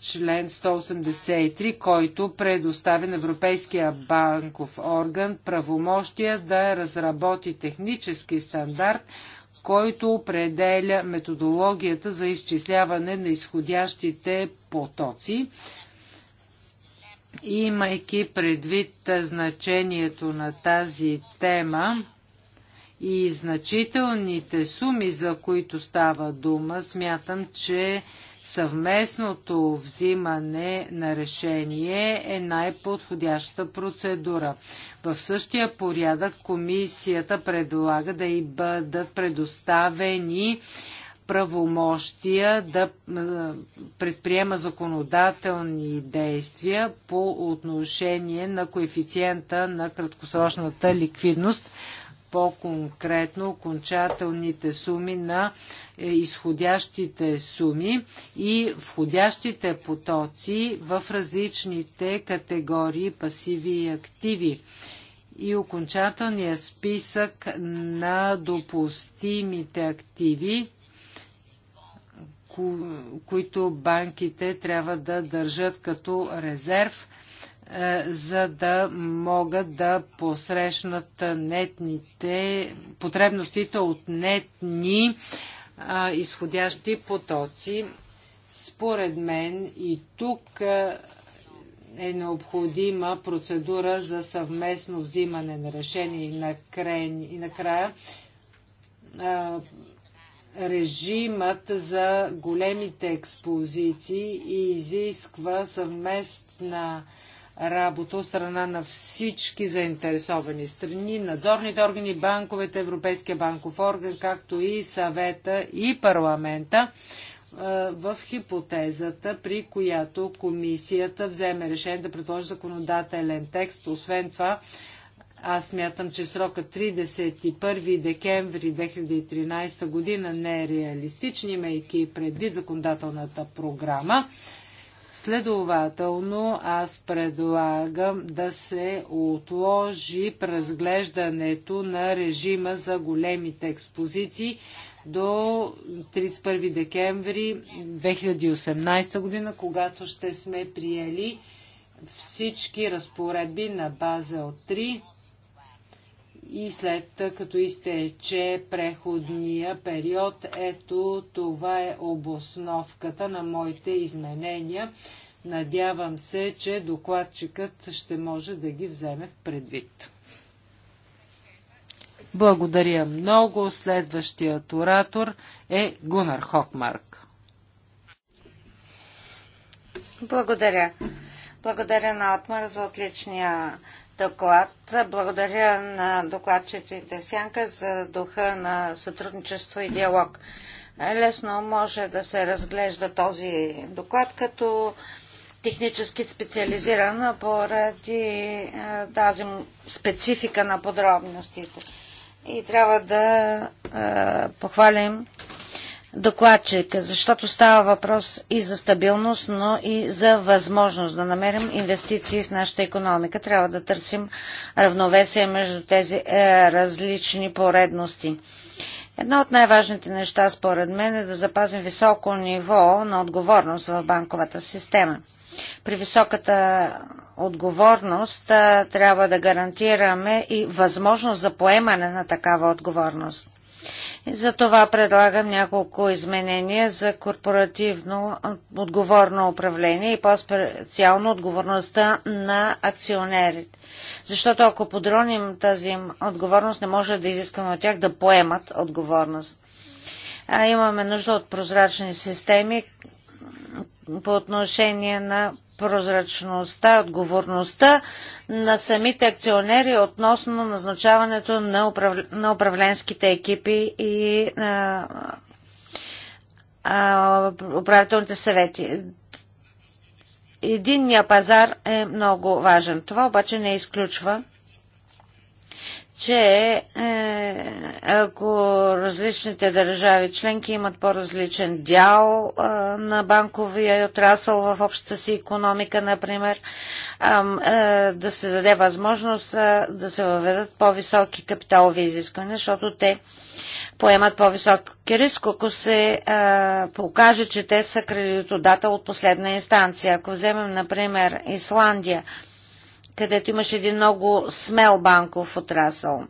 член 183, който предоставя на Европейския банков орган правомощия да разработи технически стандарт, който определя методологията за изчисляване на изходящите потоци Имайки предвид значението на тази тема и значителните суми, за които става дума, смятам, че съвместното взимане на решение е най-подходяща процедура. В същия порядък комисията предлага да й бъдат предоставени правомощия да предприема законодателни действия по отношение на коефициента на краткосрочната ликвидност, по-конкретно окончателните суми на е, изходящите суми и входящите потоци в различните категории пасиви и активи и окончателния списък на допустимите активи които банките трябва да държат като резерв, е, за да могат да посрещнат нетните, потребностите от нетни изходящи потоци. Според мен и тук е, е необходима процедура за съвместно взимане на решение и накрая, и накрая режимът за големите експозиции и изисква съвместна работа от страна на всички заинтересовани страни, надзорните органи, банковете, Европейския банков орган, както и съвета и парламента е, в хипотезата, при която комисията вземе решение да предложи законодателен текст. Освен това, аз смятам, че срока 31 декември 2013 година не е реалистичен, имайки предвид законодателната програма. Следователно, аз предлагам да се отложи преразглеждането на режима за големите експозиции до 31 декември 2018 година, когато ще сме приели всички разпоредби на база от 3 и след като изтече преходния период, ето това е обосновката на моите изменения. Надявам се, че докладчикът ще може да ги вземе в предвид. Благодаря много. Следващият оратор е Гунар Хокмарк. Благодаря. Благодаря на Атмар за отличния доклад. Благодаря на докладчиците в Сянка за духа на сътрудничество и диалог. Лесно може да се разглежда този доклад като технически специализиран поради е, тази специфика на подробностите. И трябва да е, похвалим докладчика, защото става въпрос и за стабилност, но и за възможност да намерим инвестиции в нашата економика. Трябва да търсим равновесие между тези е, различни поредности. Едно от най-важните неща, според мен, е да запазим високо ниво на отговорност в банковата система. При високата отговорност трябва да гарантираме и възможност за поемане на такава отговорност. Затова предлагам няколко изменения за корпоративно отговорно управление и по-специално отговорността на акционерите. Защото ако подроним тази отговорност, не може да изискаме от тях да поемат отговорност. А имаме нужда от прозрачни системи по отношение на прозрачността и отговорността на самите акционери относно назначаването на, управ... на управленските екипи и а, а, управителните съвети. Единния пазар е много важен. Това обаче не изключва че е, ако различните държави членки имат по-различен дял е, на банковия отрасъл в общата си економика, например, е, е, да се даде възможност е, да се въведат по-високи капиталови изисквания, защото те поемат по-висок риск, ако се е, покаже, че те са кредитодател от последна инстанция. Ако вземем, например, Исландия, където имаше един много смел банков отрасъл.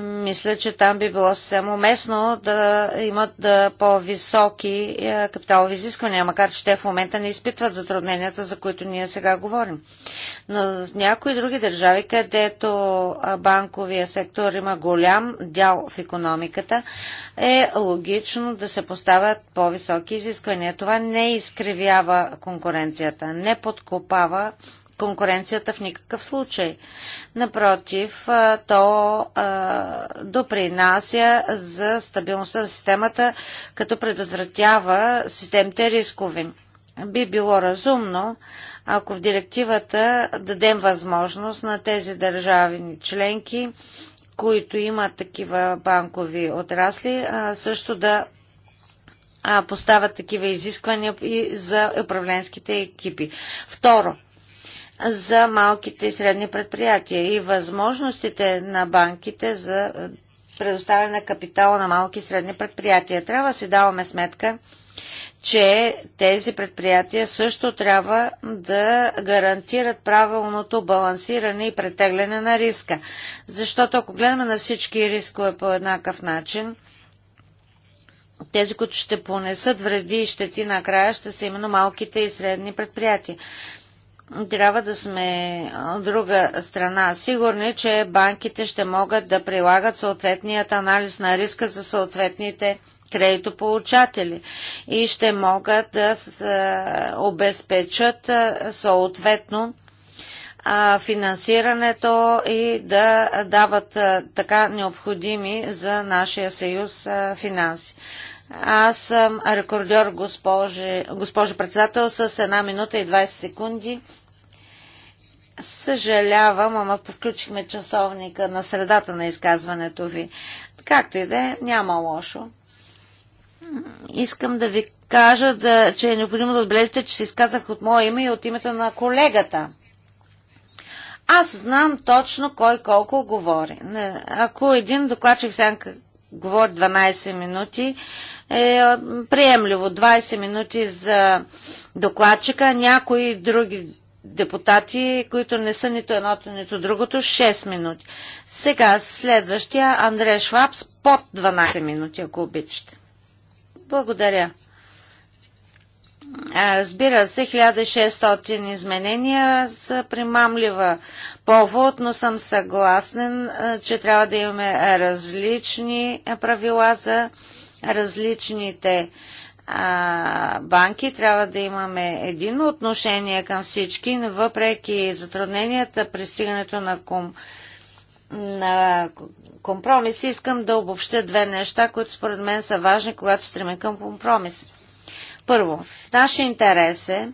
Мисля, че там би било съвсем уместно да имат да по-високи е, капиталови изисквания, макар че те в момента не изпитват затрудненията, за които ние сега говорим. Но в някои други държави, където банковия сектор има голям дял в економиката, е логично да се поставят по-високи изисквания. Това не изкривява конкуренцията, не подкопава конкуренцията в никакъв случай. Напротив, то допринася за стабилността на системата, като предотвратява системите рискови. Би било разумно, ако в директивата дадем възможност на тези държавни членки, които имат такива банкови отрасли, също да поставят такива изисквания и за управленските екипи. Второ, за малките и средни предприятия и възможностите на банките за е, предоставяне на капитала на малки и средни предприятия. Трябва да си даваме сметка, че тези предприятия също трябва да гарантират правилното балансиране и претегляне на риска. Защото ако гледаме на всички рискове по еднакъв начин, тези, които ще понесат вреди и щети накрая, ще са именно малките и средни предприятия трябва да сме от друга страна сигурни, че банките ще могат да прилагат съответният анализ на риска за съответните кредитополучатели и ще могат да обезпечат съответно финансирането и да дават така необходими за нашия съюз финанси. Аз съм рекордьор, госпожи, госпожо председател, с една минута и 20 секунди. Съжалявам, ама включихме часовника на средата на изказването ви. Както и да е, няма лошо. Искам да ви кажа, да, че е необходимо да отбележите, че се изказах от мое име и от името на колегата. Аз знам точно кой колко говори. Не, ако един докладчик сянка говори 12 минути, е приемливо 20 минути за докладчика, някои други депутати, които не са нито едното, нито другото, 6 минути. Сега следващия Андре Швабс под 12 минути, ако обичате. Благодаря. Разбира се, 1600 изменения са примамлива повод, но съм съгласен, че трябва да имаме различни правила за различните банки, трябва да имаме единно отношение към всички, но въпреки затрудненията пристигането на, ком, на компромиси, искам да обобщя две неща, които според мен са важни, когато стремим към компромис. Първо, в наши интерес е,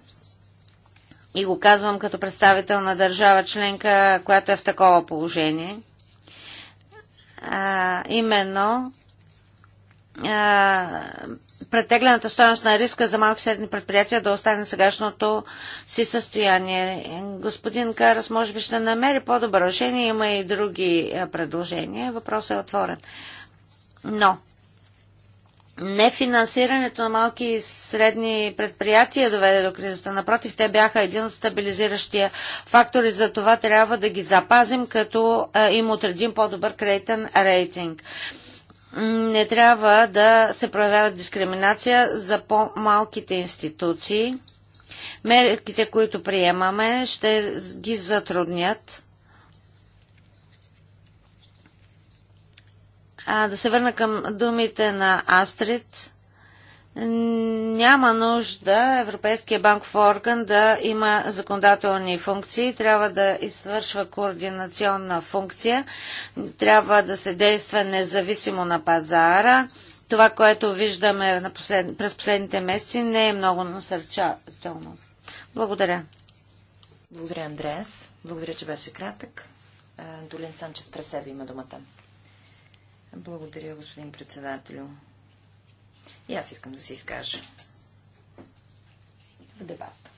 и го казвам като представител на държава членка, която е в такова положение, а, именно а, претеглената стоеност на риска за малки и средни предприятия да остане сегашното си състояние. Господин Карас може би ще намери по-добро решение, има и други е, предложения. Въпросът е отворен. Но нефинансирането на малки и средни предприятия доведе до кризата. Напротив, те бяха един от стабилизиращия фактори, за това трябва да ги запазим, като е, им отредим по-добър кредитен рейтинг не трябва да се проявява дискриминация за по-малките институции. Мерките, които приемаме, ще ги затруднят. А, да се върна към думите на Астрид няма нужда Европейския банков орган да има законодателни функции, трябва да извършва координационна функция, трябва да се действа независимо на пазара. Това, което виждаме през последните месеци, не е много насърчателно. Благодаря. Благодаря, Андреас. Благодаря, че беше кратък. Долин Санчес преседа има думата. Благодаря, господин председателю. И аз искам да се изкажа в дебата.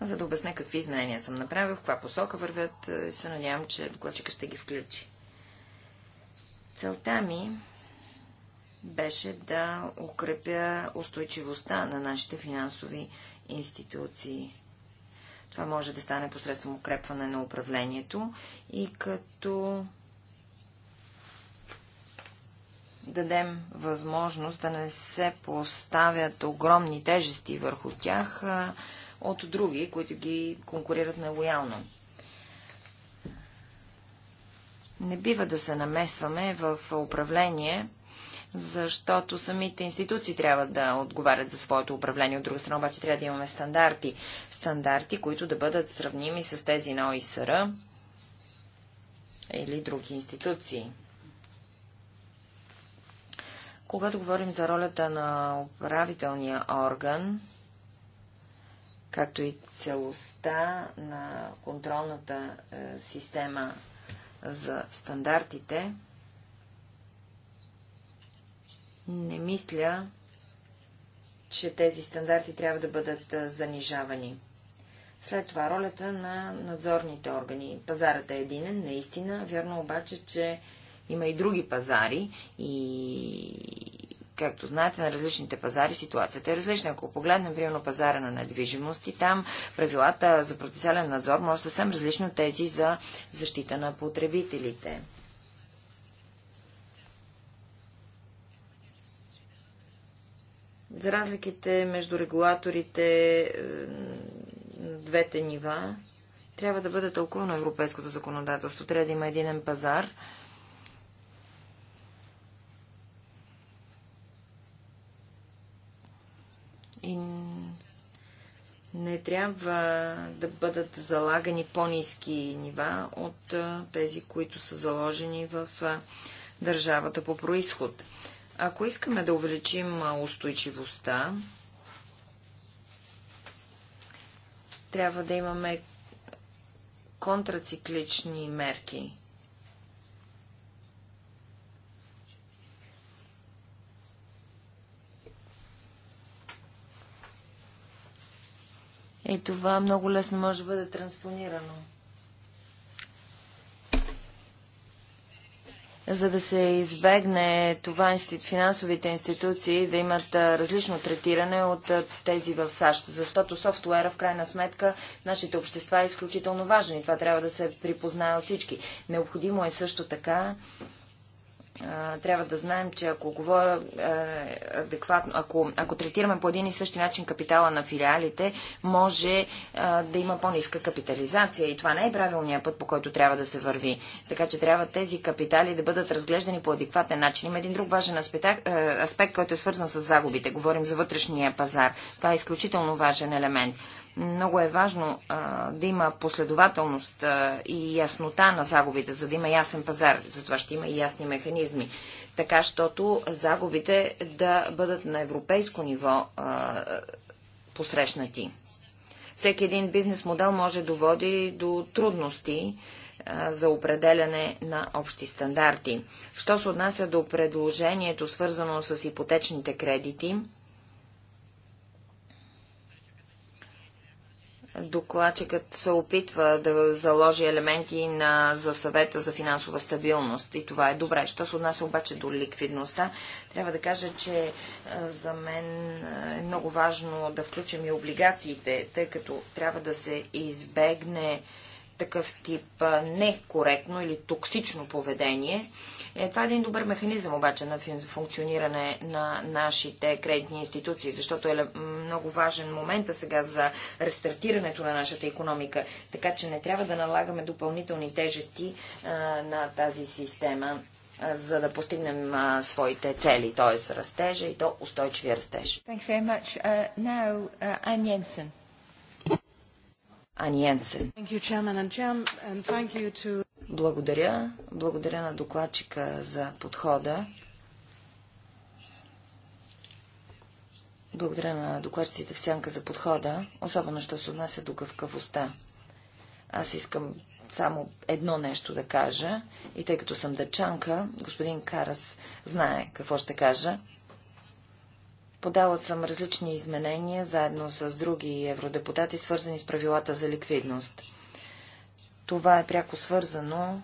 За да обясня какви изменения съм направил, в каква посока вървят е, се надявам, че докладчика ще ги включи. Целта ми беше да укрепя устойчивостта на нашите финансови институции. Това може да стане посредством укрепване на управлението и като дадем възможност да не се поставят огромни тежести върху тях от други, които ги конкурират нелоялно. Не бива да се намесваме в управление, защото самите институции трябва да отговарят за своето управление. От друга страна обаче трябва да имаме стандарти. Стандарти, които да бъдат сравними с тези на ОИСР или други институции. Когато говорим за ролята на управителния орган, както и целостта на контролната е, система за стандартите, не мисля, че тези стандарти трябва да бъдат е, занижавани. След това ролята на надзорните органи. Пазарът е единен, наистина. Вярно обаче, че има и други пазари и, както знаете, на различните пазари ситуацията е различна. Ако погледнем, примерно, пазара на недвижимости, там правилата за процесален надзор може съвсем различни от тези за защита на потребителите. За разликите между регулаторите на двете нива трябва да бъде тълкувано европейското законодателство. Трябва да има единен пазар и не трябва да бъдат залагани по-низки нива от тези, които са заложени в държавата по происход. Ако искаме да увеличим устойчивостта, трябва да имаме контрациклични мерки. И това много лесно може да бъде транспонирано. За да се избегне това финансовите институции да имат различно третиране от тези в САЩ. Защото софтуера, в крайна сметка, нашите общества е изключително важен и това трябва да се припознае от всички. Необходимо е също така трябва да знаем, че ако говоря е, адекватно, ако, ако третираме по един и същи начин капитала на филиалите, може е, да има по-ниска капитализация и това не е правилният път, по който трябва да се върви. Така че трябва тези капитали да бъдат разглеждани по адекватен начин. Има един друг важен аспект, е, аспект който е свързан с загубите. Говорим за вътрешния пазар. Това е изключително важен елемент. Много е важно а, да има последователност а, и яснота на загубите, за да има ясен пазар. Затова ще има и ясни механизми. Така, щото загубите да бъдат на европейско ниво а, посрещнати. Всеки един бизнес модел може да води до трудности, за определяне на общи стандарти. Що се отнася до предложението, свързано с ипотечните кредити, докладчикът се опитва да заложи елементи на, за съвета за финансова стабилност и това е добре. Що се отнася обаче до ликвидността, трябва да кажа, че е, за мен е много важно да включим и облигациите, тъй като трябва да се избегне такъв тип некоректно или токсично поведение. Е, това е един добър механизъм обаче на функциониране на нашите кредитни институции, защото е много важен момент сега за рестартирането на нашата економика, така че не трябва да налагаме допълнителни тежести а, на тази система а, за да постигнем а, своите цели, т.е. растежа и то устойчивия растеж. Thank you very much. Uh, now, uh, Ани Енсен. Благодаря. Благодаря на докладчика за подхода. Благодаря на докладчиците в сянка за подхода, особено, що се отнася до гъвкавостта. Аз искам само едно нещо да кажа и тъй като съм дъчанка, господин Карас знае какво ще кажа. Подала съм различни изменения, заедно с други евродепутати, свързани с правилата за ликвидност. Това е пряко свързано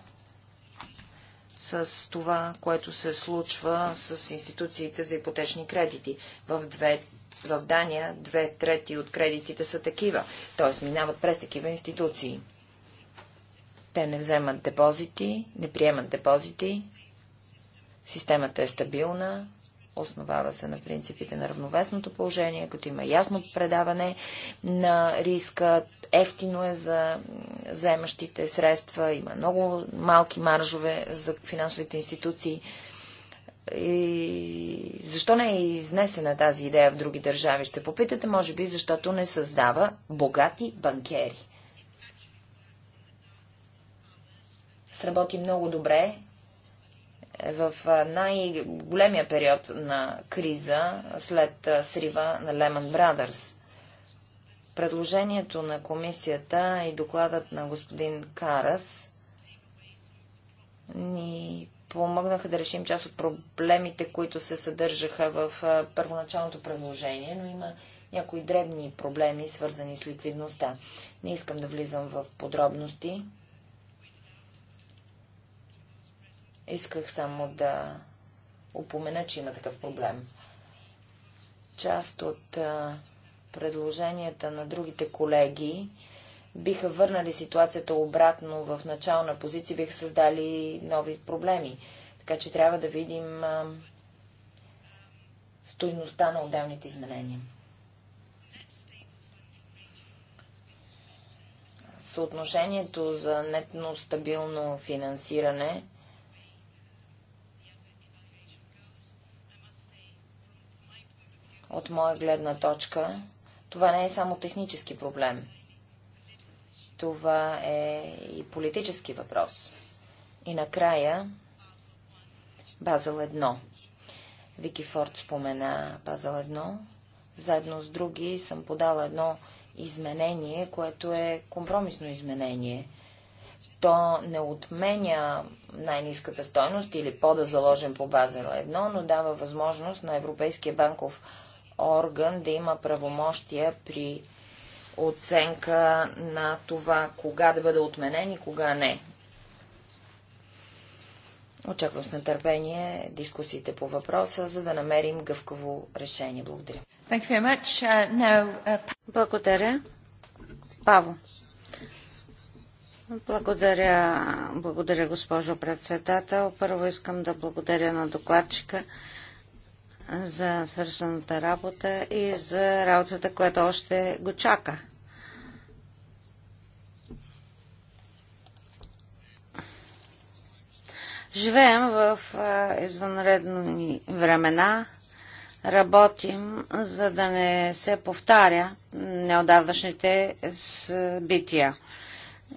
с това, което се случва с институциите за ипотечни кредити. В, две, в Дания две трети от кредитите са такива, т.е. минават през такива институции. Те не вземат депозити, не приемат депозити, системата е стабилна, Основава се на принципите на равновесното положение, като има ясно предаване на риска, ефтино е за заемащите средства, има много малки маржове за финансовите институции. И защо не е изнесена тази идея в други държави? Ще попитате, може би, защото не създава богати банкери. Сработи много добре в най-големия период на криза след срива на Lehman Brothers. Предложението на комисията и докладът на господин Карас ни помогнаха да решим част от проблемите, които се съдържаха в първоначалното предложение, но има някои дребни проблеми, свързани с ликвидността. Не искам да влизам в подробности, Исках само да упомена, че има такъв проблем. Част от предложенията на другите колеги биха върнали ситуацията обратно в начална позиция, биха създали нови проблеми. Така че трябва да видим стойността на отделните изменения. Съотношението за нетно стабилно финансиране От моя гледна точка, това не е само технически проблем. Това е и политически въпрос. И накрая, Базел 1. Вики Форд спомена Базел 1. Заедно с други съм подала едно изменение, което е компромисно изменение. То не отменя най-низката стойност или пода заложен по Базел 1, но дава възможност на Европейския банков орган да има правомощия при оценка на това, кога да бъде отменен и кога не. Очаквам с нетърпение дискусиите по въпроса, за да намерим гъвкаво решение. Благодаря. Uh, uh... Благодаря. Паво. Благодаря, благодаря, госпожо председател. Първо искам да благодаря на докладчика за свършената работа и за работата, която още го чака. Живеем в извънредни времена, работим, за да не се повтаря неодавнашните събития.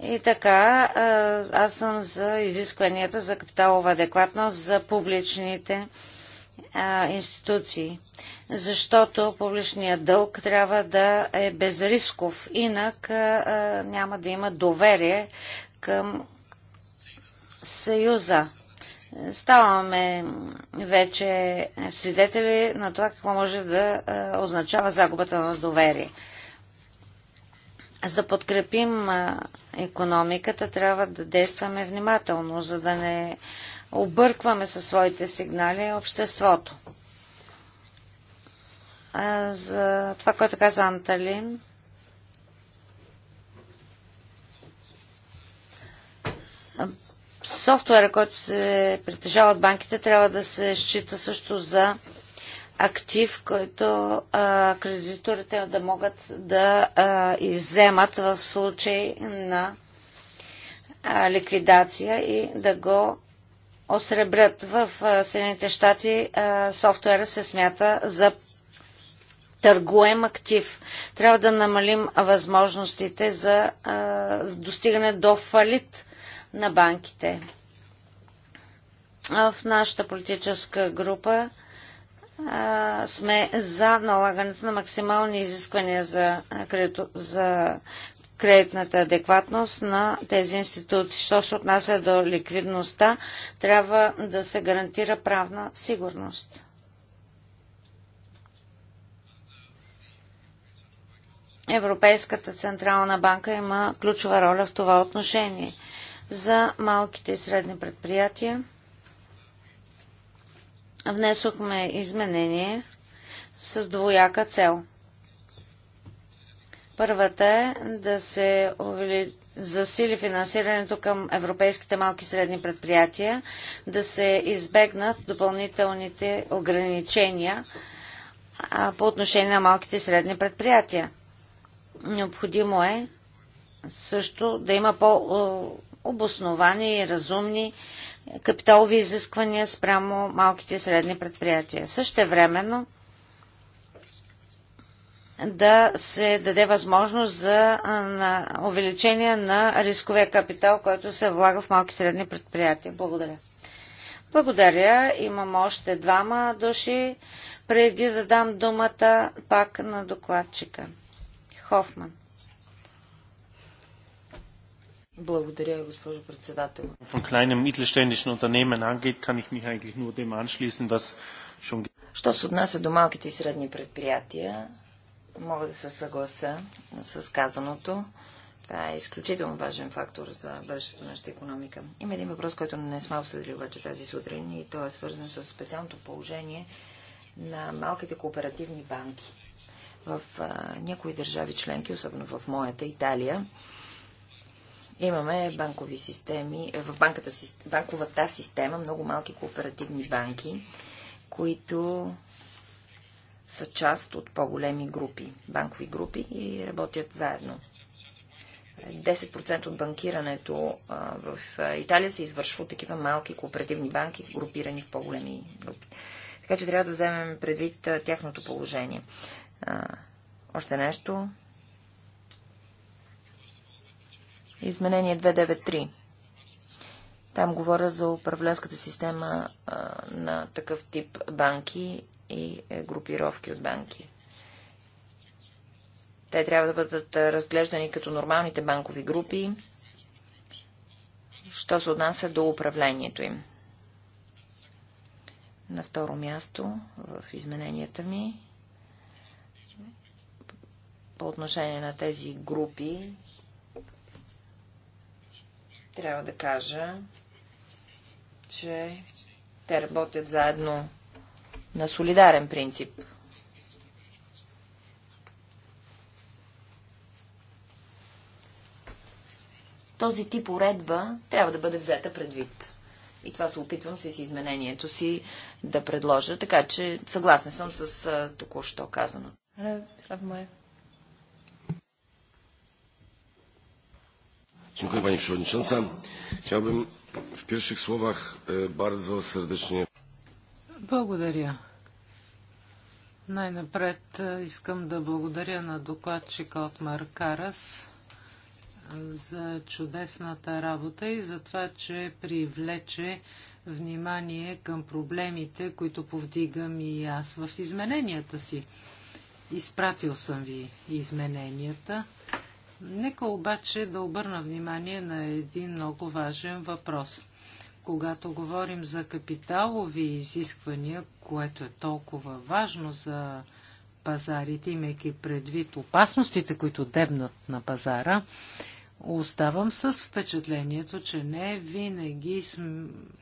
И така, аз съм за изискванията за капиталова адекватност за публичните институции, защото публичният дълг трябва да е безрисков, инак няма да има доверие към Съюза. Ставаме вече свидетели на това какво може да означава загубата на доверие. За да подкрепим економиката, трябва да действаме внимателно, за да не объркваме със своите сигнали обществото. А за това, което каза Анталин, софтуера, който се притежава от банките, трябва да се счита също за актив, който а, кредиторите да могат да а, изземат в случай на а, ликвидация и да го осребрят. В Съединените щати софтуера се смята за търгуем актив. Трябва да намалим възможностите за достигане до фалит на банките. В нашата политическа група сме за налагането на максимални изисквания за, за кредитната адекватност на тези институции. Що се отнася до ликвидността, трябва да се гарантира правна сигурност. Европейската централна банка има ключова роля в това отношение. За малките и средни предприятия внесохме изменение с двояка цел – Първата е да се увеличи засили финансирането към европейските малки и средни предприятия, да се избегнат допълнителните ограничения по отношение на малките и средни предприятия. Необходимо е също да има по-обосновани и разумни капиталови изисквания спрямо малките и средни предприятия. Също времено да се даде възможност за на увеличение на рисковия капитал, който се влага в малки и средни предприятия. Благодаря. Благодаря. Имам още двама души. Преди да дам думата пак на докладчика. Хофман. Благодаря, госпожо председател. Von kleinen mittelständischen Unternehmen angeht, kann ich mich eigentlich nur dem anschließen, was schon Що се отнася до малките и средни предприятия, мога да се съглася с казаното. Това е изключително важен фактор за бъдещето на нашата економика. Има един въпрос, който не сме обсъдили обаче тази сутрин и то е свързан с специалното положение на малките кооперативни банки. В а, някои държави членки, особено в моята Италия, имаме банкови системи, е, в банката, банковата система много малки кооперативни банки, които са част от по-големи групи, банкови групи и работят заедно. 10% от банкирането в Италия се извършва от такива малки кооперативни банки, групирани в по-големи групи. Така че трябва да вземем предвид тяхното положение. Още нещо. Изменение 293. Там говоря за управленската система а, на такъв тип банки и е, групировки от банки. Те трябва да бъдат е, разглеждани като нормалните банкови групи, що се отнася до управлението им. На второ място в измененията ми по отношение на тези групи трябва да кажа, че те работят заедно на солидарен принцип. Този тип уредба трябва да бъде взета предвид. И това се опитвам с изменението си да предложа, така че съгласен съм с току-що казано. Е, Dziękuję Pani Przewodnicząca. Chciałbym w pierwszych słowach e, bardzo serdecznie. Bogu daria. Най-напред искам да благодаря на докладчика от Маркарас за чудесната работа и за това, че привлече внимание към проблемите, които повдигам и аз в измененията си. Изпратил съм ви измененията. Нека обаче да обърна внимание на един много важен въпрос – когато говорим за капиталови изисквания, което е толкова важно за пазарите, имайки предвид опасностите, които дебнат на пазара, оставам с впечатлението, че не винаги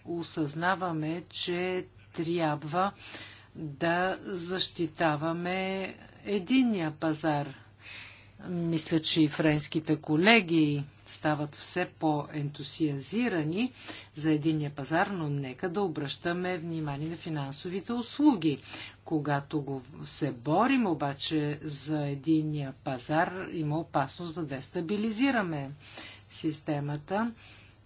осъзнаваме, че трябва да защитаваме единния пазар. Мисля, че и френските колеги стават все по-ентусиазирани за единния пазар, но нека да обръщаме внимание на финансовите услуги. Когато го се борим обаче за единния пазар, има опасност да дестабилизираме системата.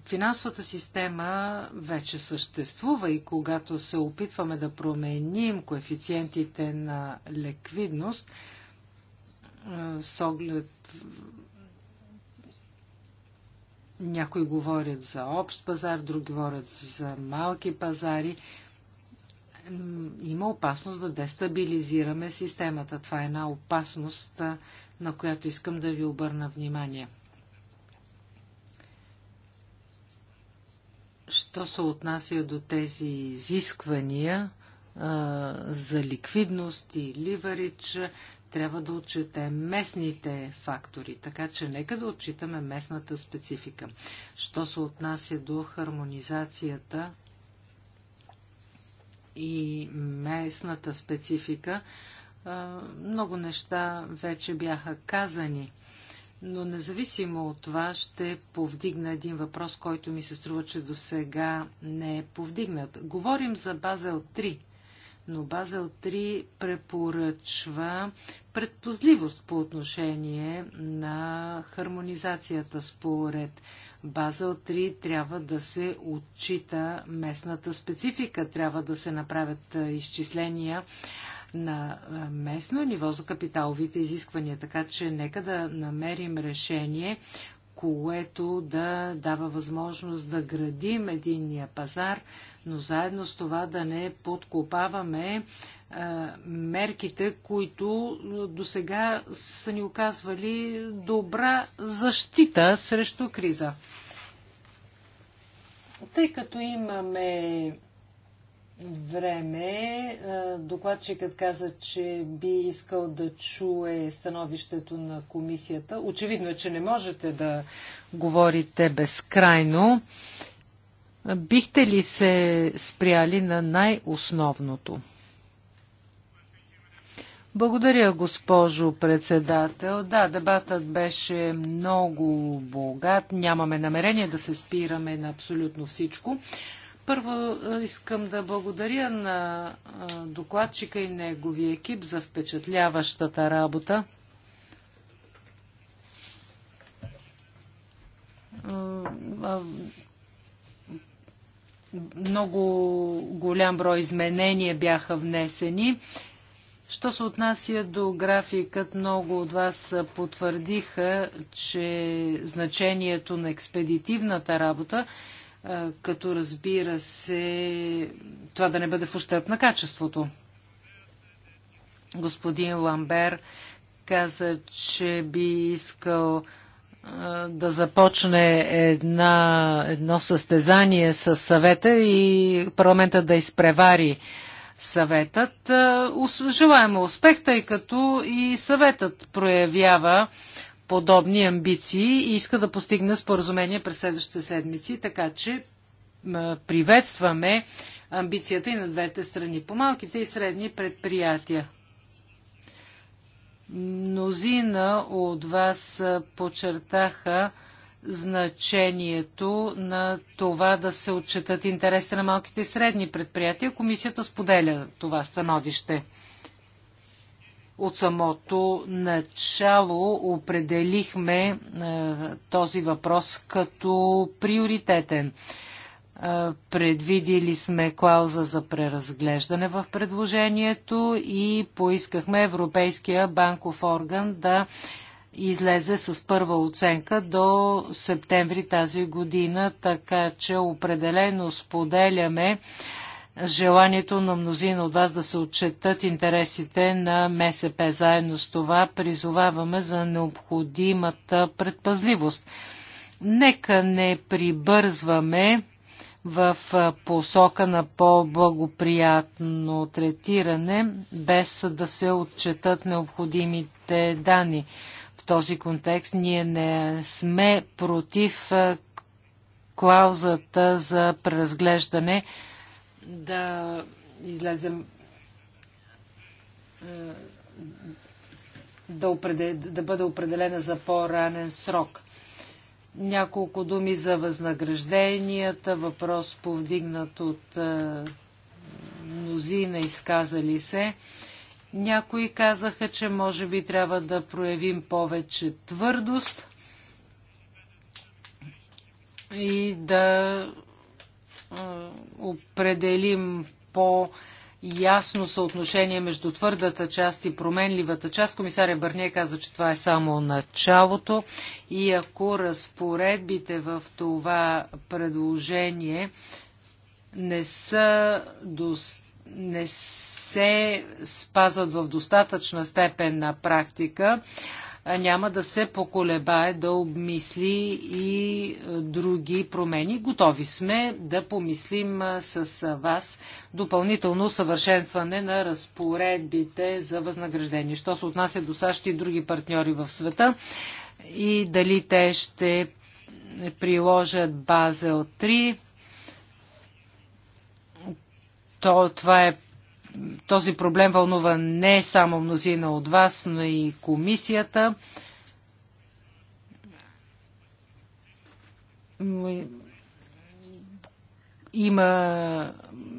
Финансовата система вече съществува и когато се опитваме да променим коефициентите на ликвидност, с оглед някои говорят за общ пазар, други говорят за малки пазари. Има опасност да дестабилизираме системата. Това е една опасност, на която искам да ви обърна внимание. Що се отнася до тези изисквания а, за ликвидност и ливарич, трябва да отчетем местните фактори, така че нека да отчитаме местната специфика. Що се отнася до хармонизацията и местната специфика, много неща вече бяха казани. Но независимо от това ще повдигна един въпрос, който ми се струва, че до сега не е повдигнат. Говорим за Базел 3 но Базел 3 препоръчва предпозливост по отношение на хармонизацията според Базел 3 трябва да се отчита местната специфика, трябва да се направят изчисления на местно ниво за капиталовите изисквания, така че нека да намерим решение, което да дава възможност да градим единния пазар, но заедно с това да не подкопаваме е, мерките, които е, до сега са ни оказвали добра защита срещу криза. Тъй като имаме време, е, докладчикът каза, че би искал да чуе становището на комисията. Очевидно е, че не можете да говорите безкрайно. Бихте ли се спряли на най-основното? Благодаря, госпожо председател. Да, дебатът беше много богат. Нямаме намерение да се спираме на абсолютно всичко. Първо е, искам да благодаря на е, докладчика и неговия екип за впечатляващата работа. Е, много голям брой изменения бяха внесени. Що се отнася до графикът, много от вас потвърдиха, че значението на експедитивната работа, като разбира се, това да не бъде в ущърп на качеството. Господин Ламбер каза, че би искал да започне една, едно състезание с съвета и парламента да изпревари съветът. Е, желаем успех, тъй като и съветът проявява подобни амбиции и иска да постигне споразумение през следващите седмици, така че приветстваме амбицията и на двете страни. По малките и средни предприятия. Мнозина от вас подчертаха значението на това да се отчетат интересите на малките и средни предприятия. Комисията споделя това становище. От самото начало определихме е, този въпрос като приоритетен. Предвидили сме клауза за преразглеждане в предложението и поискахме Европейския банков орган да излезе с първа оценка до септември тази година, така че определено споделяме желанието на мнозина от вас да се отчетат интересите на МСП. Заедно с това призоваваме за необходимата предпазливост. Нека не прибързваме в посока на по-благоприятно третиране, без да се отчетат необходимите данни. В този контекст ние не сме против клаузата за преразглеждане да излезем да, определ, да бъде определена за по-ранен срок. Няколко думи за възнагражденията, въпрос повдигнат от е, мнозина изказали се. Някои казаха, че може би трябва да проявим повече твърдост и да е, определим по- ясно съотношение между твърдата част и променливата част. Комисаря Бърния каза, че това е само началото и ако разпоредбите в това предложение не са не се спазват в достатъчна степен на практика, няма да се поколебае да обмисли и други промени. Готови сме да помислим с вас допълнително съвършенстване на разпоредбите за възнаграждение. Що се отнася до САЩ и други партньори в света и дали те ще приложат Базел 3. То, това е този проблем вълнува не само мнозина от вас, но и комисията. Има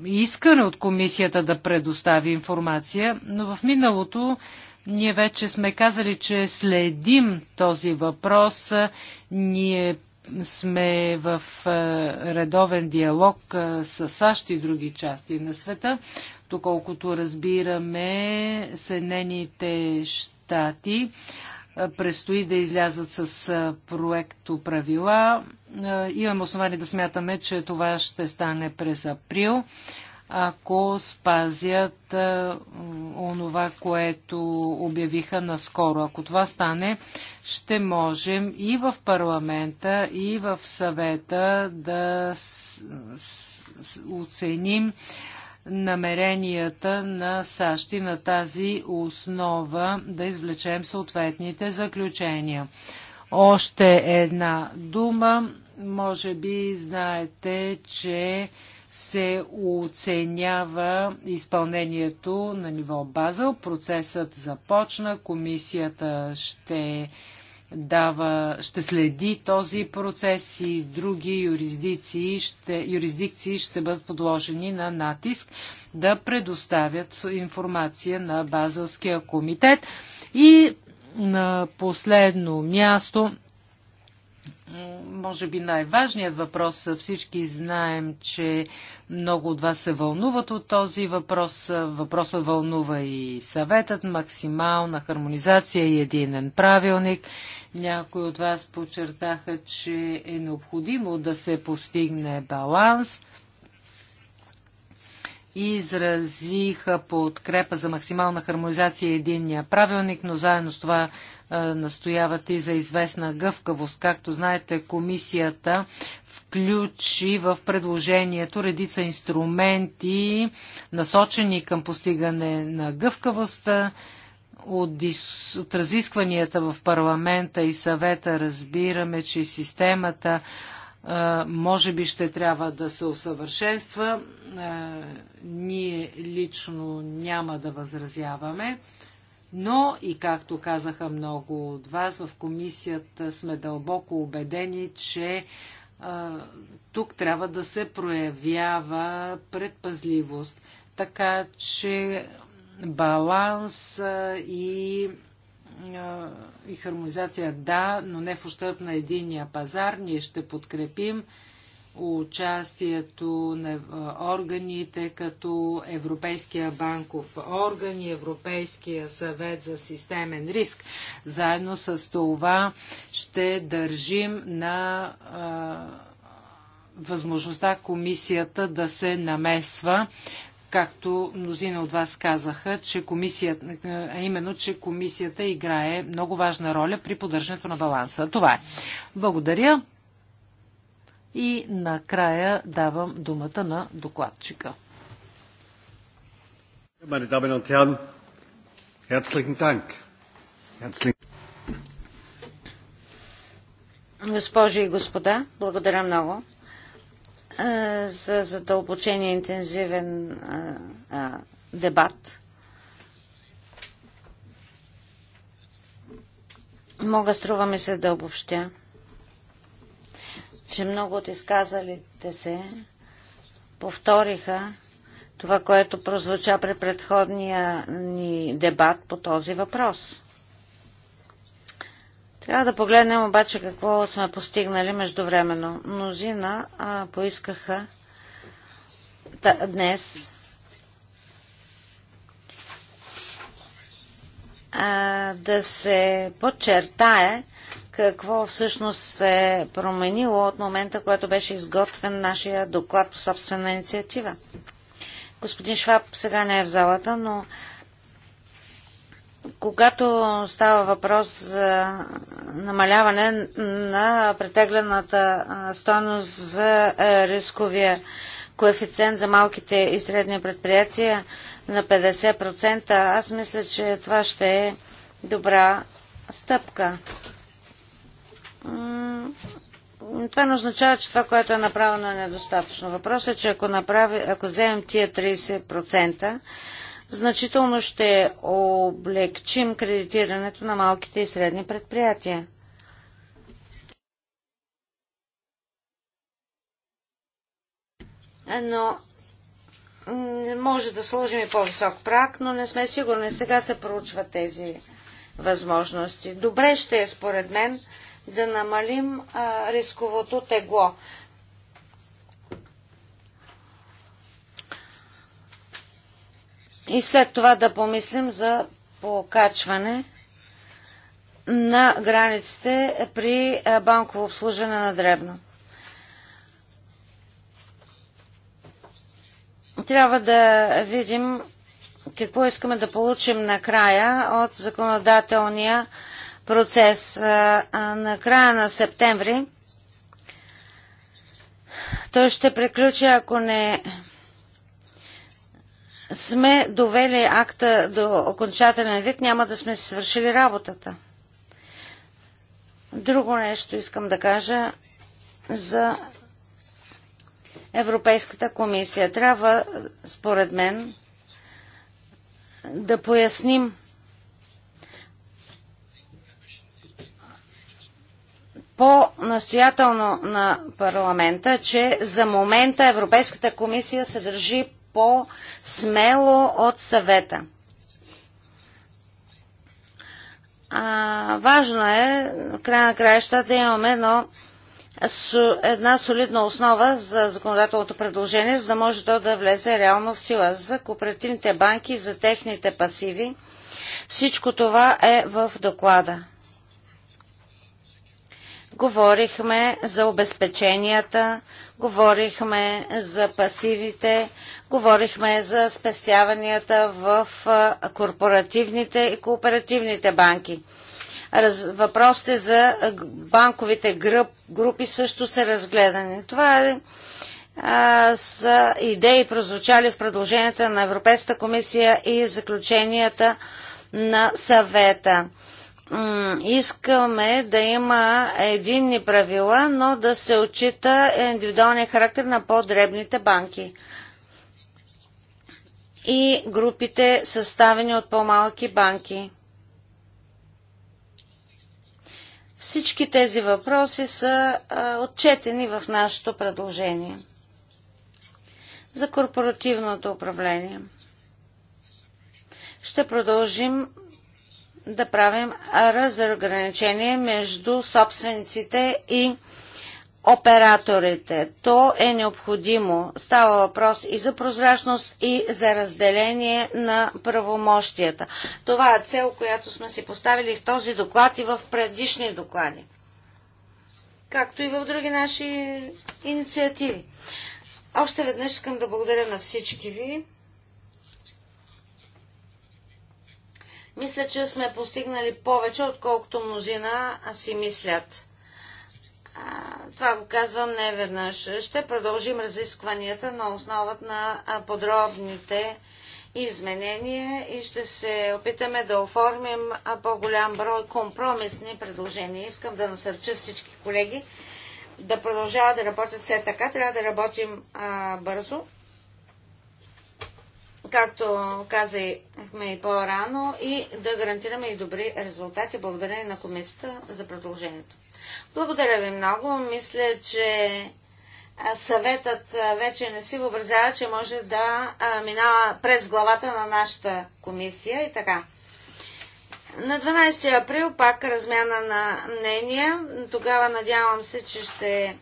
искане от комисията да предостави информация, но в миналото ние вече сме казали, че следим този въпрос. Ние сме в е, редовен диалог е, с САЩ и други части на света. Доколкото разбираме, Съединените щати предстои да излязат с проекто правила. Имам основание да смятаме, че това ще стане през април, ако спазят онова, което обявиха наскоро. Ако това стане, ще можем и в парламента, и в съвета да оценим намеренията на САЩ и на тази основа да извлечем съответните заключения. Още една дума. Може би знаете, че се оценява изпълнението на ниво база. Процесът започна. Комисията ще дава, ще следи този процес и други юрисдикции ще, юрисдикции ще бъдат подложени на натиск да предоставят информация на Базълския комитет. И на последно място, може би най-важният въпрос, всички знаем, че много от вас се вълнуват от този въпрос. Въпросът вълнува и съветът, максимална хармонизация и единен правилник. Някои от вас подчертаха, че е необходимо да се постигне баланс и изразиха подкрепа за максимална хармонизация единния правилник, но заедно с това настояват и за известна гъвкавост. Както знаете, комисията включи в предложението редица инструменти, насочени към постигане на гъвкавост от, дис... от разискванията в парламента и съвета разбираме, че системата може би ще трябва да се усъвършенства. Ние лично няма да възразяваме. Но и както казаха много от вас, в комисията сме дълбоко убедени, че а, тук трябва да се проявява предпазливост. Така че баланс и, и хармонизация, да, но не в ущърп на единия пазар. Ние ще подкрепим участието на органите като Европейския банков орган и Европейския съвет за системен риск. Заедно с това ще държим на а, възможността комисията да се намесва както мнозина от вас казаха, че комисията, а именно, че комисията играе много важна роля при поддържането на баланса. Това е. Благодаря. И накрая давам думата на докладчика. Госпожи и господа, благодаря много за задълбочения интензивен а, а, дебат. Мога струва ми се да обобщя, че много от изказалите се повториха това, което прозвуча при предходния ни дебат по този въпрос. Трябва да погледнем обаче какво сме постигнали междувременно. Мнозина а, поискаха та, днес а, да се подчертае какво всъщност се е променило от момента, когато беше изготвен нашия доклад по собствена инициатива. Господин Шваб сега не е в залата, но когато става въпрос за намаляване на претеглената стойност за рисковия коефициент за малките и средни предприятия на 50%, аз мисля, че това ще е добра стъпка. Това не означава, че това, което е направено е недостатъчно. Въпросът е, че ако, направи, ако вземем тия 30%, значително ще облегчим кредитирането на малките и средни предприятия. Но може да сложим и по-висок прак, но не сме сигурни. Сега се проучват тези възможности. Добре ще е, според мен, да намалим а, рисковото тегло. и след това да помислим за покачване на границите при банково обслужване на дребно. Трябва да видим какво искаме да получим накрая от законодателния процес. На края на септември той ще приключи, ако не сме довели акта до окончателен вид, няма да сме свършили работата. Друго нещо искам да кажа за Европейската комисия. Трябва, според мен, да поясним по-настоятелно на парламента, че за момента Европейската комисия се държи по-смело от съвета. А, важно е, в края на краища, да имаме едно, една солидна основа за законодателното предложение, за да може то да влезе реално в сила. За кооперативните банки, за техните пасиви, всичко това е в доклада говорихме за обезпеченията, говорихме за пасивите, говорихме за спестяванията в корпоративните и кооперативните банки. Раз, въпросите за банковите групи също са разгледани. Това е са идеи прозвучали в предложенията на Европейската комисия и заключенията на съвета искаме да има единни правила, но да се отчита индивидуалния характер на по-дребните банки и групите съставени от по-малки банки. Всички тези въпроси са а, отчетени в нашето предложение за корпоративното управление. Ще продължим да правим разграничение между собствениците и операторите. То е необходимо. Става въпрос и за прозрачност, и за разделение на правомощията. Това е цел, която сме си поставили в този доклад и в предишни доклади. Както и в други наши инициативи. Още веднъж искам да благодаря на всички ви. Мисля, че сме постигнали повече, отколкото мнозина си мислят. Това го казвам не веднъж. Ще продължим разискванията на основата на подробните изменения и ще се опитаме да оформим по-голям брой компромисни предложения. Искам да насърча всички колеги да продължават да работят все така. Трябва да работим а, бързо както казахме и по-рано, и да гарантираме и добри резултати. Благодарение на комисията за предложението. Благодаря ви много. Мисля, че съветът вече не си въобразява, че може да минава през главата на нашата комисия и така. На 12 април пак размяна на мнения. Тогава надявам се, че ще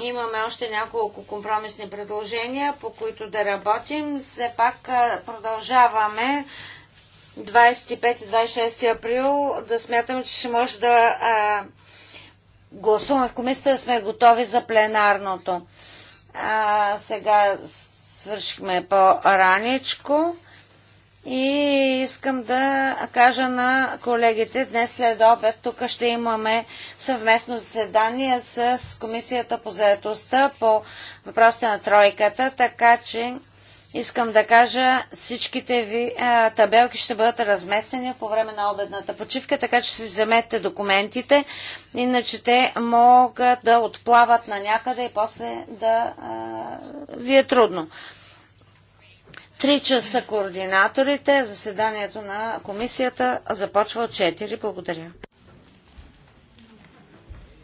Имаме още няколко компромисни предложения, по които да работим. Все пак продължаваме 25-26 април да смятам, че ще може да а, гласуваме в комисията, да сме готови за пленарното. А, сега свършихме по-раничко. И искам да кажа на колегите, днес след обед тук ще имаме съвместно заседание с Комисията по заедостта по въпросите на тройката, така че искам да кажа, всичките ви а, табелки ще бъдат разместени по време на обедната почивка, така че си вземете документите, иначе те могат да отплават на някъде и после да а, ви е трудно. Три часа координаторите, заседанието на комисията започва от 4. Благодаря.